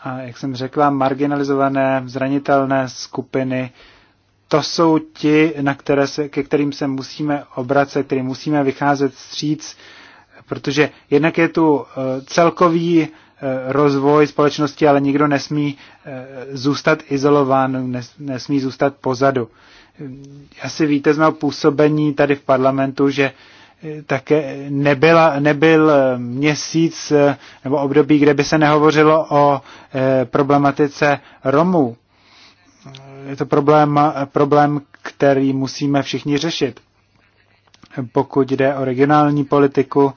a jak jsem řekla, marginalizované, zranitelné skupiny, to jsou ti, na které se, ke kterým se musíme obracet, kterým musíme vycházet stříc, protože jednak je tu eh, celkový eh, rozvoj společnosti, ale nikdo nesmí eh, zůstat izolován, nesmí zůstat pozadu. Asi víte z mého působení tady v parlamentu, že také nebyla, nebyl měsíc eh, nebo období, kde by se nehovořilo o eh, problematice Romů. Je to problém, problém, který musíme všichni řešit. Pokud jde o regionální politiku,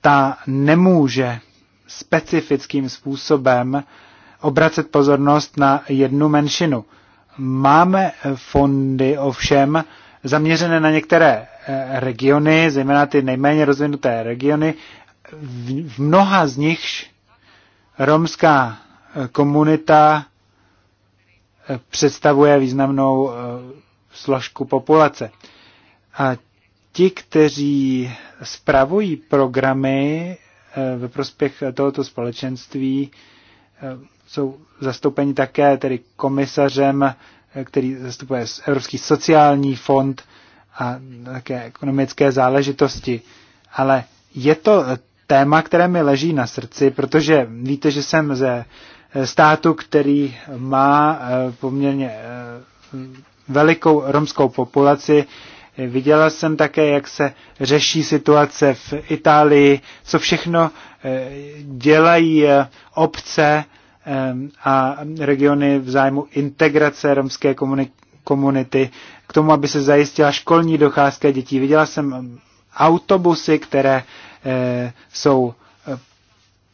ta nemůže specifickým způsobem obracet pozornost na jednu menšinu. Máme fondy ovšem, zaměřené na některé eh, regiony, zejména ty nejméně rozvinuté regiony. V mnoha z nich romská eh, komunita eh, představuje významnou složku populace. A ti, kteří spravují programy ve prospěch tohoto společenství, jsou zastoupeni také tedy komisařem který zastupuje Evropský sociální fond a také ekonomické záležitosti. Ale je to téma, které mi leží na srdci, protože víte, že jsem ze státu, který má eh, poměrně eh, velikou romskou populaci. Viděla jsem také, jak se řeší situace v Itálii, co všechno eh, dělají obce a regiony v zájmu integrace romské komunity k tomu, aby se zajistila školní docházka dětí. Viděla jsem autobusy, které eh, jsou eh,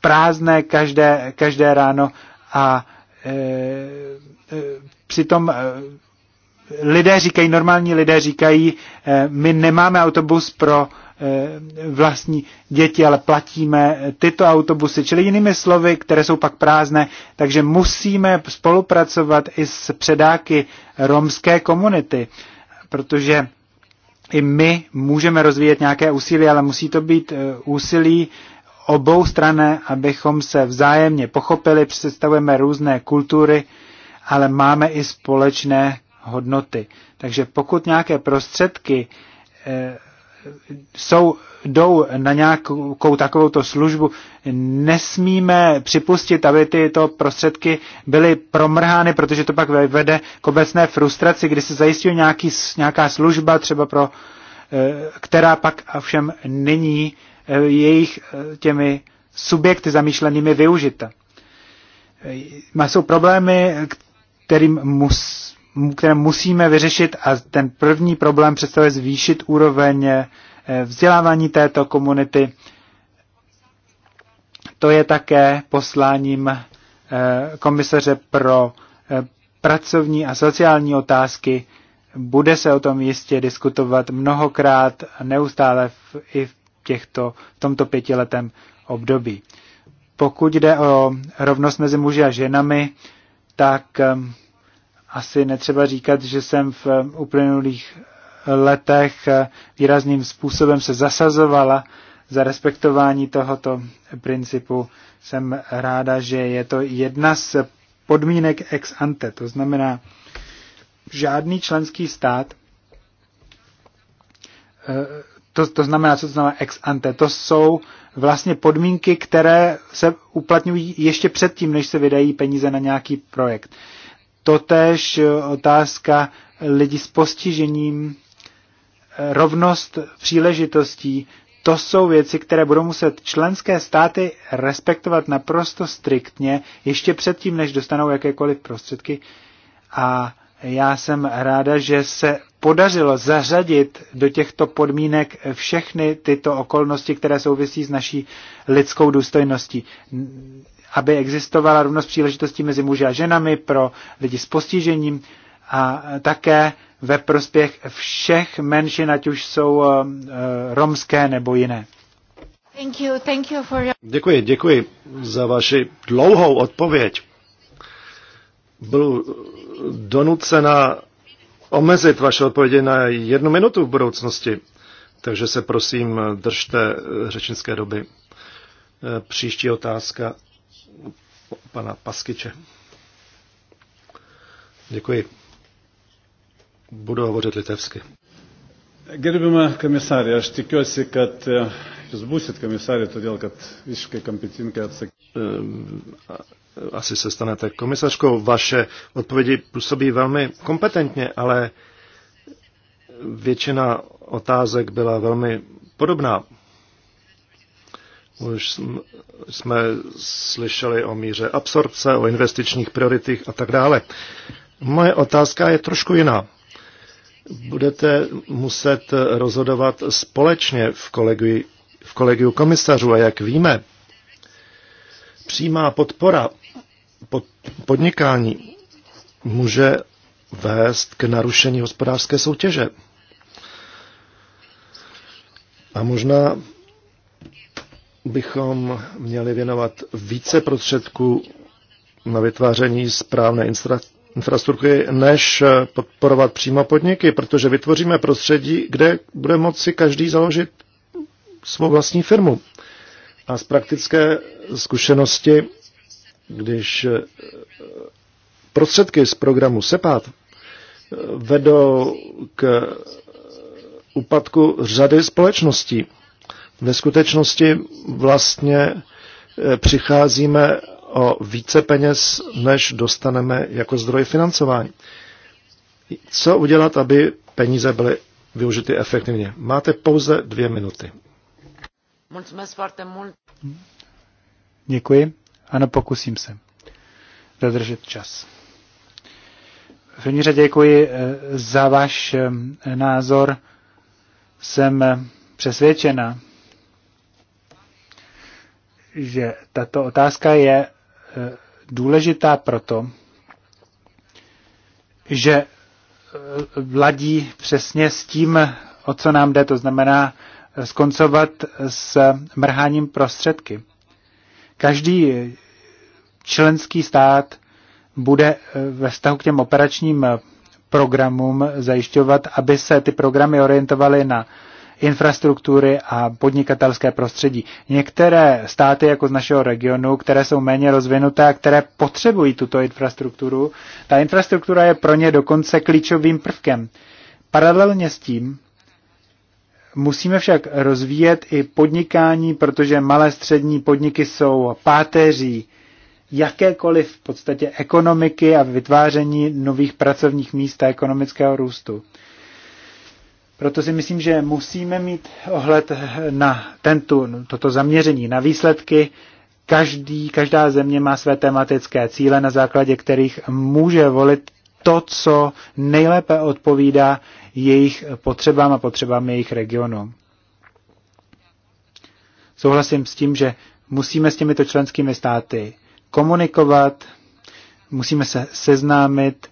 prázdné každé, každé ráno a eh, přitom lidé říkají, normální lidé říkají, my nemáme autobus pro Eh, vlastní děti, ale platíme tyto autobusy, čili jinými slovy, které jsou pak prázdné, takže musíme spolupracovat i s předáky romské komunity, protože i my můžeme rozvíjet nějaké úsilí, ale musí to být eh, úsilí obou strané, abychom se vzájemně pochopili, představujeme různé kultury, ale máme i společné hodnoty. Takže pokud nějaké prostředky eh, jsou, jdou na nějakou takovou službu, nesmíme připustit, aby tyto prostředky byly promrhány, protože to pak vede k obecné frustraci, kdy se zajistí nějaký, nějaká služba, třeba pro, eh, která pak ovšem není eh, jejich eh, těmi subjekty zamýšlenými využita. Jsou problémy, kterým mus, které musíme vyřešit a ten první problém představuje zvýšit úroveň eh, vzdělávání této komunity. To je také posláním eh, komisaře pro eh, pracovní a sociální otázky. Bude se o tom jistě diskutovat mnohokrát neustále v, i v, těchto, v tomto pětiletém období. Pokud jde o rovnost mezi muži a ženami, tak um, asi netřeba říkat, že jsem v eh, uplynulých eh, letech eh, výrazným způsobem se zasazovala za respektování tohoto principu. Jsem ráda, že je to jedna z podmínek ex ante. To znamená, žádný členský stát, to, to znamená, co to znamená ex ante, to jsou vlastně podmínky, které se uplatňují ještě předtím, než se vydají peníze na nějaký projekt. Uh, Totéž otázka lidí s postižením, rovnost příležitostí, to jsou věci, které budou muset členské státy respektovat naprosto striktně, ještě předtím, než dostanou jakékoliv prostředky. A já jsem ráda, že se podařilo zařadit do těchto podmínek všechny tyto okolnosti, které souvisí s naší lidskou důstojností aby existovala rovnost příležitostí mezi muži a ženami pro lidi s postižením a také ve prospěch všech menšin, ať už jsou eh, eh, romské nebo jiné. Thank you, thank you for... Děkuji, děkuji za vaši dlouhou odpověď. Byl donucena omezit vaše odpovědi na jednu minutu v budoucnosti, takže se prosím držte řečnické doby. Eh, příští otázka pana Paskyče. Děkuji. Budu hovořit litevsky. Gerbima komisarė, aš tikiuosi, kad e, jūs būsit komisarė, todėl kad visiškai kompetinkai atsakysite. Ehm, asi se stanete komisařkou. Vaše odpovědi působí velmi kompetentně, ale většina otázek byla velmi podobná. Už jsme slyšeli o míře absorpce, o investičních prioritách a tak dále. Moje otázka je trošku jiná. Budete muset rozhodovat společně v kolegiu, v kolegiu komisařů a jak víme, přímá podpora pod podnikání může vést k narušení hospodářské soutěže. A možná bychom měli věnovat více prostředků na vytváření správné infrastruktury, než podporovat přímo podniky, protože vytvoříme prostředí, kde bude moci každý založit svou vlastní firmu. A z praktické zkušenosti, když eh, prostředky z programu SEPAT eh, vedou k eh, úpadku řady společností, ve skutečnosti vlastně e, přicházíme o více peněz, než dostaneme jako zdroj financování. Co udělat, aby peníze byly využity efektivně? Máte pouze dvě minuty. Děkuji. Ano, pokusím se dodržet čas. V první řadě děkuji e, za váš e, názor. Jsem přesvědčena, že tato otázka je eh, důležitá proto, že eh, vladí přesně s tím, o co nám jde, to znamená eh, skoncovat s mrháním prostředky. Každý členský stát bude ve vztahu k těm operačním programům zajišťovat, aby se ty programy orientovaly na infrastruktury a podnikatelské prostředí. Některé státy, jako z našeho regionu, které jsou méně rozvinuté a které potřebují tuto infrastrukturu, ta infrastruktura je pro ně dokonce klíčovým prvkem. Paralelně s tím musíme však rozvíjet i podnikání, protože malé střední podniky jsou páteří jakékoliv v podstatě ekonomiky a vytváření nových pracovních míst a ekonomického růstu. Proto si myslím, že musíme mít ohled na tento, toto zaměření, na výsledky. Každý, každá země má své tematické cíle, na základě kterých může volit to, co nejlépe odpovídá jejich potřebám a potřebám jejich regionu. Souhlasím s tím, že musíme s těmito členskými státy komunikovat, musíme se seznámit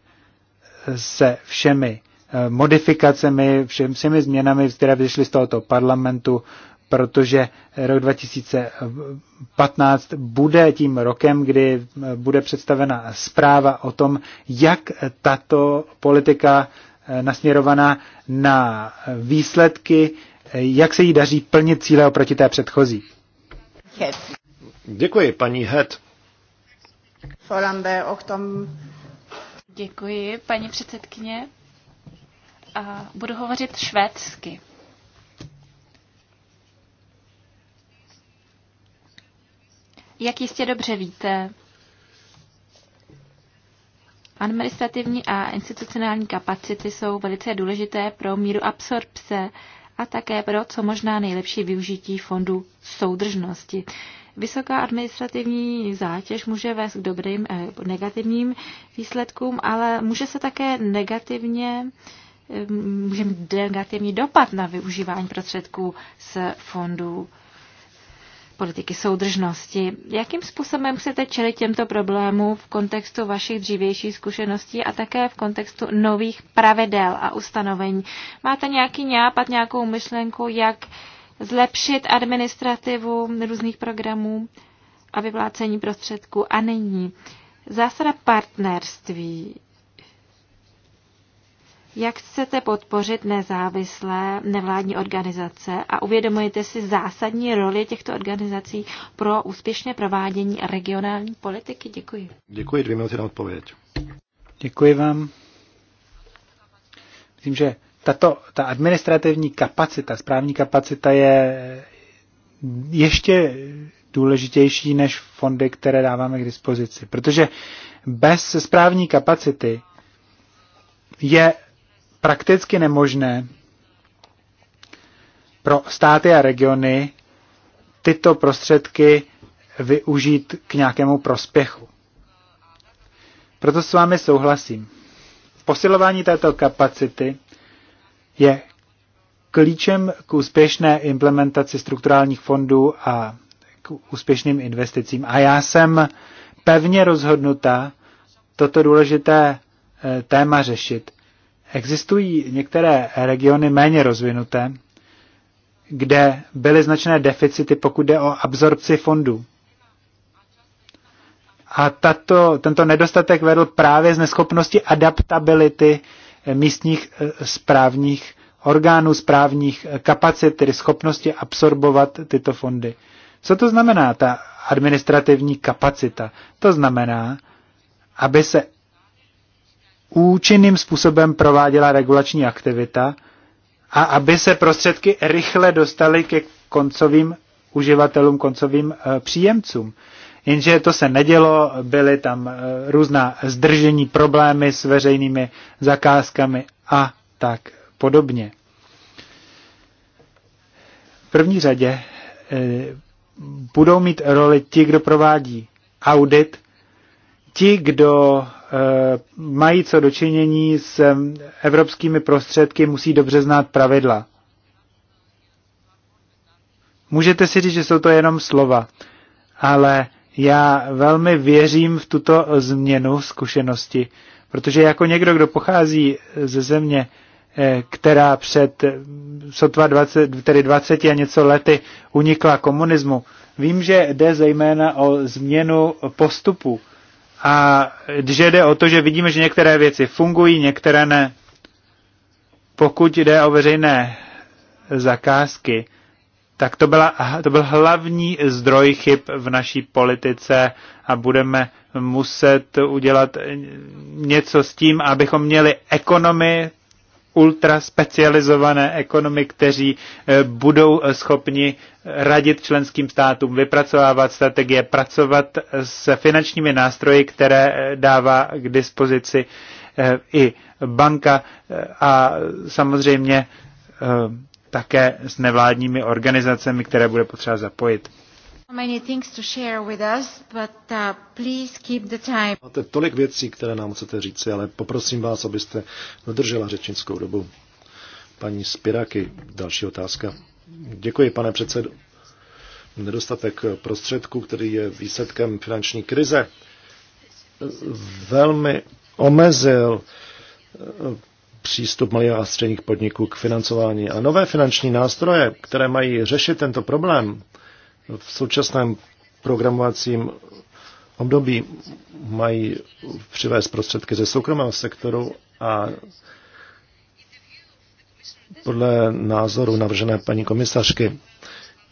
se všemi Eh, modifikacemi, všemi změnami, které vyšly z tohoto parlamentu, protože rok 2015 bude tím rokem, kdy eh, bude představena zpráva o tom, jak tato politika eh, nasměrovaná na výsledky, jak se jí daří plnit cíle oproti té předchozí. Děkuji, paní Het. Děkuji, paní předsedkyně a budu hovořit švédsky. Jak jistě dobře víte, administrativní a institucionální kapacity jsou velice důležité pro míru absorpce a také pro co možná nejlepší využití fondu soudržnosti. Vysoká administrativní zátěž může vést k dobrým eh, negativním výsledkům, ale může se také negativně eh, může mít negativní dopad na využívání prostředků z fondů politiky soudržnosti. Jakým způsobem chcete čelit těmto problémům v kontextu vašich dřívějších zkušeností a také v kontextu nových pravidel a ustanovení? Máte nějaký nápad, nějakou myšlenku, jak zlepšit administrativu různých programů a vyplácení prostředků? A nyní zásada partnerství jak chcete podpořit nezávislé nevládní organizace a uvědomujete si zásadní roli těchto organizací pro úspěšné provádění regionální politiky? Děkuji. Děkuji, dvě minuty na odpověď. Děkuji vám. Myslím, že tato, ta administrativní kapacita, správní kapacita je ještě důležitější než fondy, které dáváme k dispozici. Protože bez správní kapacity je prakticky nemožné pro státy a regiony tyto prostředky využít k nějakému prospěchu. Proto s vámi souhlasím. Posilování této kapacity je klíčem k úspěšné implementaci strukturálních fondů a k úspěšným investicím. A já jsem pevně rozhodnuta toto důležité eh, téma řešit Existují některé regiony méně rozvinuté, kde byly značné deficity, pokud jde o absorpci fondů. A tato, tento nedostatek vedl právě z neschopnosti adaptability místních eh, správních orgánů, správních eh, kapacit, tedy schopnosti absorbovat tyto fondy. Co to znamená, ta administrativní kapacita? To znamená, aby se účinným způsobem prováděla regulační aktivita a aby se prostředky rychle dostaly ke koncovým uživatelům, koncovým eh, příjemcům. Jenže to se nedělo, byly tam eh, různá zdržení, problémy s veřejnými zakázkami a tak podobně. V první řadě eh, budou mít roli ti, kdo provádí audit, ti, kdo Eh, mají co dočinění s evropskými prostředky, musí dobře znát pravidla. Můžete si říct, že jsou to jenom slova, ale já velmi věřím v tuto změnu zkušenosti, protože jako někdo, kdo pochází ze země, eh, která před eh, sotva 20, tedy 20 a něco lety unikla komunismu, vím, že jde zejména o změnu postupu a když jde o to, že vidíme, že některé věci fungují, některé ne. Pokud jde o veřejné zakázky, tak to, byla, to byl hlavní zdroj chyb v naší politice a budeme muset udělat něco s tím, abychom měli ekonomii ultraspecializované ekonomy, kteří eh, budou eh, schopni radit členským státům, vypracovávat strategie, pracovat eh, s finančními nástroji, které dává k dispozici i banka a samozřejmě také s nevládními organizacemi, které bude potřeba zapojit. Máte tolik věcí, které nám chcete říci, ale poprosím vás, abyste dodržela řečnickou dobu. Paní Spiraky, další otázka. Děkuji, pane předsedo. Nedostatek prostředků, který je výsledkem finanční krize, velmi omezil eh, přístup malých a středních podniků k financování. A nové finanční nástroje, které mají řešit tento problém, v současném programovacím období mají přivést prostředky ze soukromého sektoru a podle názoru navržené paní komisařky,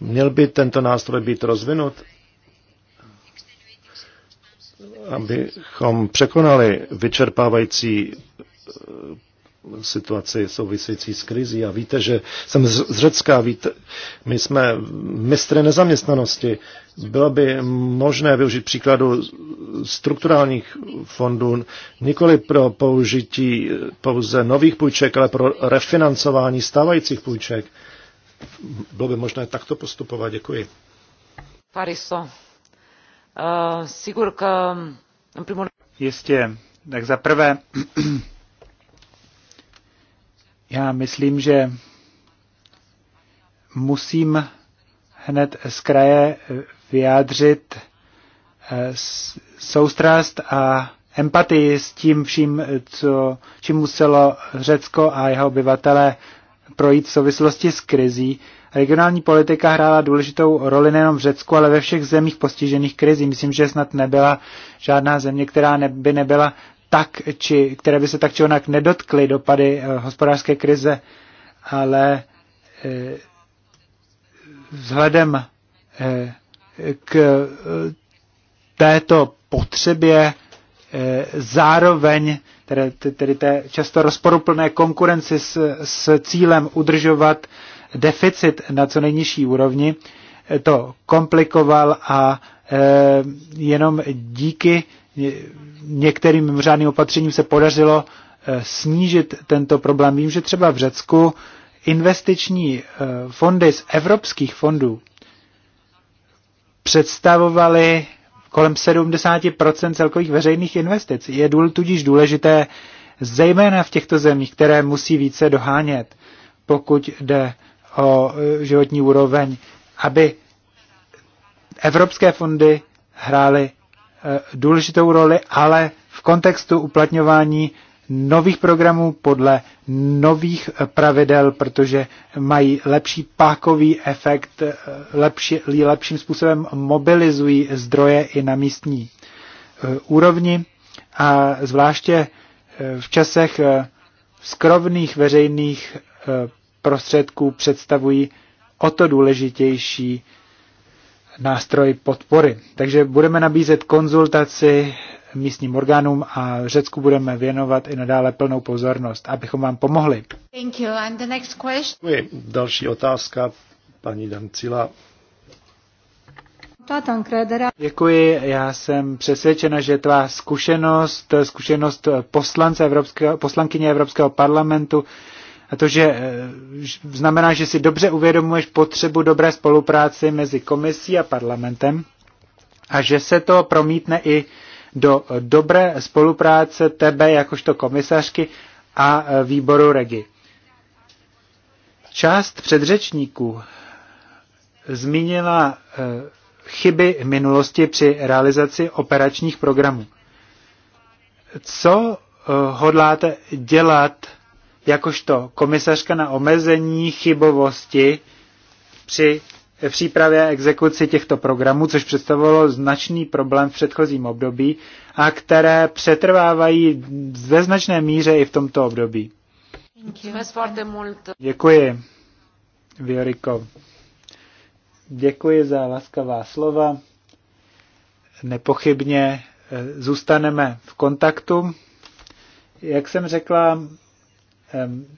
měl by tento nástroj být rozvinut, abychom překonali vyčerpávající situaci související s krizí. A víte, že jsem z Řecka, víte, my jsme mistry nezaměstnanosti. Bylo by možné využít příkladu strukturálních fondů nikoli pro použití pouze nových půjček, ale pro refinancování stávajících půjček. Bylo by možné takto postupovat. Děkuji. Pariso. Uh, eh, sigur că, mm, Jistě. Tak za prvé, Já myslím, že musím hned z kraje eh, vyjádřit eh, soustrast a empatii s tím vším, co, čím muselo Řecko a jeho obyvatele projít v souvislosti s krizí. Regionální politika hrála důležitou roli nejenom v Řecku, ale ve všech zemích postižených krizí. Myslím, že snad nebyla žádná země, která by nebyla tak, či, které by se tak či onak nedotkly dopady eh, hospodářské krize, ale eh, vzhledem eh, k této potřebě zároveň, tedy, tedy té často rozporuplné konkurenci s, s cílem udržovat deficit na co nejnižší úrovni, to komplikoval a jenom díky některým mimořádným opatřením se podařilo eh, snížit tento problém. Vím, že třeba v Řecku investiční eh, fondy z evropských fondů představovaly kolem 70% celkových veřejných investic. Je důl, tudíž důležité, zejména v těchto zemích, které musí více dohánět, pokud jde o eh, životní úroveň, aby evropské fondy hrály Eh, důležitou roli, ale v kontextu uplatňování nových programů podle nových eh, pravidel, protože mají lepší pákový efekt, eh, lepší, lepším způsobem mobilizují zdroje i na místní úrovni a zvláště v časech skrovných veřejných prostředků představují o to důležitější nástroj podpory. Takže budeme nabízet konzultaci místním orgánům a Řecku budeme věnovat i nadále plnou pozornost, abychom vám pomohli. Thank you. And the next question. Děkuji. Další otázka, paní Dancila. Děkuji, já jsem přesvědčena, že tvá zkušenost, zkušenost poslance Evropského, poslankyně Evropského parlamentu a to, že eh, znamená, že si dobře uvědomuješ potřebu dobré spolupráce mezi komisí a parlamentem a že se to promítne i do dobré spolupráce tebe jakožto komisařky a eh, výboru Regi. Část předřečníků zmínila eh, chyby minulosti při realizaci operačních programů. Co hodláte dělat jakožto komisařka na omezení chybovosti při přípravě a exekuci těchto programů, což představovalo značný problém v předchozím období a které přetrvávají ve značné míře i v tomto období. Děkuji, Vioriko. Děkuji za laskavá slova. Nepochybně eh, zůstaneme v kontaktu. Jak jsem řekla,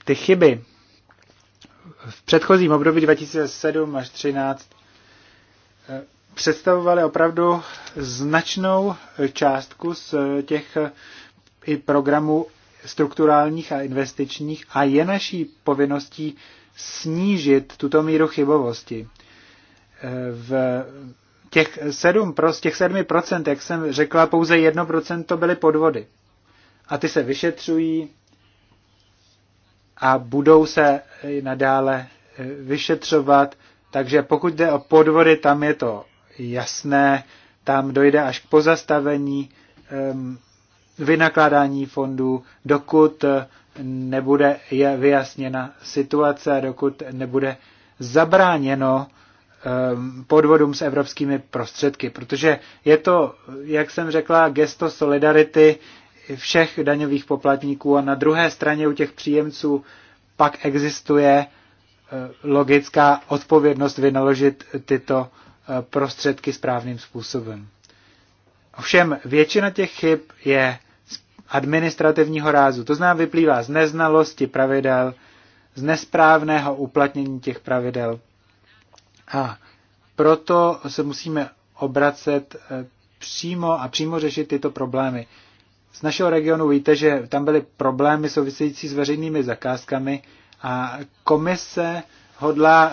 ty chyby v předchozím období 2007 až 2013 eh, představovaly opravdu značnou eh, částku z eh, těch i programů strukturálních a investičních a je naší povinností snížit tuto míru chybovosti. V těch 7, z těch 7%, jak jsem řekla, pouze 1% to byly podvody. A ty se vyšetřují, a budou se nadále e, vyšetřovat. Takže pokud jde o podvody, tam je to jasné, tam dojde až k pozastavení vynakládání fondů, dokud e, nebude je vyjasněna situace, dokud nebude zabráněno podvodům s evropskými prostředky, protože je to, jak jsem řekla, gesto solidarity všech daňových poplatníků a na druhé straně u těch příjemců pak existuje eh, logická odpovědnost vynaložit tyto eh, prostředky správným způsobem. Ovšem většina těch chyb je z administrativního rázu. To znám vyplývá z neznalosti pravidel, z nesprávného uplatnění těch pravidel. A proto se musíme obracet eh, přímo a přímo řešit tyto problémy. Z našeho regionu víte, že tam byly problémy související s veřejnými zakázkami a komise hodlá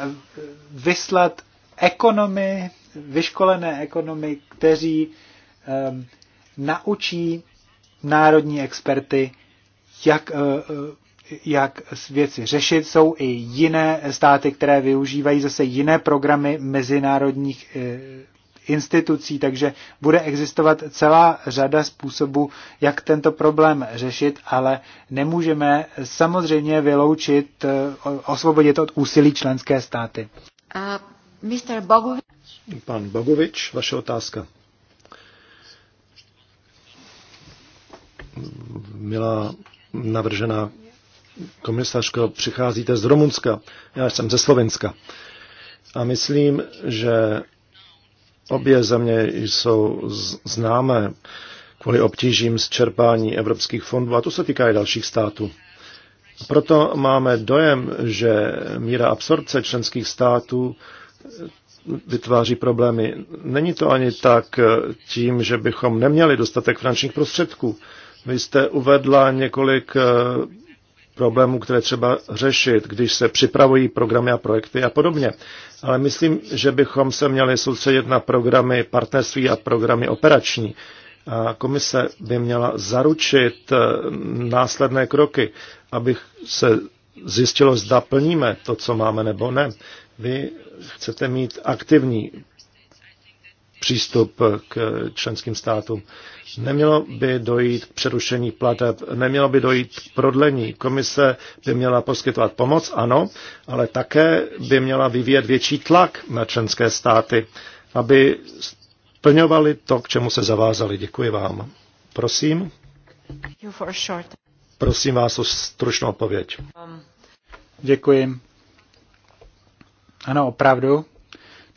vyslat ekonomy, vyškolené ekonomy, kteří um, naučí národní experty, jak, uh, jak věci řešit. Jsou i jiné státy, které využívají zase jiné programy mezinárodních uh, institucí, takže bude existovat celá řada způsobů, jak tento problém řešit, ale nemůžeme samozřejmě vyloučit, eh, osvobodit od úsilí členské státy. Uh, Mr. Bogovič. Pan Bogovič, vaše otázka. Milá navržená komisařko, přicházíte z Rumunska, já jsem ze Slovenska. A myslím, že Obě země jsou známé kvůli obtížím s čerpání evropských fondů a to se týká i dalších států. Proto máme dojem, že míra absorpce členských států vytváří problémy. Není to ani tak tím, že bychom neměli dostatek finančních prostředků. Vy jste uvedla několik eh, problémů, které třeba řešit, když se připravují programy a projekty a podobně. Ale myslím, že bychom se měli soustředit na programy partnerství a programy operační. A komise by měla zaručit eh, následné kroky, aby se zjistilo, zda plníme to, co máme, nebo ne. Vy chcete mít aktivní přístup k členským státům. Nemělo by dojít k přerušení plateb, nemělo by dojít k prodlení. Komise by měla poskytovat pomoc, ano, ale také by měla vyvíjet větší tlak na členské státy, aby splňovali to, k čemu se zavázali. Děkuji vám. Prosím. Prosím vás o stručnou odpověď. Děkuji. Ano, opravdu.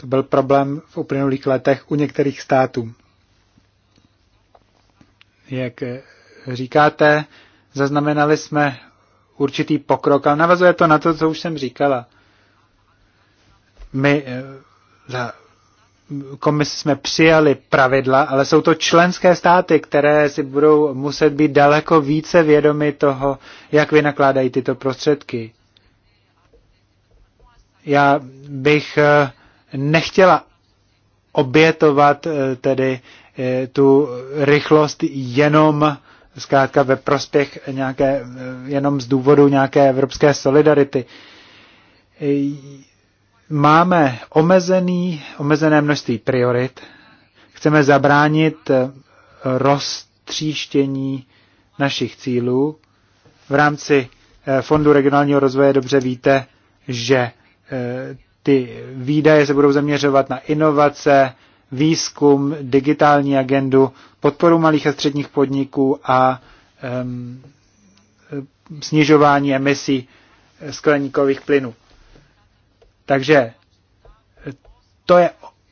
To byl problém v uplynulých letech u některých států. Jak eh, říkáte, zaznamenali jsme určitý pokrok, ale navazuje to na to, co už jsem říkala. My eh, za komisi jsme přijali pravidla, ale jsou to členské státy, které si budou muset být daleko více vědomi toho, jak vynakládají tyto prostředky. Já bych eh, nechtěla obětovat eh, tedy eh, tu rychlost jenom zkrátka ve prospěch nějaké, eh, jenom z důvodu nějaké evropské solidarity. Máme omezený, omezené množství priorit. Chceme zabránit roztříštění našich cílů. V rámci Fondu regionálního rozvoje dobře víte, že ty výdaje se budou zaměřovat na inovace, výzkum, digitální agendu, podporu malých a středních podniků a um, snižování emisí skleníkových plynů. Takže to je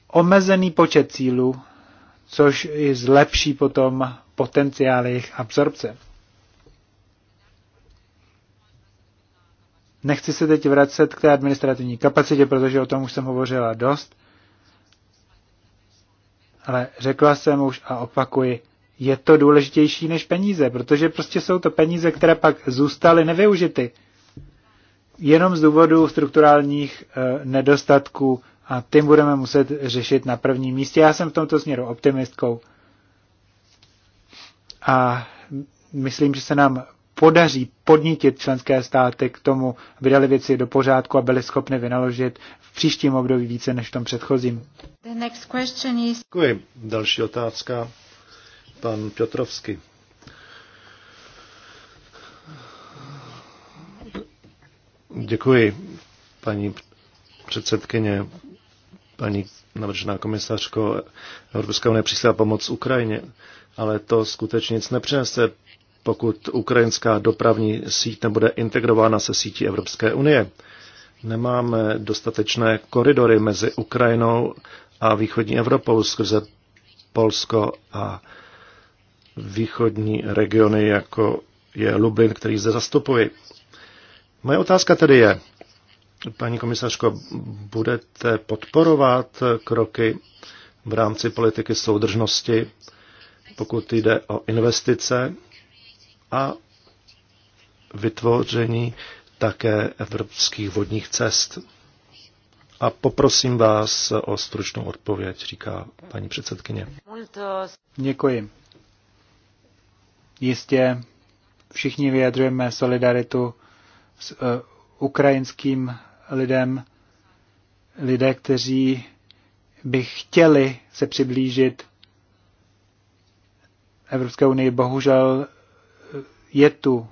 omezený počet cílů, což i zlepší potom potenciál jejich absorpce. Nechci se teď vracet k té administrativní kapacitě, protože o tom už jsem hovořila dost. Ale řekla jsem už a opakuji, je to důležitější než peníze, protože prostě jsou to peníze, které pak zůstaly nevyužity. Jenom z důvodu strukturálních e, nedostatků a tím budeme muset řešit na prvním místě. Já jsem v tomto směru optimistkou. A myslím, že se nám podaří podnítit členské státy k tomu, aby dali věci do pořádku a byli schopni vynaložit v příštím období více než v tom předchozím. The next question is... Děkuji. Další otázka. Pan Piotrovský. Děkuji, paní předsedkyně, paní navržená komisařko. Evropská unie přišla pomoc Ukrajině, ale to skutečně nic nepřinese, pokud ukrajinská dopravní síť nebude integrována se sítí Evropské unie. Nemáme dostatečné koridory mezi Ukrajinou a východní Evropou skrze Polsko a východní regiony, jako je Lublin, který zde zastupuji. Moje otázka tedy je, paní komisařko, budete podporovat kroky v rámci politiky soudržnosti, pokud jde o investice a vytvoření také evropských vodních cest. A poprosím vás o stručnou odpověď, říká paní předsedkyně. Děkuji. Jistě všichni vyjadřujeme solidaritu s uh, ukrajinským lidem, lidé, kteří by chtěli se přiblížit Evropské unii, bohužel je tu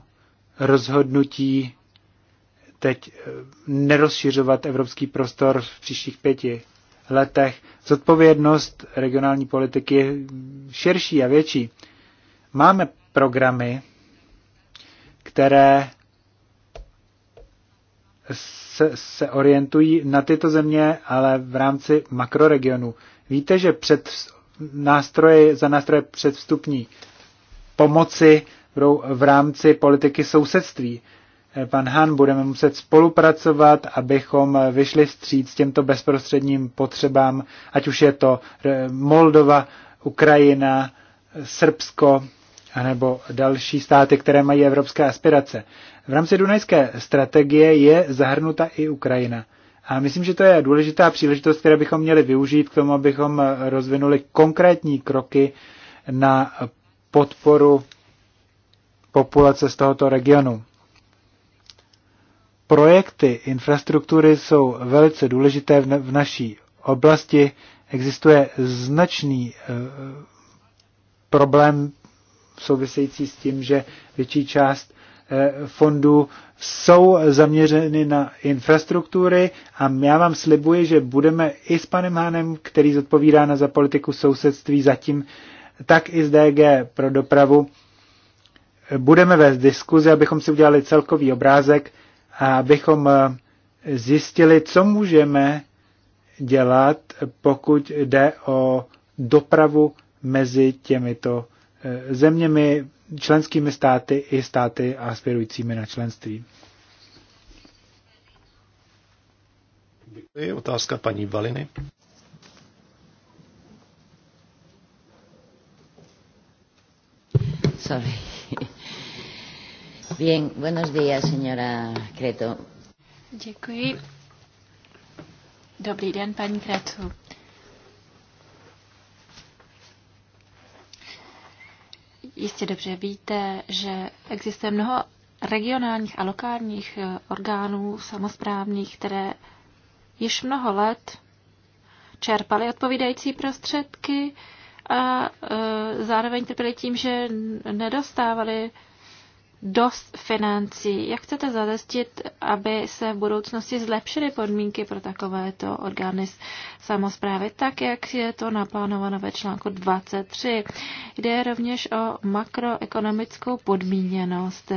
rozhodnutí teď eh, nerozšiřovat evropský prostor v příštích pěti letech. Zodpovědnost regionální politiky je širší a větší. Máme programy, které se, se orientují na tyto země, ale v rámci makroregionu. Víte, že před nástroje, za nástroje předvstupní pomoci budou v rámci politiky sousedství. Eh, Pan Han, budeme muset spolupracovat, abychom vyšli vstříc těmto bezprostředním potřebám, ať už je to eh, Moldova, Ukrajina, Srbsko, anebo další státy, které mají evropské aspirace. V rámci Dunajské strategie je zahrnuta i Ukrajina. A myslím, že to je důležitá příležitost, které bychom měli využít k tomu, abychom eh, rozvinuli konkrétní kroky na podporu populace z tohoto regionu. Projekty infrastruktury jsou velice důležité v naší oblasti. Existuje značný eh, problém související s tím, že větší část eh, fondů jsou zaměřeny na infrastruktury a já vám slibuji, že budeme i s panem Hánem, který zodpovídá na za politiku sousedství zatím, tak i s DG pro dopravu budeme vést diskuzi, abychom si udělali celkový obrázek a abychom eh, zjistili, co můžeme dělat, pokud jde o dopravu mezi těmito eh, zeměmi, členskými státy i státy aspirujícími na členství. Děkuji. Otázka paní Valiny. Sorry. Bien, buenos días, señora Creto. Děkuji. Dobrý den, paní Kretu. Jistě dobře víte, že existuje mnoho regionálních a lokálních eh, orgánů samozprávních, které již mnoho let čerpaly odpovídající prostředky a eh, zároveň trpěli tím, že nedostávali dost financí. Jak chcete zadestit, aby se v budoucnosti zlepšily podmínky pro takovéto orgány samozprávy, tak jak je to naplánováno ve článku 23? je rovněž o makroekonomickou podmíněnost.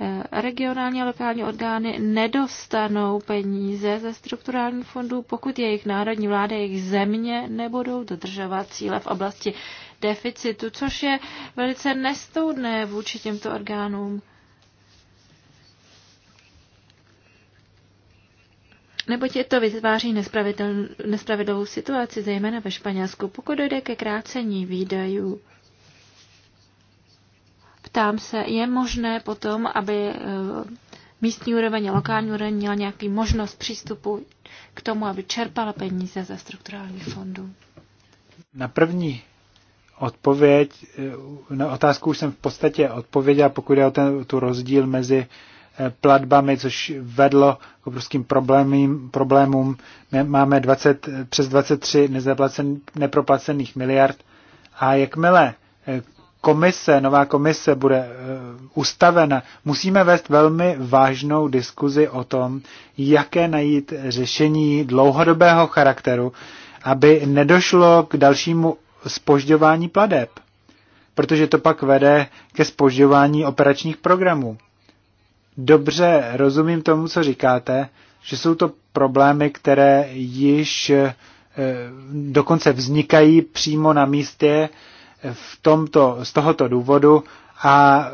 Eh, regionální a lokální orgány nedostanou peníze ze strukturálních fondů, pokud jejich národní vlády, jejich země nebudou dodržovat cíle v oblasti deficitu, což je velice nestoudné vůči těmto orgánům. neboť je to vytváří nespravedlivou situaci, zejména ve Španělsku, pokud dojde ke krácení výdajů. Ptám se, je možné potom, aby eh, místní úroveň a lokální úroveň měla nějaký možnost přístupu k tomu, aby čerpala peníze ze strukturálních fondů? Na první odpověď, eh, na otázku už jsem v podstatě odpověděl, pokud je o ten, tu rozdíl mezi eh, platbami, což vedlo k obrovským problémům. problémům. Máme 20, eh, přes 23 nezaplacen, neproplacených miliard a jakmile komise, nová komise bude ustavena, musíme vést velmi vážnou diskuzi o tom, jaké najít řešení dlouhodobého charakteru, aby nedošlo k dalšímu spožďování pladeb, protože to pak vede ke spožďování operačních programů. Dobře rozumím tomu, co říkáte, že jsou to problémy, které již eh, dokonce vznikají přímo na místě v tomto, z tohoto důvodu a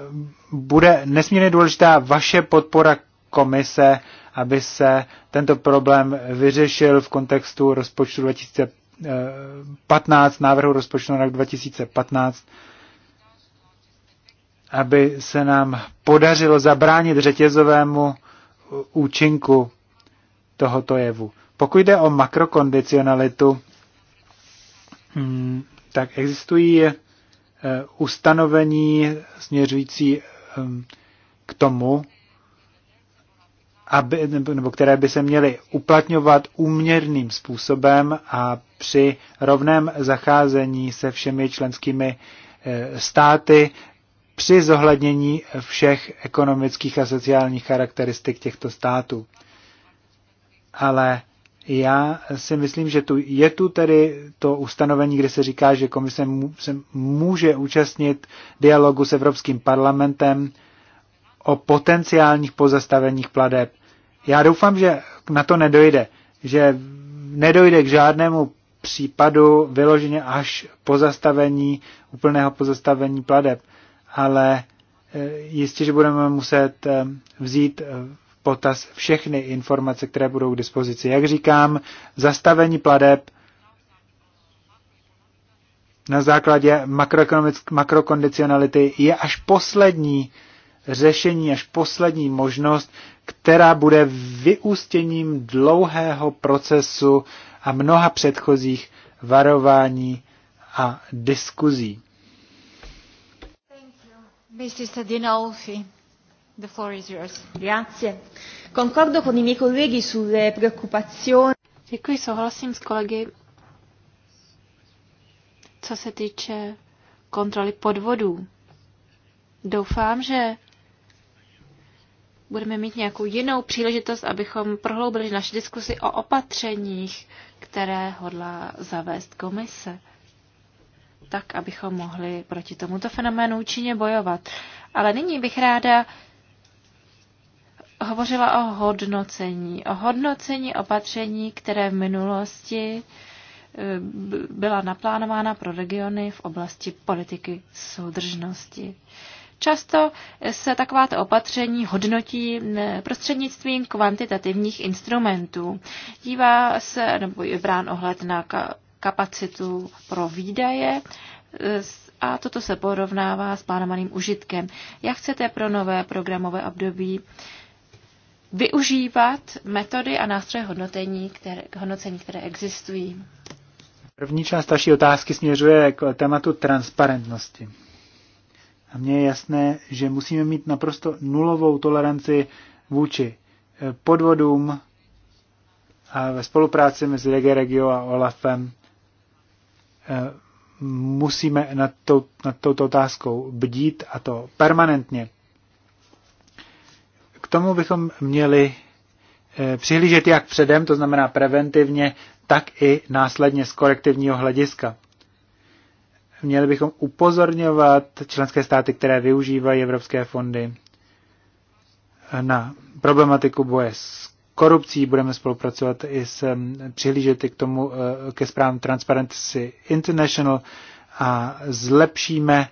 bude nesmírně důležitá vaše podpora komise, aby se tento problém vyřešil v kontextu rozpočtu 2015 15, návrhu rozpočtu na rok 2015, aby se nám podařilo zabránit řetězovému účinku tohoto jevu. Pokud jde o makrokondicionalitu, mm, tak existují eh, ustanovení směřující ehm, k tomu, aby, nebo které by se měly uplatňovat úměrným způsobem a při rovném zacházení se všemi členskými eh, státy při zohlednění všech ekonomických a sociálních charakteristik těchto států. Ale já si myslím, že tu, je tu tedy to ustanovení, kde se říká, že komise se může účastnit dialogu s Evropským parlamentem o potenciálních pozastaveních pladeb. Já doufám, že na to nedojde, že nedojde k žádnému případu vyloženě až pozastavení, úplného pozastavení pladeb. Ale e, jistě, že budeme muset e, vzít e, v potaz všechny informace, které budou k dispozici. Jak říkám, zastavení pladeb na základě makrokondicionality je až poslední řešení, až poslední možnost, která bude vyústěním dlouhého procesu a mnoha předchozích varování a diskuzí. Mrs. Adinolfi, the floor is yours. Grazie. Concordo con i miei colleghi sulle preoccupazioni. Děkuji, souhlasím s kolegy, co se týče kontroly podvodů. Doufám, že budeme mít nějakou jinou příležitost, abychom prohloubili naši diskusi o opatřeních které hodlá zavést komise, tak abychom mohli proti tomuto fenoménu účinně bojovat. Ale nyní bych ráda hovořila o hodnocení. O hodnocení opatření, které v minulosti eh, byla naplánována pro regiony v oblasti politiky soudržnosti. Často se takováto opatření hodnotí mm, prostřednictvím kvantitativních instrumentů. Dívá se, nebo je brán ohled na kapacitu pro výdaje, a toto se porovnává s plánovaným užitkem. Jak chcete pro nové programové období využívat metody a nástroje hodnotení, které, hodnocení, které existují? První část vaší otázky směřuje k tématu transparentnosti. A mně je jasné, že musíme mít naprosto nulovou toleranci vůči eh, podvodům a ve spolupráci mezi DG Regio a OLAFem eh, musíme nad, to, nad touto otázkou bdít a to permanentně. K tomu bychom měli eh, přihlížet jak předem, to znamená preventivně, tak i následně z korektivního hlediska. Měli bychom upozorňovat členské státy, které využívají evropské fondy eh, na problematiku boje s korupcí. Budeme spolupracovat i s eh, přihlížety k tomu, eh, ke zprávám Transparency International a zlepšíme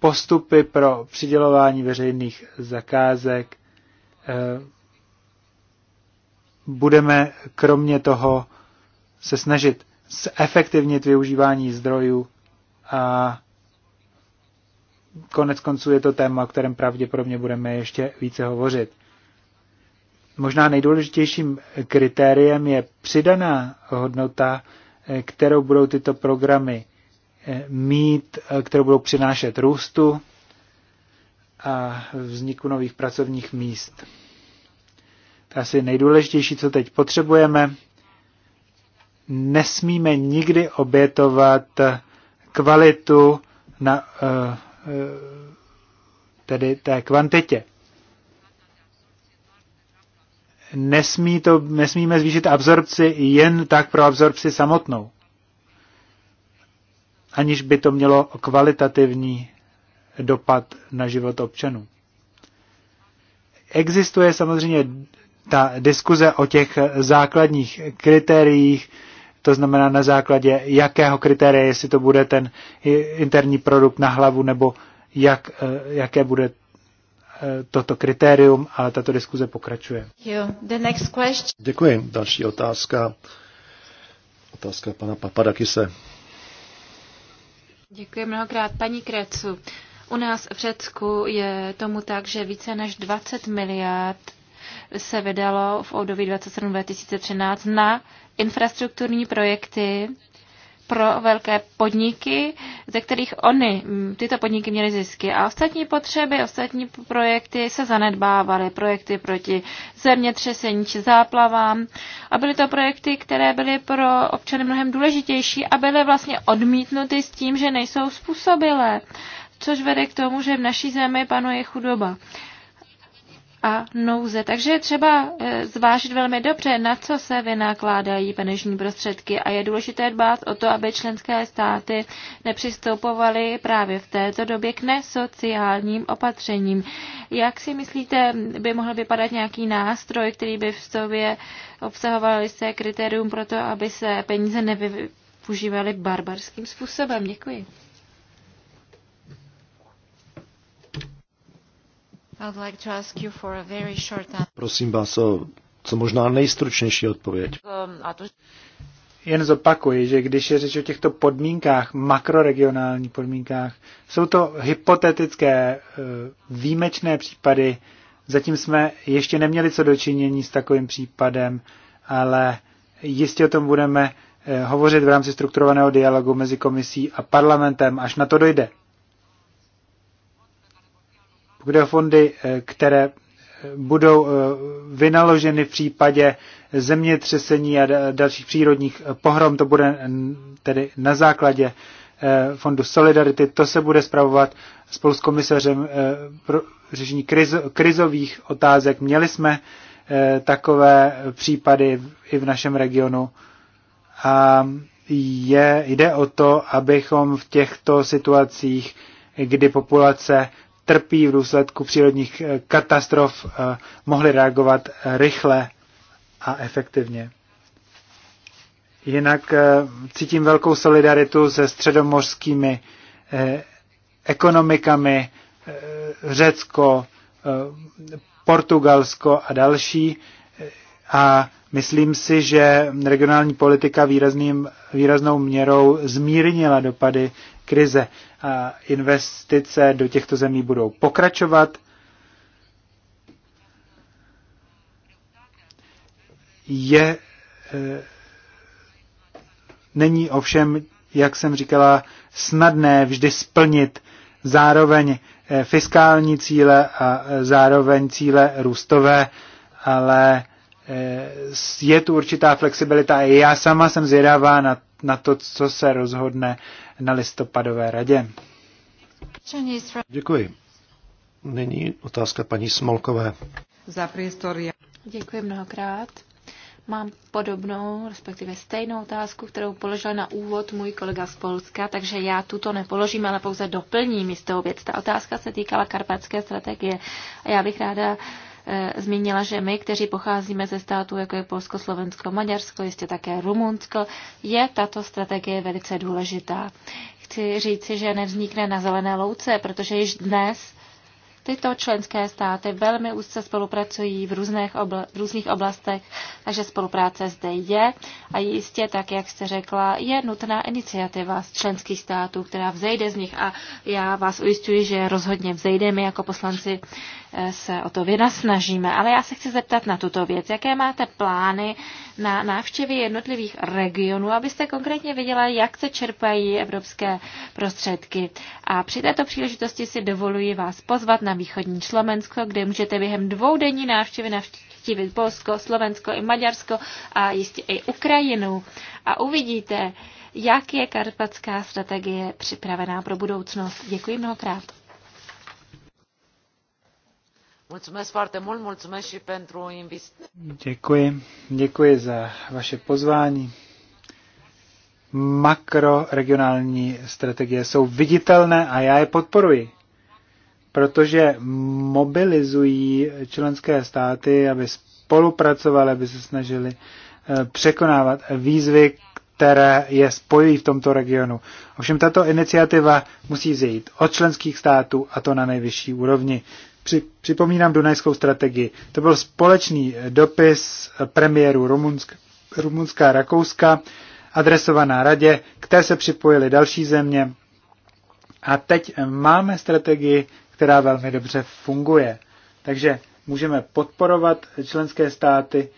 postupy pro přidělování veřejných zakázek. Budeme kromě toho se snažit zefektivnit využívání zdrojů a konec konců je to téma, o kterém pravděpodobně budeme ještě více hovořit. Možná nejdůležitějším kritériem je přidaná hodnota, eh, kterou budou tyto programy eh, mít, eh, kterou budou přinášet růstu a vzniku nových pracovních míst. To je asi nejdůležitější, co teď potřebujeme nesmíme nikdy obětovat kvalitu na eh, eh, tedy té kvantitě. Nesmí to, nesmíme zvýšit absorpci jen tak pro absorpci samotnou, aniž by to mělo kvalitativní dopad na život občanů. Existuje samozřejmě ta diskuze o těch základních kritériích, to znamená na základě jakého kritéria, jestli to bude ten interní produkt na hlavu, nebo jak, eh, jaké bude eh, toto kritérium, ale tato diskuze pokračuje. Děkuji. Další otázka. Otázka pana Papadakise. Děkuji mnohokrát, paní Krecu. U nás v Řecku je tomu tak, že více než 20 miliard se vydalo v období 27 2013 na infrastrukturní projekty pro velké podniky, ze kterých oni, mm, tyto podniky měly zisky. A ostatní potřeby, ostatní projekty se zanedbávaly. Projekty proti zemětřesení či záplavám. A byly to projekty, které byly pro občany mnohem důležitější a byly vlastně odmítnuty s tím, že nejsou způsobilé. Což vede k tomu, že v naší zemi panuje chudoba a nouze. Takže je třeba eh, zvážit velmi dobře, na co se vynakládají peněžní prostředky a je důležité dbát o to, aby členské státy nepřistoupovaly právě v této době k nesociálním opatřením. Jak si myslíte, by mohl vypadat nějaký nástroj, který by v sobě obsahoval se kritérium pro to, aby se peníze nevyužívaly barbarským způsobem? Děkuji. Prosím vás o co možná nejstručnější odpověď. Um, Jen zopakuji, že když je řeč o těchto podmínkách, makroregionálních podmínkách, jsou to hypotetické eh, výjimečné případy. Zatím jsme ještě neměli co dočinění s takovým případem, ale jistě o tom budeme eh, hovořit v rámci strukturovaného dialogu mezi komisí a parlamentem, až na to dojde. Eh, eh, budou fondy, které budou vynaloženy v případě zemětřesení a dalších přírodních eh, pohrom. To bude tedy na základě fondu Solidarity. To se bude spravovat spolu s komisařem pro řešení krizo, krizových otázek. Měli jsme takové případy i v našem regionu. A je, jde o to, abychom v těchto situacích, kdy populace trpí v důsledku přírodních eh, katastrof, eh, mohli reagovat eh, rychle a efektivně. Jinak cítím velkou solidaritu se středomořskými ekonomikami Řecko, Portugalsko a další. A myslím si, že regionální politika výrazným, výraznou měrou zmírnila dopady krize. A investice do těchto zemí budou pokračovat. Je, e, není ovšem, jak jsem říkala, snadné vždy splnit zároveň e, fiskální cíle a e, zároveň cíle růstové, ale e, je tu určitá flexibilita. já sama jsem zvědavá na, na to, co se rozhodne na listopadové radě. Děkuji. Nyní otázka paní Smolkové. Za priestor. Děkuji mnohokrát. Mám podobnou, respektive stejnou otázku, kterou položil na úvod můj kolega z Polska, takže já tuto nepoložím, ale pouze doplním jistou věc. Ta otázka se týkala karpatské strategie a já bych ráda uh, Eh, zmínila, že my, kteří pocházíme ze států, jako je Polsko, Slovensko, Maďarsko, jistě také Rumunsko, je tato strategie velice důležitá. Chci říci, že nevznikne na zelené louce, protože již dnes tyto členské státy velmi úzce spolupracují v, různých obla- v různých oblastech, takže spolupráce zde je a jistě, tak jak jste řekla, je nutná iniciativa z členských států, která vzejde z nich a já vás ujistuji, že rozhodně vzejde. My jako poslanci se o to vynasnažíme. Ale já se chci zeptat na tuto věc. Jaké máte plány na návštěvy jednotlivých regionů, abyste konkrétně viděla, jak se čerpají evropské prostředky. A při této příležitosti si dovoluji vás pozvat na východní Slovensko, kde můžete během dvoudenní návštěvy navštívit Polsko, Slovensko i Maďarsko a jistě i Ukrajinu. A uvidíte, jak je karpatská strategie připravená pro budoucnost. Děkuji mnohokrát. Mulțumesc foarte mult, mulțumesc și pentru Děkuji, děkuji za vaše pozvání. Makroregionální strategie jsou viditelné a já je podporuji, protože mobilizují členské státy, aby spolupracovali, aby se snažili eh, překonávat výzvy, které je spojují v tomto regionu. Ovšem tato iniciativa musí zejít od členských států a to na nejvyšší úrovni. Při, připomínám Dunajskou strategii. To byl společný dopis premiéru Rumunsk, Rumunská a Rakouska, adresovaná radě, které se připojily další země. A teď máme strategii, která velmi dobře funguje. Takže můžeme podporovat členské státy,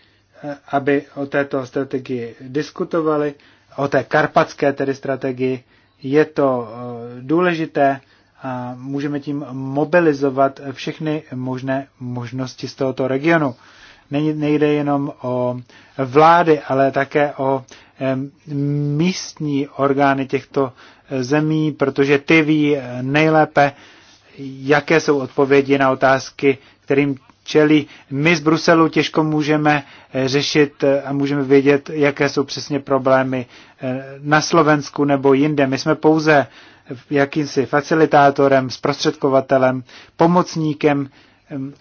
eh, aby o této strategii diskutovali, o té karpatské tedy strategii. Je to eh, důležité, a můžeme tím mobilizovat všechny možné možnosti z tohoto regionu. Nejde jenom o vlády, ale také o místní orgány těchto eh, zemí, protože ty ví eh, nejlépe, jaké jsou odpovědi na otázky, kterým čelí. My z Bruselu těžko můžeme eh, řešit a můžeme vědět, jaké jsou přesně problémy na Slovensku nebo jinde. My jsme pouze jakýmsi facilitátorem, zprostředkovatelem, pomocníkem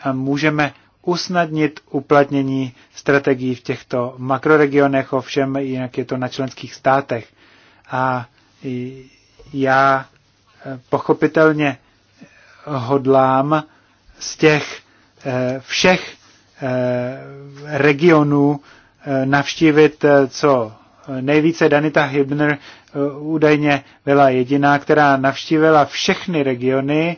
a můžeme usnadnit uplatnění strategií v těchto makroregionech, ovšem jinak je to na členských státech. A já eh, pochopitelně hodlám z těch eh, všech eh, regionů navštívit co nejvíce Danita Hibner eh, údajně byla jediná, která navštívila všechny regiony,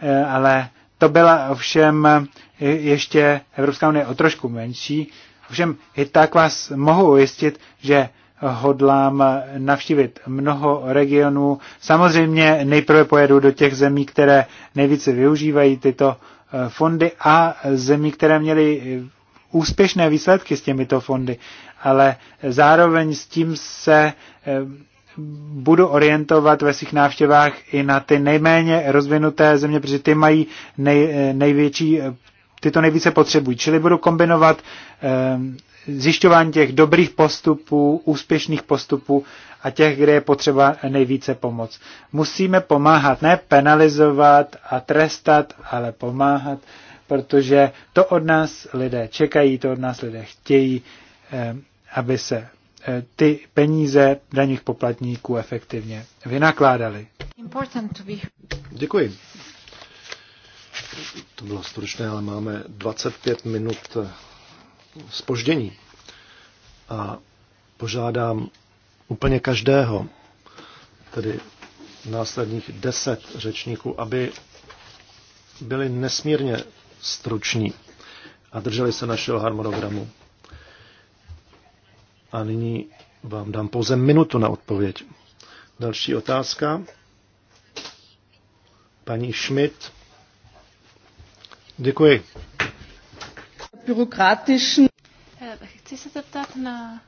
eh, ale to byla ovšem eh, ještě Evropská unie o trošku menší. Ovšem i tak vás mohu ujistit, že hodlám navštívit mnoho regionů. Samozřejmě nejprve pojedu do těch zemí, které nejvíce využívají tyto fondy a zemí, které měly úspěšné výsledky s těmito fondy ale zároveň s tím se eh, budu orientovat ve svých návštěvách i na ty nejméně rozvinuté země, protože ty mají nej, eh, největší, eh, ty to nejvíce potřebují. Čili budu kombinovat zjišťování těch dobrých postupů, úspěšných postupů a těch, kde je potřeba nejvíce pomoc. Musíme pomáhat, ne penalizovat a trestat, ale pomáhat, protože to od nás lidé čekají, to od nás lidé chtějí aby se eh, ty peníze daních poplatníků efektivně vynakládaly. Děkuji. To bylo stručné, ale máme 25 minut spoždění. Eh, a požádám úplně každého, tedy následních deset řečníků, aby byli nesmírně struční a drželi se našeho harmonogramu. A nyní vám dám pouze minutu na odpověď. Další otázka. Paní Schmidt. Děkuji. Byrokratičn... Eh, chci se zeptat na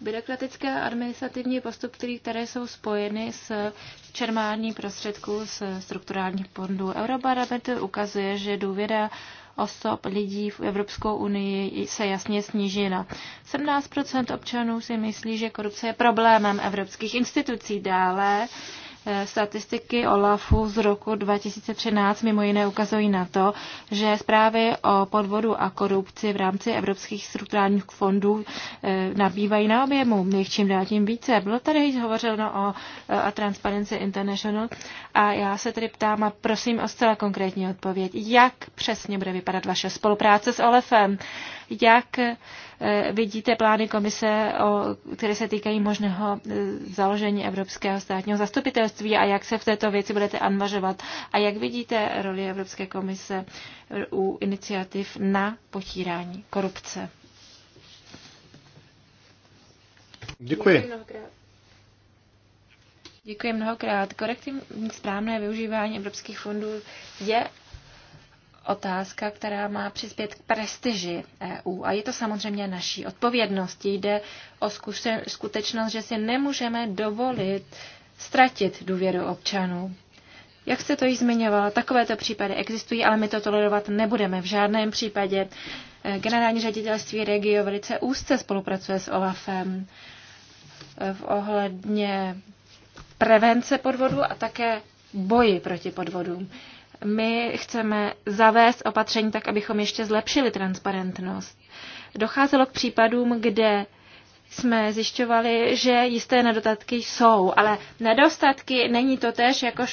byrokratické a administrativní postupy, které, které jsou spojeny s čermání prostředků z strukturálních fondů. Eurobarometr ukazuje, že důvěra osob, lidí v Evropskou unii se jasně snížila. 17 občanů si myslí, že korupce je problémem evropských institucí. Dále Eh, statistiky OLAFu z roku 2013 mimo jiné ukazují na to, že zprávy o podvodu a korupci v rámci evropských strukturálních fondů eh, nabývají na objemu, jich čím dál tím více. Bylo tady již hovořeno o, eh, o Transparency International a já se tedy ptám a prosím o zcela konkrétní odpověď. Jak přesně bude vypadat vaše spolupráce s OLAFem? Jak Eh, vidíte plány komise, o, které se týkají možného eh, založení Evropského státního zastupitelství a jak se v této věci budete angažovat a jak vidíte roli Evropské komise eh, u iniciativ na potírání korupce. Děkuji. Děkuji mnohokrát. Děkuji mnohokrát. Korektivní správné využívání evropských fondů je otázka, která má přispět k prestiži EU. A je to samozřejmě naší odpovědnosti. Jde o skutečnost, že si nemůžeme dovolit ztratit důvěru občanů. Jak jste to již zmiňovala, takovéto případy existují, ale my to tolerovat nebudeme v žádném případě. Eh, Generální ředitelství regio velice úzce spolupracuje s OLAFem eh, v ohledně prevence podvodu a také boji proti podvodům. My chceme zavést opatření tak, abychom ještě zlepšili transparentnost. Docházelo k případům, kde jsme zjišťovali, že jisté nedostatky jsou, ale nedostatky není to tež jako,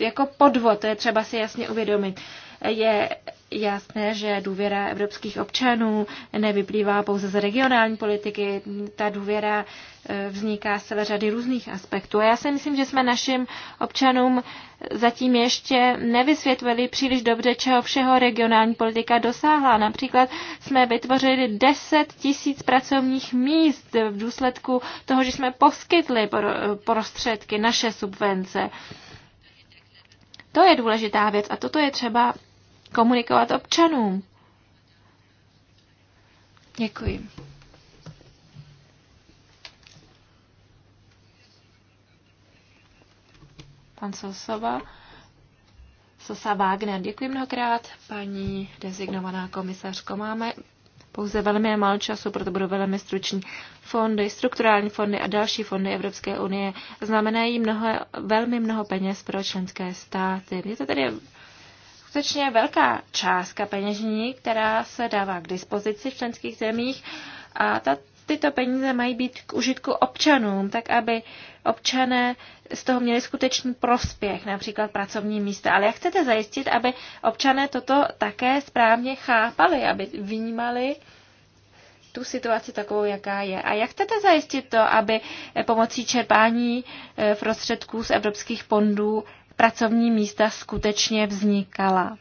jako podvod, to je třeba si jasně uvědomit. Je jasné, že důvěra evropských občanů nevyplývá pouze z regionální politiky. Ta důvěra e, vzniká z celé řady různých aspektů. A já si myslím, že jsme našim občanům zatím ještě nevysvětlili příliš dobře, čeho všeho regionální politika dosáhla. Například jsme vytvořili 10 tisíc pracovních míst v důsledku toho, že jsme poskytli e, prostředky, naše subvence. To je důležitá věc a toto je třeba komunikovat občanům. Děkuji. Pan Sosova. Sosa Wagner. Děkuji mnohokrát, paní designovaná komisařko. Máme pouze velmi málo času, proto budu velmi stručný. Fondy, strukturální fondy a další fondy Evropské unie znamenají mnoho, velmi mnoho peněz pro členské státy. Je to tedy skutečně velká částka peněžní, která se dává k dispozici v členských zemích a ta, tyto peníze mají být k užitku občanům, tak aby občané z toho měli skutečný prospěch, například pracovní místa. Ale jak chcete zajistit, aby občané toto také správně chápali, aby vnímali tu situaci takovou, jaká je. A jak chcete zajistit to, aby pomocí čerpání eh, prostředků z evropských fondů pracovní místa skutečně vznikala.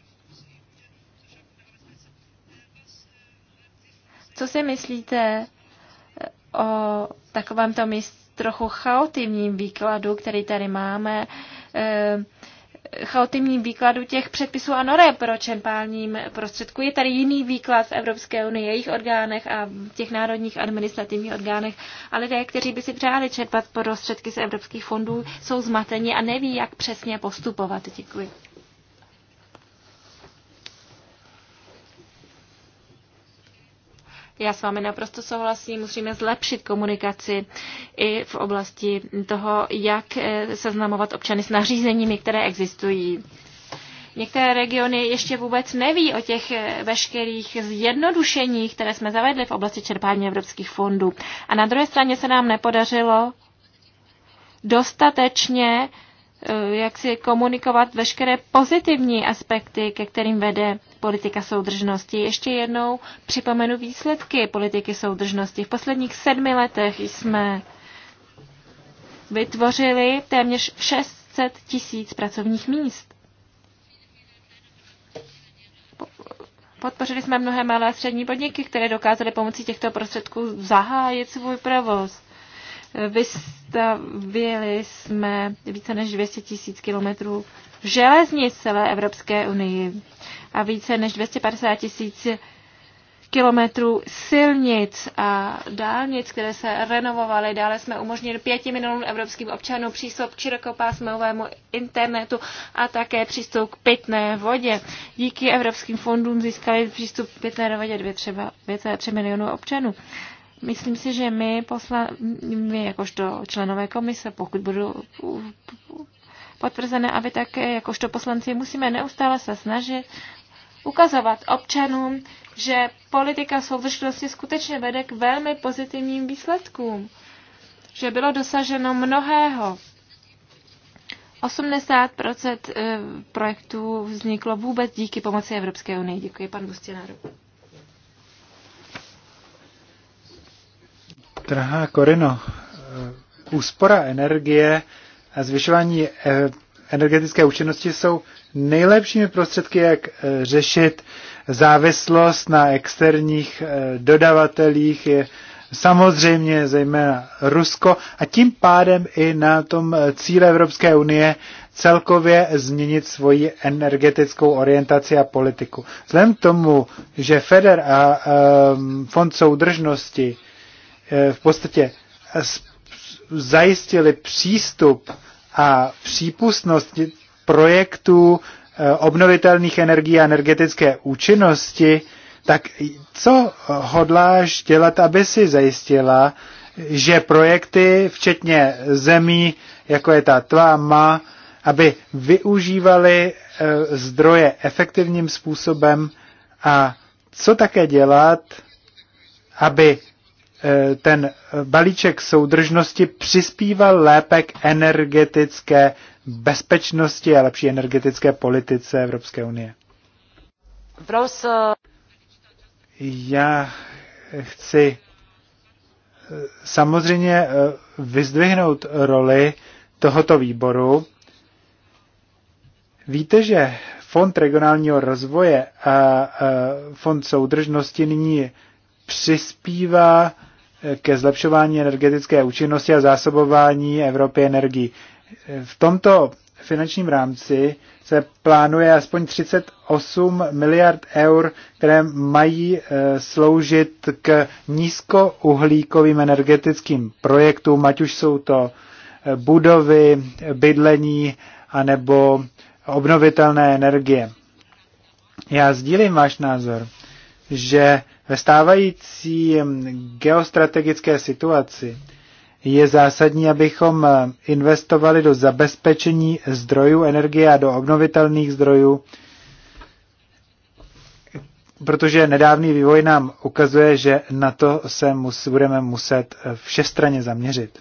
Co si myslíte eh, o takovémto míst, trochu chaotivním výkladu, který tady máme? Eh, Chaotickým výkladu těch předpisů a norem pro čerpálním prostředku. Je tady jiný výklad v Evropské unii, jejich orgánech a těch národních administrativních orgánech. A lidé, kteří by si přáli čerpat prostředky z evropských fondů, jsou zmateni a neví, jak přesně postupovat. Děkuji. Já s vámi naprosto souhlasím, musíme zlepšit komunikaci i v oblasti toho, jak eh, seznamovat občany s nařízeními, které existují. Některé regiony ještě vůbec neví o těch eh, veškerých zjednodušeních, které jsme zavedli v oblasti čerpání evropských fondů. A na druhé straně se nám nepodařilo dostatečně Eh, jak si komunikovat veškeré pozitivní aspekty, ke kterým vede politika soudržnosti. Ještě jednou připomenu výsledky politiky soudržnosti. V posledních sedmi letech jsme vytvořili téměř 600 tisíc pracovních míst. Podpořili jsme mnohé malé a střední podniky, které dokázaly pomocí těchto prostředků zahájit svůj provoz. Vystavili jsme více než 200 tisíc kilometrů železnic celé Evropské unii a více než 250 tisíc kilometrů silnic a dálnic, které se renovovaly. Dále jsme umožnili pěti milionům evropským občanům přístup k širokopásmovému internetu a také přístup k pitné vodě. Díky evropským fondům získali přístup k pitné vodě dvě třeba tři milionů občanů. Myslím si, že my, posla, my jakožto členové komise, pokud budou potvrzené, aby také jakožto poslanci musíme neustále se snažit ukazovat občanům, že politika soudržnosti skutečně vede k velmi pozitivním výsledkům, že bylo dosaženo mnohého. 80 eh, projektů vzniklo vůbec díky pomoci Evropské unie. Děkuji, pan Bustinaru. Drahá Korino, eh, úspora energie a zvyšování eh, energetické účinnosti jsou nejlepšími prostředky, jak eh, řešit závislost na externích dodavatelích, samozřejmě zejména Rusko a tím pádem i na tom cíle Evropské unie celkově změnit svoji energetickou orientaci a politiku. Vzhledem k tomu, že FEDER a um, Fond soudržnosti uh, v podstatě zajistili přístup a přípustnost projektů eh, obnovitelných energií a energetické účinnosti, tak co hodláš dělat, aby si zajistila, že projekty, včetně zemí, jako je ta tvá má, aby využívali eh, zdroje efektivním způsobem a co také dělat, aby ten balíček soudržnosti přispíval lépe k energetické bezpečnosti a lepší energetické politice Evropské unie. Eh, Já chci eh, samozřejmě eh, vyzdvihnout roli tohoto výboru. Víte, že Fond regionálního rozvoje a Fond soudržnosti nyní přispívá ke zlepšování energetické účinnosti a zásobování Evropy energií. V tomto finančním rámci se plánuje aspoň 38 miliard eur, které mají eh, sloužit k nízkouhlíkovým energetickým projektům, ať už jsou to eh, budovy, bydlení anebo obnovitelné energie. Já sdílím váš názor, že ve stávající geostrategické situaci je zásadní, abychom investovali do zabezpečení zdrojů energie a do obnovitelných zdrojů, protože nedávný vývoj nám ukazuje, že na to se mus, budeme muset eh, všestranně zaměřit.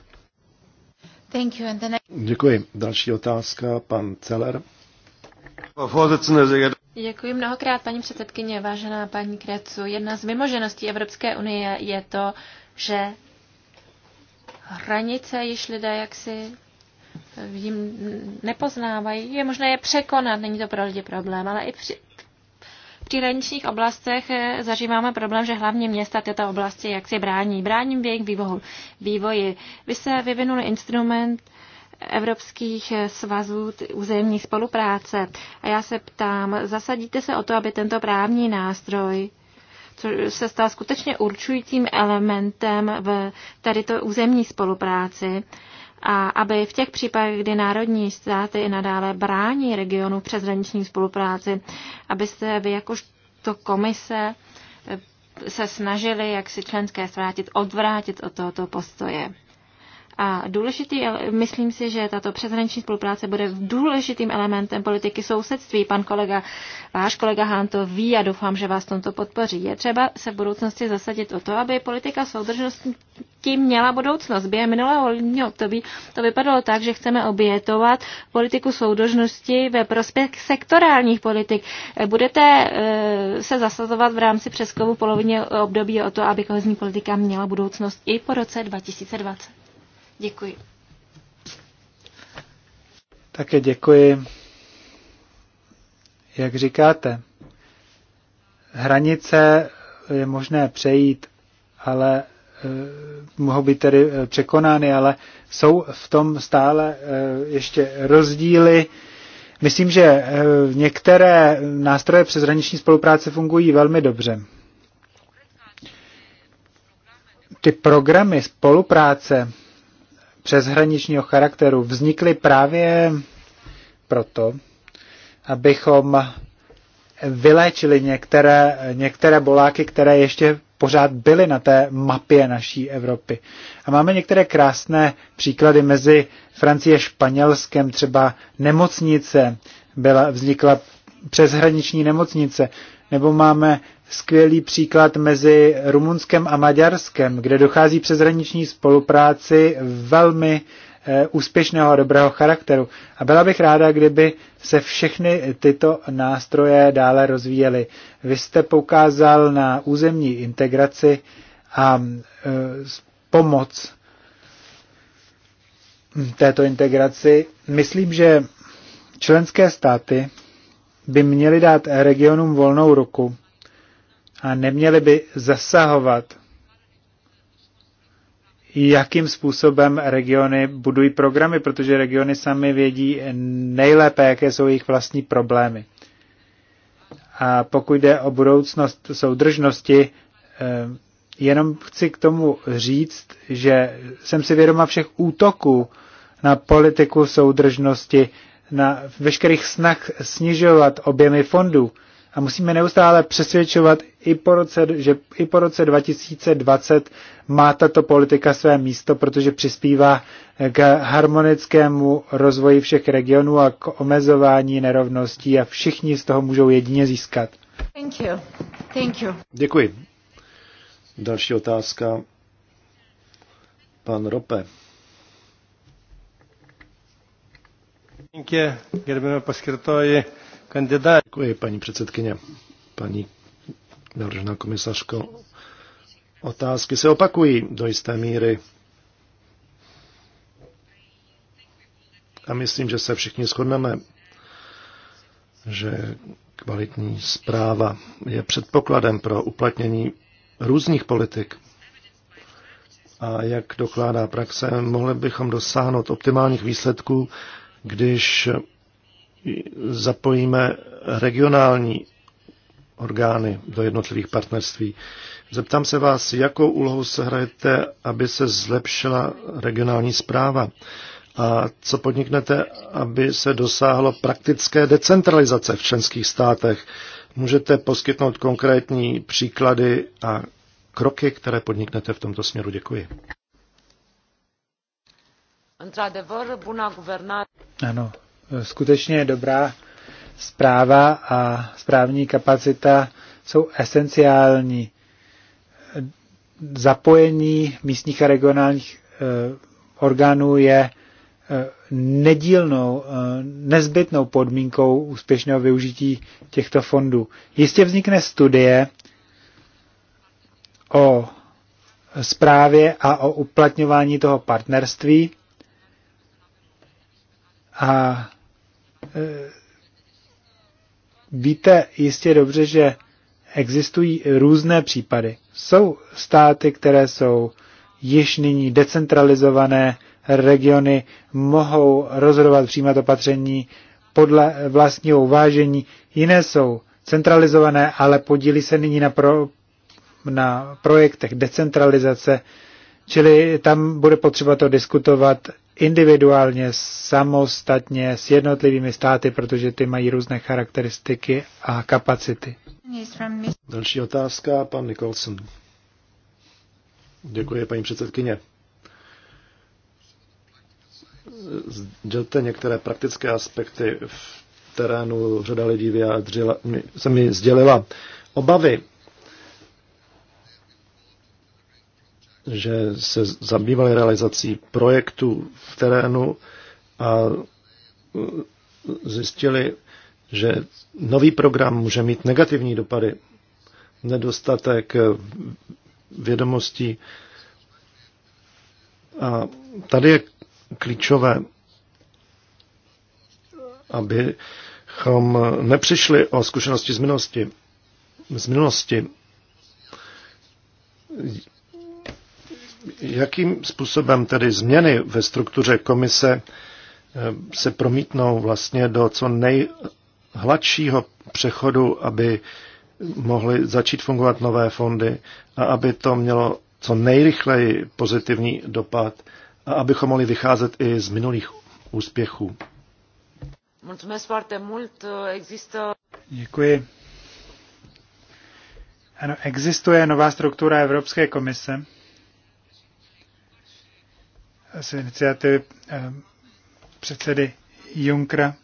Thank you. And Děkuji. Další otázka, pan Celer. Děkuji mnohokrát, paní předsedkyně, vážená paní Krecu. Jedna z vymožeností Evropské unie je to, že hranice již lidé jaksi jim nepoznávají. Je možné je překonat, není to pro lidi problém, ale i při, při hraničních oblastech eh, zažíváme problém, že hlavně města této oblasti jaksi brání. Brání v jejich vývoji. Vy se vyvinuli instrument, evropských svazů územní spolupráce. A já se ptám, zasadíte se o to, aby tento právní nástroj což se stal skutečně určujícím elementem v tady to územní spolupráci a aby v těch případech, kdy národní státy i nadále brání regionu hraniční spolupráci, abyste vy jakožto komise eh, se snažili, jak si členské svrátit, odvrátit od tohoto postoje a důležitý, myslím si, že tato přeshraniční spolupráce bude důležitým elementem politiky sousedství. Pan kolega, váš kolega Hán to ví a doufám, že vás tomto podpoří. Je třeba se v budoucnosti zasadit o to, aby politika soudržnosti tím měla budoucnost. Během minulého období to vypadalo tak, že chceme obětovat politiku soudržnosti ve prospěch sektorálních politik. Budete e, se zasazovat v rámci přeskovu polovině období o to, aby kohezní politika měla budoucnost i po roce 2020. Děkuji. Také děkuji. Jak říkáte, hranice je možné přejít, ale e, mohou být tedy e, překonány, ale jsou v tom stále e, ještě rozdíly. Myslím, že některé nástroje přeshraniční spolupráce fungují velmi dobře. Ty programy spolupráce přeshraničního charakteru vznikly právě proto, abychom vyléčili některé, některé boláky, které ještě pořád byly na té mapě naší Evropy. A máme některé krásné příklady mezi Francie a Španělskem, třeba nemocnice, byla, vznikla přeshraniční nemocnice. Nebo máme skvělý příklad mezi Rumunskem a Maďarskem, kde dochází hraniční spolupráci velmi eh, úspěšného a dobrého charakteru. A byla bych ráda, kdyby se všechny tyto nástroje dále rozvíjely. Vy jste poukázal na územní integraci a eh, pomoc této integraci. Myslím, že členské státy by měli dát regionům volnou ruku a neměly by zasahovat, jakým způsobem regiony budují programy, protože regiony sami vědí nejlépe, jaké jsou jejich vlastní problémy. A pokud jde o budoucnost soudržnosti, eh, jenom chci k tomu říct, že jsem si vědoma všech útoků na politiku soudržnosti, na veškerých snah snižovat objemy fondů. A musíme neustále přesvědčovat, i po roce, že i po roce 2020 má tato politika své místo, protože přispívá k harmonickému rozvoji všech regionů a k omezování nerovností a všichni z toho můžou jedině získat. Thank you. Thank you. Děkuji. Další otázka. Pan Rope. Děkuji, paní předsedkyně. Paní navržená komisařko, otázky se opakují do jisté míry. A myslím, že se všichni shodneme, že kvalitní zpráva je předpokladem pro uplatnění různých politik. A jak dokládá praxe, mohli bychom dosáhnout optimálních výsledků když zapojíme regionální orgány do jednotlivých partnerství. Zeptám se vás, jakou úlohu se hrajete, aby se zlepšila regionální zpráva a co podniknete, aby se dosáhlo praktické decentralizace v členských státech. Můžete poskytnout konkrétní příklady a kroky, které podniknete v tomto směru. Děkuji. Ano, skutečně dobrá zpráva a správní kapacita jsou esenciální. Zapojení místních a regionálních eh, orgánů je eh, nedílnou, eh, nezbytnou podmínkou úspěšného využití těchto fondů. Jistě vznikne studie o zprávě a o uplatňování toho partnerství a e, víte jistě dobře, že existují různé případy. Jsou státy, které jsou již nyní decentralizované, regiony mohou rozhodovat, přijímat opatření podle vlastního uvážení, jiné jsou centralizované, ale podílí se nyní na, pro, na projektech decentralizace, čili tam bude potřeba to diskutovat individuálně, samostatně s jednotlivými státy, protože ty mají různé charakteristiky a kapacity. Další otázka, pan Nicholson. Děkuji, paní předsedkyně. Sdělte některé praktické aspekty v terénu. Řada lidí vyjádřila, se mi sdělila obavy že se zabývali realizací projektu v terénu a e, zjistili, že nový program může mít negativní dopady, nedostatek e, vědomostí. A tady je klíčové, abychom nepřišli o zkušenosti z minulosti. Z minulosti Jakým způsobem tedy změny ve struktuře komise eh, se promítnou vlastně do co nejhladšího přechodu, aby mohly začít fungovat nové fondy a aby to mělo co nejrychleji pozitivní dopad a abychom mohli vycházet i z minulých úspěchů. Děkuji. Ano, existuje nová struktura Evropské komise, z iniciativy eh, předsedy Junkra.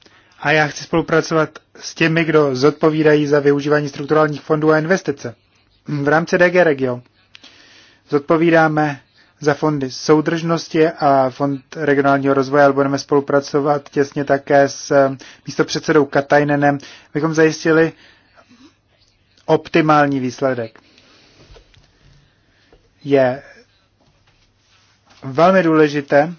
A já chci spolupracovat s těmi, kdo zodpovídají za využívání strukturálních fondů a investice. V rámci DG Regio zodpovídáme za fondy soudržnosti a fond regionálního rozvoje, ale budeme spolupracovat těsně také s eh, místopředsedou Katajnenem, abychom zajistili optimální výsledek. Je velmi důležité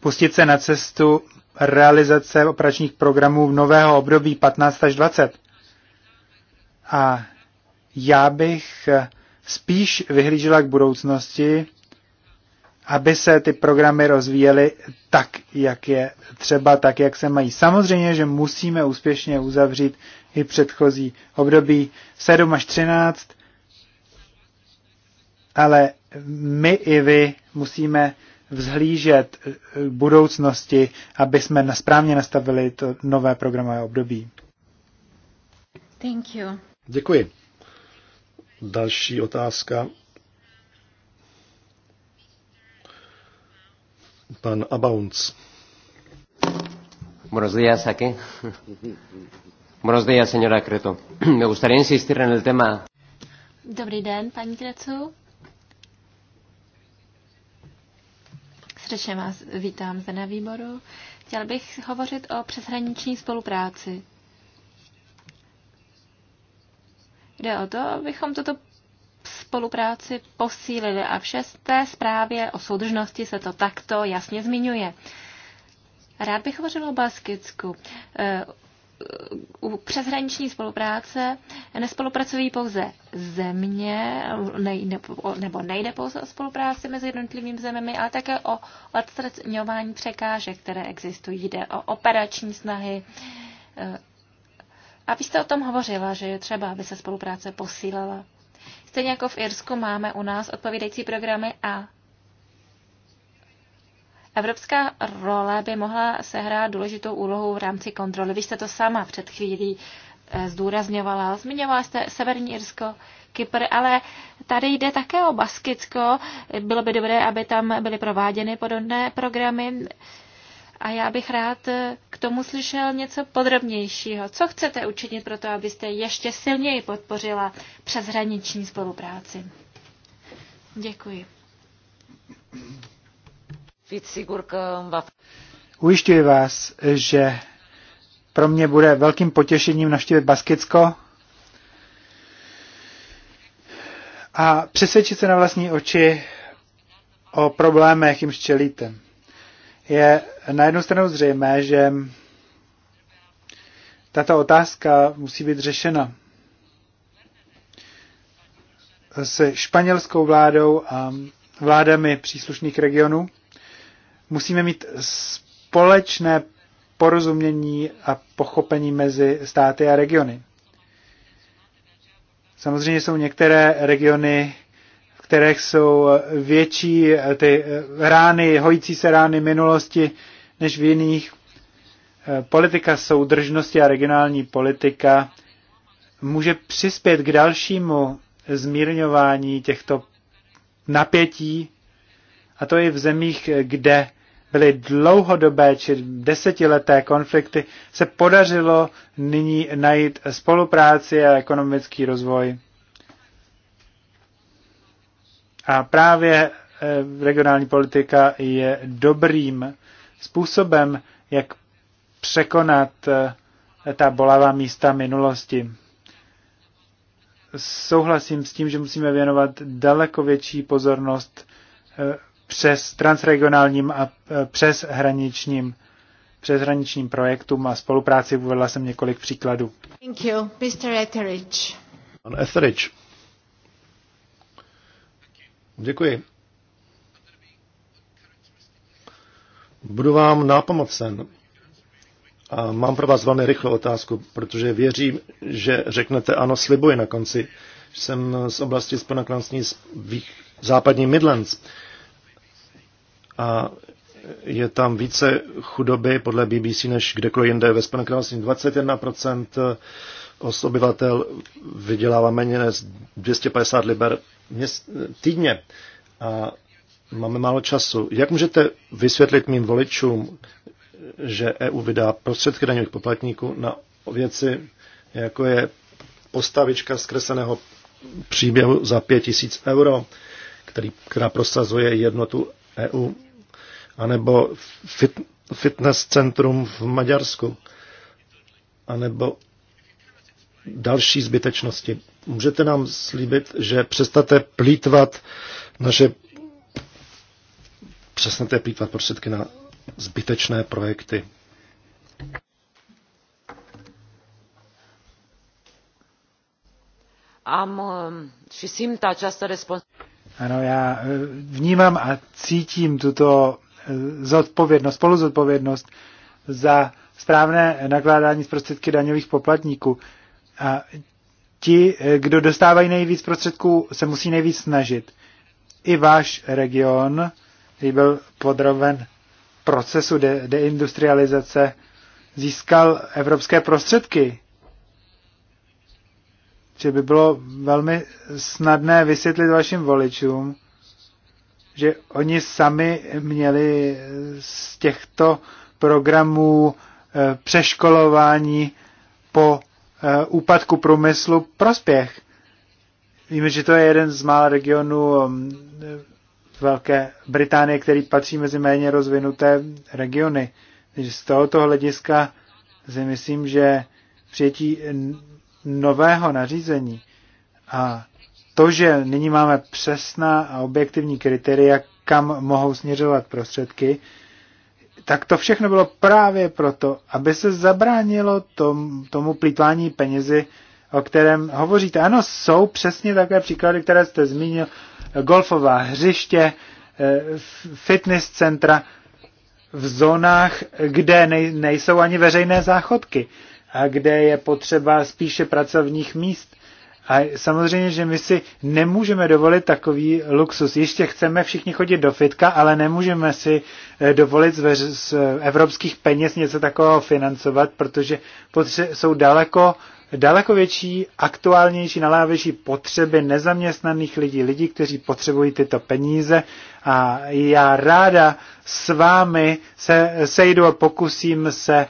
pustit se na cestu realizace operačních programů v nového období 15 až 20. A já bych spíš vyhlížela k budoucnosti, aby se ty programy rozvíjely tak, jak je třeba, tak, jak se mají. Samozřejmě, že musíme úspěšně uzavřít i předchozí období 7 až 13, ale my i vy musíme vzhlížet k eh, budoucnosti, aby jsme správně nastavili to nové programové období. Thank you. Děkuji. Další otázka. Pan Abounc. Buenos días, aquí. Buenos días, señora Creto. Me gustaría insistir en el tema. Dobrý den, paní Krecu. Srdečně vás vítám zde na výboru. Chtěl bych hovořit o přeshraniční spolupráci. Jde o to, abychom tuto spolupráci posílili a v šesté zprávě o soudržnosti se to takto jasně zmiňuje. Rád bych hovořil o Baskicku. Eh, u přeshraniční spolupráce nespolupracují pouze země, nebo nejde pouze o spolupráci mezi jednotlivými zeměmi, ale také o odstraňování překážek, které existují. Jde o operační snahy. Eh, a vy jste o tom hovořila, že je třeba, aby se spolupráce posílala. Stejně jako v Irsku máme u nás odpovídající programy a Evropská role by mohla sehrát důležitou úlohu v rámci kontroly. Vy jste to sama před chvílí eh, zdůrazňovala. Zmiňovala jste Severní Irsko, Kypr, ale tady jde také o Baskicko. Bylo by dobré, aby tam byly prováděny podobné programy. A já bych rád eh, k tomu slyšel něco podrobnějšího. Co chcete učinit pro to, abyste ještě silněji podpořila přeshraniční spolupráci? Děkuji. Um, Ujišťuji vás, že pro mě bude velkým potěšením navštívit Baskicko a přesvědčit se na vlastní oči o problémech, jim čelíte. Je na jednu stranu zřejmé, že tato otázka musí být řešena se španělskou vládou a vládami příslušných regionů. Musíme mít společné porozumění a pochopení mezi státy a regiony. Samozřejmě jsou některé regiony, v kterých jsou větší eh, ty eh, rány, hojící se rány minulosti než v jiných. Eh, politika soudržnosti a regionální politika může přispět k dalšímu zmírňování těchto napětí, a to i v zemích, kde byly dlouhodobé či desetileté konflikty, se podařilo nyní najít spolupráci a ekonomický rozvoj. A právě eh, regionální politika je dobrým způsobem, jak překonat eh, ta bolavá místa minulosti. Souhlasím s tím, že musíme věnovat daleko větší pozornost eh, přes transregionálním a e, přes hraničním přeshraničním projektům a spolupráci uvedla jsem několik příkladů. Thank you, Mr. Etheridge. Pan Etheridge. Děkuji. Budu vám nápomocen. A mám pro vás velmi rychlou otázku, protože věřím, že řeknete ano, slibuji na konci. Jsem z oblasti Sponaklanství z západní Midlands a je tam více chudoby podle BBC než kdekoliv jinde. Ve Spojeném království 21% obyvatel vydělává méně než 250 liber týdně a máme málo času. Jak můžete vysvětlit mým voličům, že EU vydá prostředky daňových poplatníků na věci, jako je postavička zkreseného příběhu za 5000 euro, který, která prosazuje jednotu EU anebo fit, fitness centrum v Maďarsku, anebo další zbytečnosti. Můžete nám slíbit, že přestate plítvat naše přesnete plítvat prostředky na zbytečné projekty. Am um, Ano, já eh, vnímám a cítím tuto zodpovědnost, spoluzodpovědnost za správné nakládání z prostředky daňových poplatníků. A ti, kdo dostávají nejvíc prostředků, se musí nejvíc snažit. I váš region, který byl podroben procesu de- deindustrializace, získal evropské prostředky. Že by bylo velmi snadné vysvětlit vašim voličům, že oni sami měli z těchto programů eh, přeškolování po eh, úpadku průmyslu prospěch. Víme, že to je jeden z mála regionů mm, Velké Británie, který patří mezi méně rozvinuté regiony. Takže z tohoto hlediska si myslím, že přijetí nového nařízení a to, že nyní máme přesná a objektivní kritéria, kam mohou směřovat prostředky, tak to všechno bylo právě proto, aby se zabránilo tom, tomu plítvání penězi, o kterém hovoříte. Ano, jsou přesně takové příklady, které jste zmínil. Golfová hřiště, eh, fitness centra v zónách, kde nejsou ani veřejné záchodky a kde je potřeba spíše pracovních míst. A samozřejmě, že my si nemůžeme dovolit takový luxus. Ještě chceme všichni chodit do fitka, ale nemůžeme si eh, dovolit z, eh, evropských peněz něco takového financovat, protože jsou daleko daleko větší, aktuálnější, nalávější potřeby nezaměstnaných lidí, lidí, kteří potřebují tyto peníze. A já ráda s vámi se sejdu a pokusím se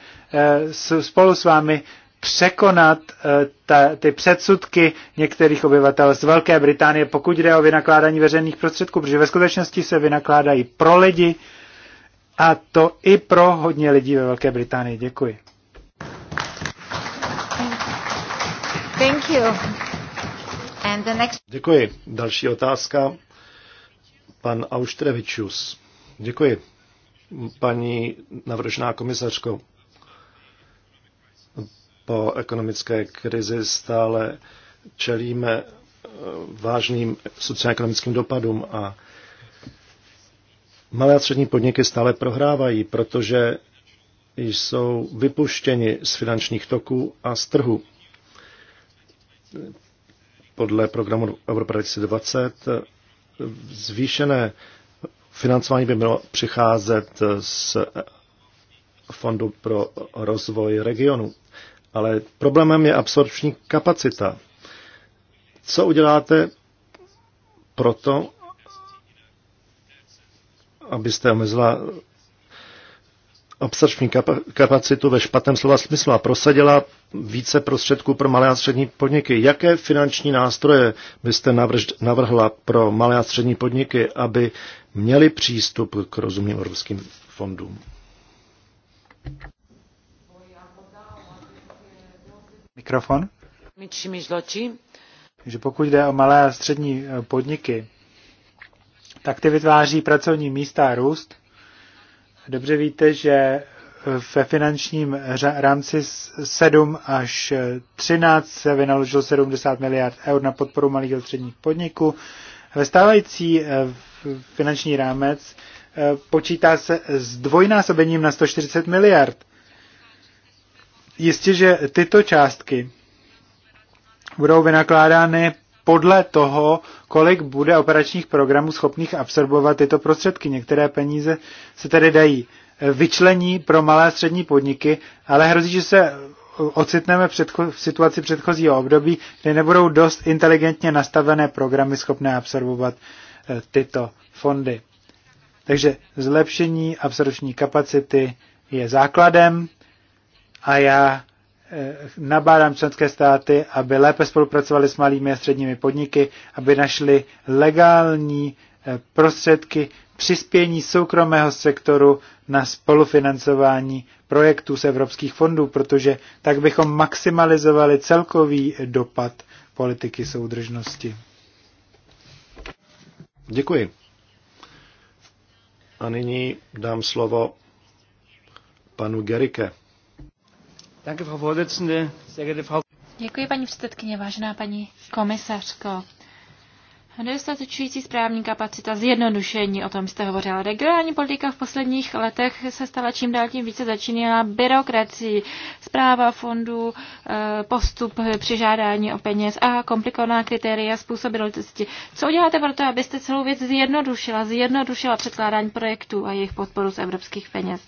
eh, spolu s vámi překonat eh, ta, ty předsudky některých obyvatel z Velké Británie, pokud jde o vynakládání veřejných prostředků, protože ve skutečnosti se vynakládají pro lidi a to i pro hodně lidí ve Velké Británii. Děkuji. Thank you. And the next... Děkuji. Další otázka. Pan Auštrevičus. Děkuji. Paní navržená komisařko, po ekonomické krizi stále čelíme eh, vážným sociálně ekonomickým dopadům a malé a střední podniky stále prohrávají, protože jsou vypuštěni z finančních toků a z trhu. Podle programu Evropa 2020 eh, zvýšené financování by mělo přicházet z Fondu pro rozvoj regionu ale problémem je absorpční kapacita. Co uděláte proto, abyste omezila absorpční kapacitu ve špatném slova smyslu a prosadila více prostředků pro malé a střední podniky. Jaké finanční nástroje byste navrhla pro malé a střední podniky, aby měli přístup k rozumným evropským fondům? Mikrofon? Takže pokud jde o malé a střední eh, podniky, tak ty vytváří pracovní místa a růst. Dobře víte, že eh, ve finančním rámci 7 až 13 eh, se vynaložilo 70 miliard eur na podporu malých a středních podniků. Ve stávající finanční rámec počítá se s dvojnásobením na 140 miliard jistě, že tyto částky budou vynakládány podle toho, kolik bude operačních programů schopných absorbovat tyto prostředky. Některé peníze se tedy dají vyčlení pro malé a střední podniky, ale hrozí, že se ocitneme v, situaci předchozího období, kdy nebudou dost inteligentně nastavené programy schopné absorbovat eh, tyto fondy. Takže zlepšení absorpční kapacity je základem a já eh, nabádám členské státy, aby lépe spolupracovali s malými a středními podniky, aby našli legální eh, prostředky přispění soukromého sektoru na spolufinancování projektů z evropských fondů, protože tak bychom maximalizovali celkový dopad politiky soudržnosti. Děkuji. A nyní dám slovo panu Gerike Děkuji, paní předsedkyně, vážená paní komisařko. Nedostatečující správní kapacita, zjednodušení, o tom jste hovořila. Regionální politika v posledních letech se stala čím dál tím více začínala byrokracií, zpráva fondů, eh, postup při žádání o peněz a komplikovaná kritéria způsobilosti. Co uděláte pro to, abyste celou věc zjednodušila, zjednodušila předkládání projektů a jejich podporu z evropských peněz?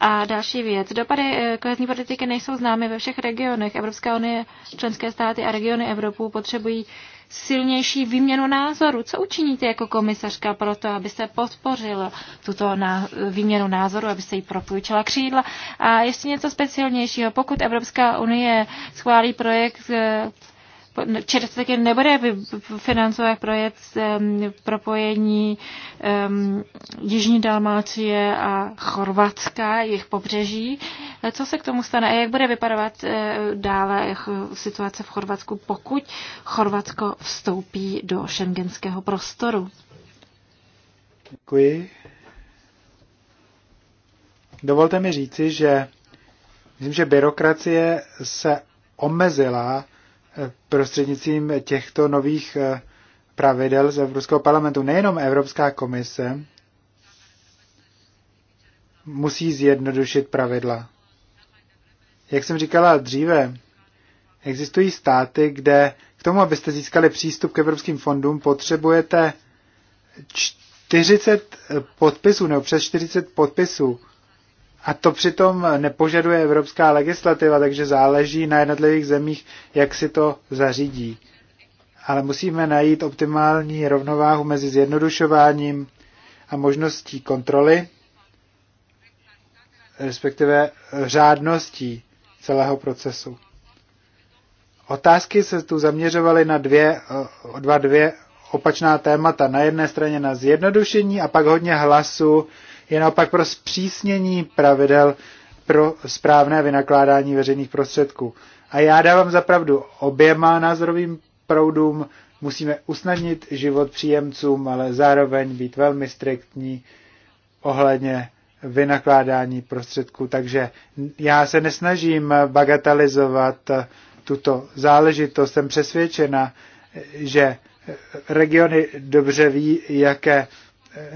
A další věc. Dopady eh, kohezní politiky nejsou známy ve všech regionech. Evropská unie, členské státy a regiony Evropu potřebují silnější výměnu názoru. Co učiníte jako komisařka pro to, abyste podpořil tuto ná- výměnu názoru, abyste jí propůjčila křídla? A ještě něco speciálnějšího. Pokud Evropská unie schválí projekt eh, ČR taky nebude financovat projekt propojení Jižní Dalmácie a Chorvatska, jejich pobřeží. Co se k tomu stane a jak bude vypadat eh, dále situace v Chorvatsku, pokud Chorvatsko vstoupí do šengenského prostoru? Děkuji. Dovolte mi říci, že myslím, že byrokracie se omezila prostřednictvím těchto nových eh, pravidel z Evropského parlamentu. Nejenom Evropská komise musí zjednodušit pravidla. Jak jsem říkala dříve, existují státy, kde k tomu, abyste získali přístup k evropským fondům, potřebujete 40 podpisů nebo přes 40 podpisů a to přitom nepožaduje evropská legislativa, takže záleží na jednotlivých zemích, jak si to zařídí. Ale musíme najít optimální rovnováhu mezi zjednodušováním a možností kontroly, respektive řádností celého procesu. Otázky se tu zaměřovaly na dvě, dva dvě opačná témata. Na jedné straně na zjednodušení a pak hodně hlasu je naopak pro zpřísnění pravidel pro správné vynakládání veřejných prostředků. A já dávám zapravdu oběma názorovým proudům. Musíme usnadnit život příjemcům, ale zároveň být velmi striktní ohledně vynakládání prostředků. Takže já se nesnažím bagatelizovat tuto záležitost. Jsem přesvědčena, že regiony dobře ví, jaké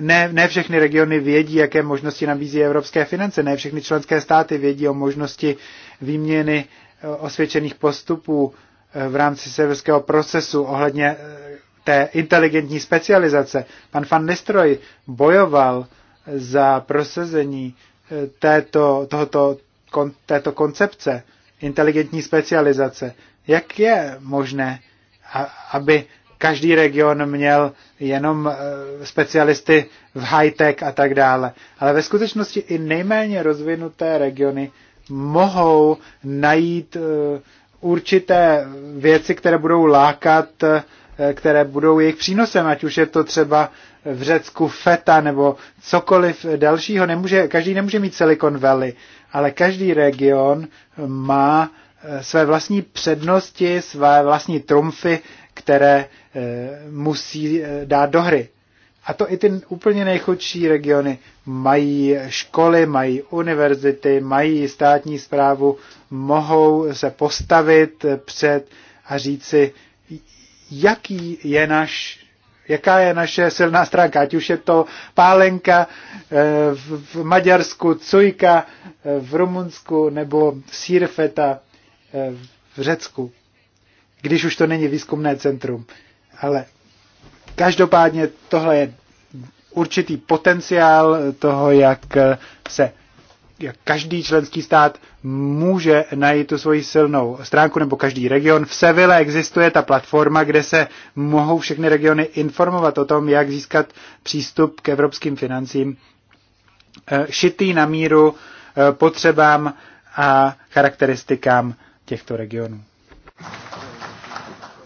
ne, ne všechny regiony vědí, jaké možnosti nabízí evropské finance, ne všechny členské státy vědí o možnosti výměny eh, osvědčených postupů eh, v rámci severského procesu ohledně eh, té inteligentní specializace. Pan van Nistroj bojoval za prosazení této, tohoto, kon, této koncepce inteligentní specializace. Jak je možné, aby každý region měl jenom eh, specialisty v high-tech a tak dále. Ale ve skutečnosti i nejméně rozvinuté regiony mohou najít eh, určité věci, které budou lákat, eh, které budou jejich přínosem, ať už je to třeba v Řecku feta nebo cokoliv dalšího. Nemůže, každý nemůže mít Silicon Valley, ale každý region má své vlastní přednosti, své vlastní trumfy které eh, musí eh, dát do hry. A to i ty úplně nejchudší regiony mají školy, mají univerzity, mají státní zprávu, mohou se postavit eh, před a říci, jaký je naš jaká je naše silná stránka, ať už je to pálenka v Maďarsku, cujka v Rumunsku nebo sírfeta v Řecku když už to není výzkumné centrum. Ale každopádně tohle je určitý potenciál toho, jak se jak každý členský stát může najít tu svoji silnou stránku, nebo každý region. V Seville existuje ta platforma, kde se mohou všechny regiony informovat o tom, jak získat přístup k evropským financím, eh, šitý na míru eh, potřebám a charakteristikám těchto regionů.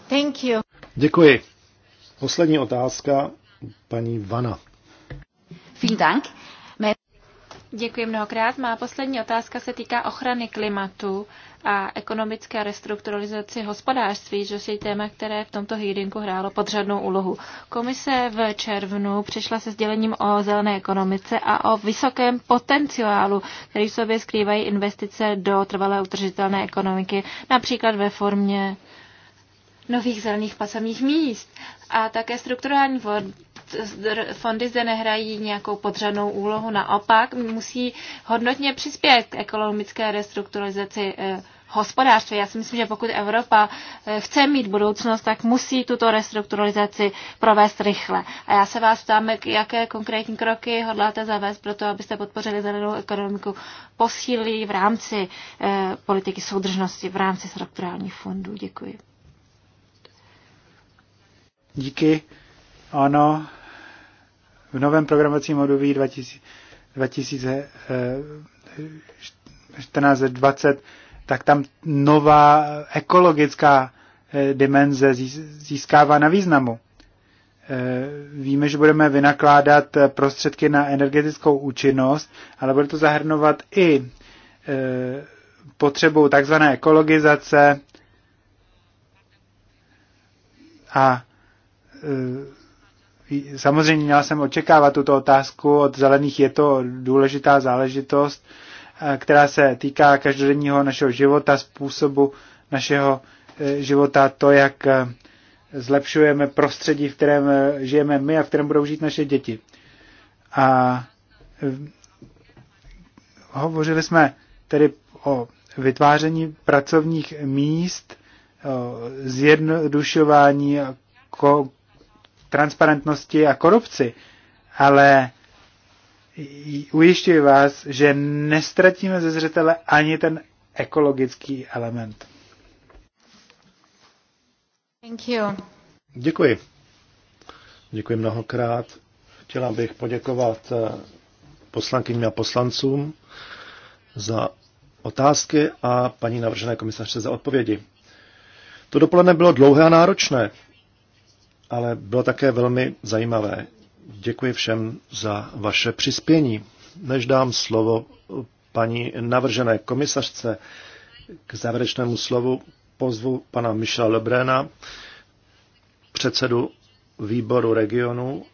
Thank you. Děkuji. Poslední otázka paní Vana. Vielen Dank. Děkuji mnohokrát. Má poslední otázka se týká ochrany klimatu a ekonomické restrukturalizaci hospodářství, což je téma, které v tomto hearingu hrálo podřadnou úlohu. Komise v červnu přišla se sdělením o zelené ekonomice a o vysokém potenciálu, který v sobě skrývají investice do trvalé utržitelné ekonomiky, například ve formě nových zelených pracovních míst. A také strukturální fondy zde nehrají nějakou podřadnou úlohu, naopak musí hodnotně přispět k ekonomické restrukturalizaci eh, hospodářství. Já si myslím, že pokud Evropa eh, chce mít budoucnost, tak musí tuto restrukturalizaci provést rychle. A já se vás ptám, jaké konkrétní kroky hodláte zavést pro to, abyste podpořili zelenou ekonomiku posílí v rámci eh, politiky soudržnosti, v rámci strukturálních fondů. Děkuji. Díky. Ano, v novém programovacím období 2014-2020, eh, tak tam nová ekologická eh, dimenze získává na významu. Eh, víme, že budeme vynakládat prostředky na energetickou účinnost, ale bude to zahrnovat i potřebu takzvané ekologizace a Eh, samozřejmě měl jsem očekávat tuto otázku od zelených. Je to důležitá záležitost, eh, která se týká každodenního našeho života, způsobu našeho eh, života, to, jak zlepšujeme prostředí, v kterém žijeme my a v kterém budou žít naše děti. A hovořili jsme tedy o vytváření pracovních míst, zjednodušování, transparentnosti a korupci, ale ujišťuji vás, že nestratíme ze zřetele ani ten ekologický element. Thank you. Děkuji. Děkuji mnohokrát. Chtěla bych poděkovat eh, poslankyním a poslancům za otázky a paní navržené komisařce za odpovědi. To dopoledne bylo dlouhé a náročné ale bylo také velmi zajímavé. Děkuji všem za vaše přispění. Než dám slovo paní navržené komisařce k závěrečnému slovu, pozvu pana Michela Lebrena, předsedu výboru regionu,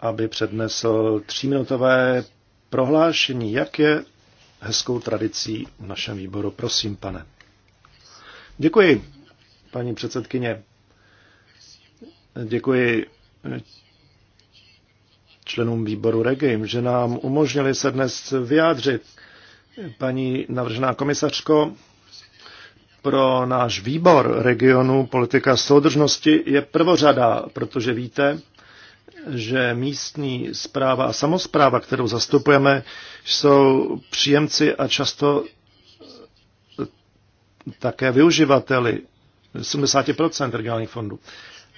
aby přednesl tříminutové prohlášení, jak je hezkou tradicí v našem výboru. Prosím, pane. Děkuji, paní předsedkyně. Děkuji členům výboru Regim, že nám umožnili se dnes vyjádřit. Paní navržená komisařko, pro náš výbor regionu politika soudržnosti je prvořada, protože víte, že místní zpráva a samozpráva, kterou zastupujeme, jsou příjemci a často také využivateli 70 regionálních fondů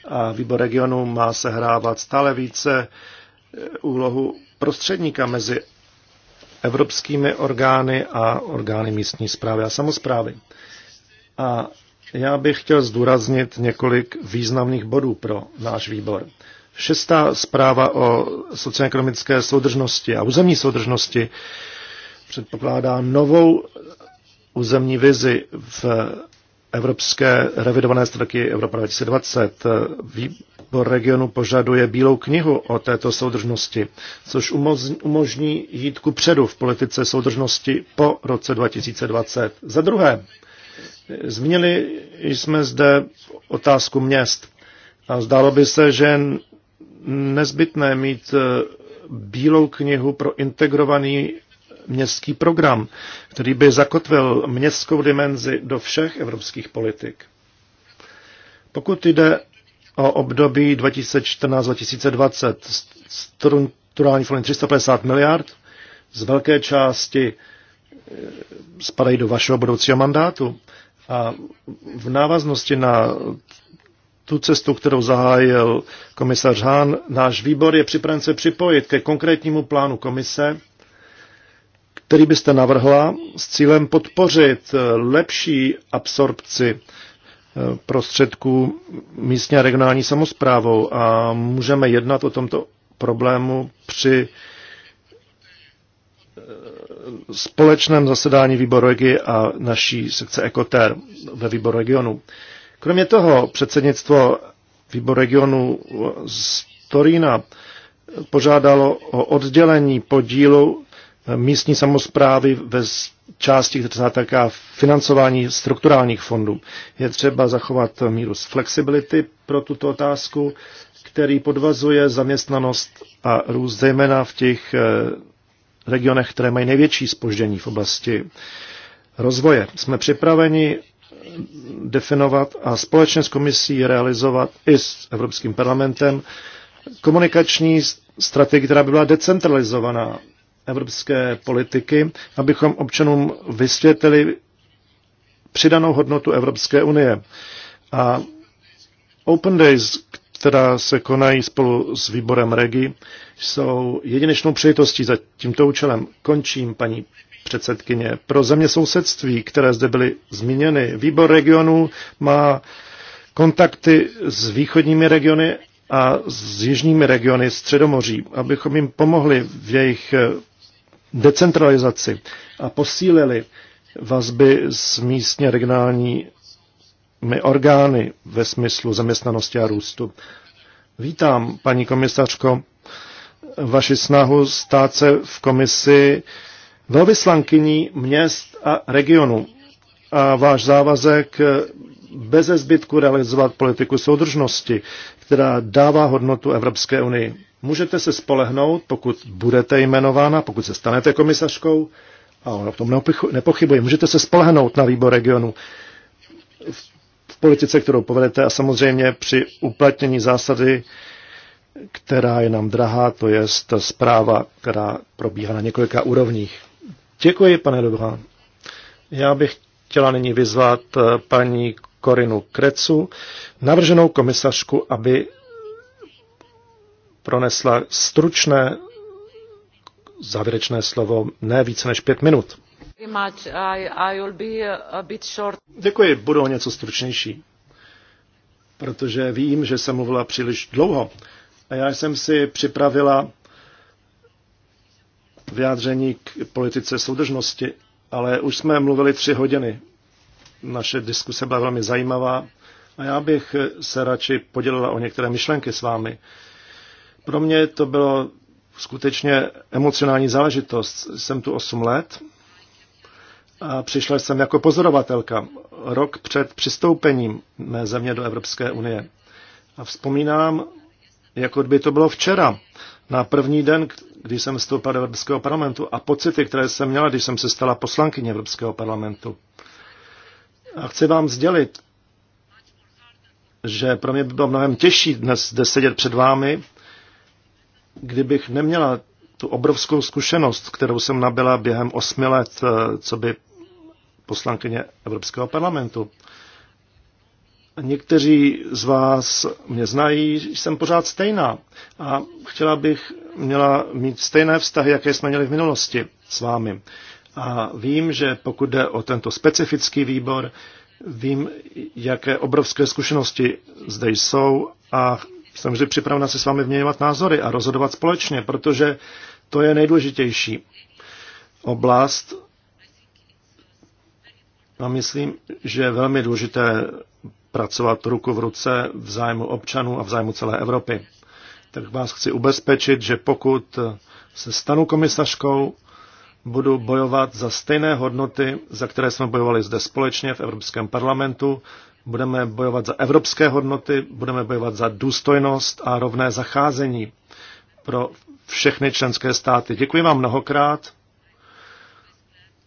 a výbor regionu má sehrávat stále více eh, úlohu prostředníka mezi evropskými orgány a orgány místní zprávy a samozprávy. A já bych chtěl zdůraznit několik významných bodů pro náš výbor. Šestá zpráva o socioekonomické soudržnosti a územní soudržnosti předpokládá novou územní vizi v Evropské revidované strategii Evropa 2020. Výbor regionu požaduje bílou knihu o této soudržnosti, což umožní jít ku předu v politice soudržnosti po roce 2020. Za druhé, zmínili jsme zde otázku měst. A zdálo by se, že nezbytné mít e, bílou knihu pro integrovaný městský program, který by zakotvil městskou dimenzi do všech evropských politik. Pokud jde o období 2014-2020, strukturální fond 350 miliard, z velké části eh, spadají do vašeho budoucího mandátu. A v návaznosti na tu cestu, kterou zahájil komisař Hahn, náš výbor je připraven se připojit ke konkrétnímu plánu komise který byste navrhla s cílem podpořit eh, lepší absorpci eh, prostředků místně a regionální samozprávou a můžeme jednat o tomto problému při eh, společném zasedání výboru regi a naší sekce Ekoter ve výboru regionu. Kromě toho předsednictvo výboru regionu z Torína požádalo o oddělení podílu místní samozprávy ve části, která se týká financování strukturálních fondů. Je třeba zachovat míru z flexibility pro tuto otázku, který podvazuje zaměstnanost a růst zejména v těch eh, regionech, které mají největší spoždění v oblasti rozvoje. Jsme připraveni definovat a společně s komisí realizovat i s Evropským parlamentem komunikační strategii, která by byla decentralizovaná evropské politiky, abychom občanům vysvětlili přidanou hodnotu Evropské unie. A Open Days, která se konají spolu s výborem REGI, jsou jedinečnou přejitostí za tímto účelem. Končím, paní předsedkyně. Pro země sousedství, které zde byly zmíněny, výbor regionů má kontakty s východními regiony a s jižními regiony Středomoří, abychom jim pomohli v jejich decentralizaci a posílili vazby s místně regionálními orgány ve smyslu zaměstnanosti a růstu. Vítám, paní komisařko, vaši snahu stát se v komisi velvyslankyní měst a regionu a váš závazek bez zbytku realizovat politiku soudržnosti, která dává hodnotu Evropské unii můžete se spolehnout, pokud budete jmenována, pokud se stanete komisařkou, a ono v tom nepochybuje, můžete se spolehnout na výbor regionu v politice, kterou povedete a samozřejmě při uplatnění zásady, která je nám drahá, to je zpráva, která probíhá na několika úrovních. Děkuji, pane Dobrá. Já bych chtěla nyní vyzvat eh, paní Korinu Krecu, navrženou komisařku, aby pronesla stručné závěrečné slovo ne více než pět minut. Děkuji, budu o něco stručnější, protože vím, že jsem mluvila příliš dlouho. A já jsem si připravila vyjádření k politice soudržnosti, ale už jsme mluvili tři hodiny. Naše diskuse byla velmi zajímavá a já bych se radši podělila o některé myšlenky s vámi. Pro mě to bylo skutečně emocionální záležitost. Jsem tu 8 let a přišla jsem jako pozorovatelka rok před přistoupením mé země do Evropské unie. A vzpomínám, jako by to bylo včera, na první den, kdy jsem vstoupila do Evropského parlamentu a pocity, které jsem měla, když jsem se stala poslankyní Evropského parlamentu. A chci vám sdělit, že pro mě by bylo mnohem těžší dnes zde sedět před vámi kdybych neměla tu obrovskou zkušenost, kterou jsem nabyla během osmi let, eh, co by poslankyně Evropského parlamentu. Někteří z vás mě znají, že jsem pořád stejná a chtěla bych měla mít stejné vztahy, jaké jsme měli v minulosti s vámi. A vím, že pokud jde o tento specifický výbor, vím, jaké obrovské zkušenosti zde jsou a jsem vždy připravena se s vámi vměňovat názory a rozhodovat společně, protože to je nejdůležitější oblast. A myslím, že je velmi důležité pracovat ruku v ruce v zájmu občanů a v zájmu celé Evropy. Tak vás chci ubezpečit, že pokud se stanu komisařkou, budu bojovat za stejné hodnoty, za které jsme bojovali zde společně v Evropském parlamentu Budeme bojovat za evropské hodnoty, budeme bojovat za důstojnost a rovné zacházení pro všechny členské státy. Děkuji vám mnohokrát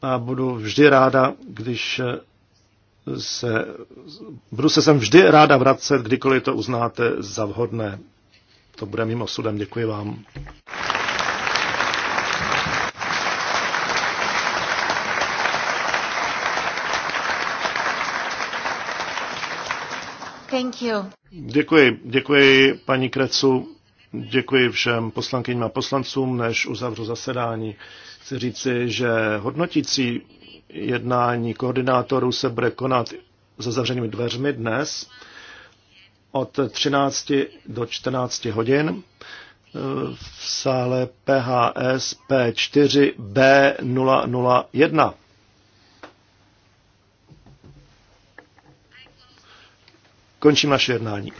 a budu vždy ráda, když se, budu se sem vždy ráda vracet, kdykoliv to uznáte za vhodné. To bude mým osudem. Děkuji vám. Thank you. Děkuji, děkuji paní Krecu, děkuji všem poslankyním a poslancům, než uzavřu zasedání. Chci říci, že hodnotící jednání koordinátorů se bude konat za zavřenými dveřmi dnes od 13 do 14 hodin v sále PHS P4 B001. Končím naše jednání.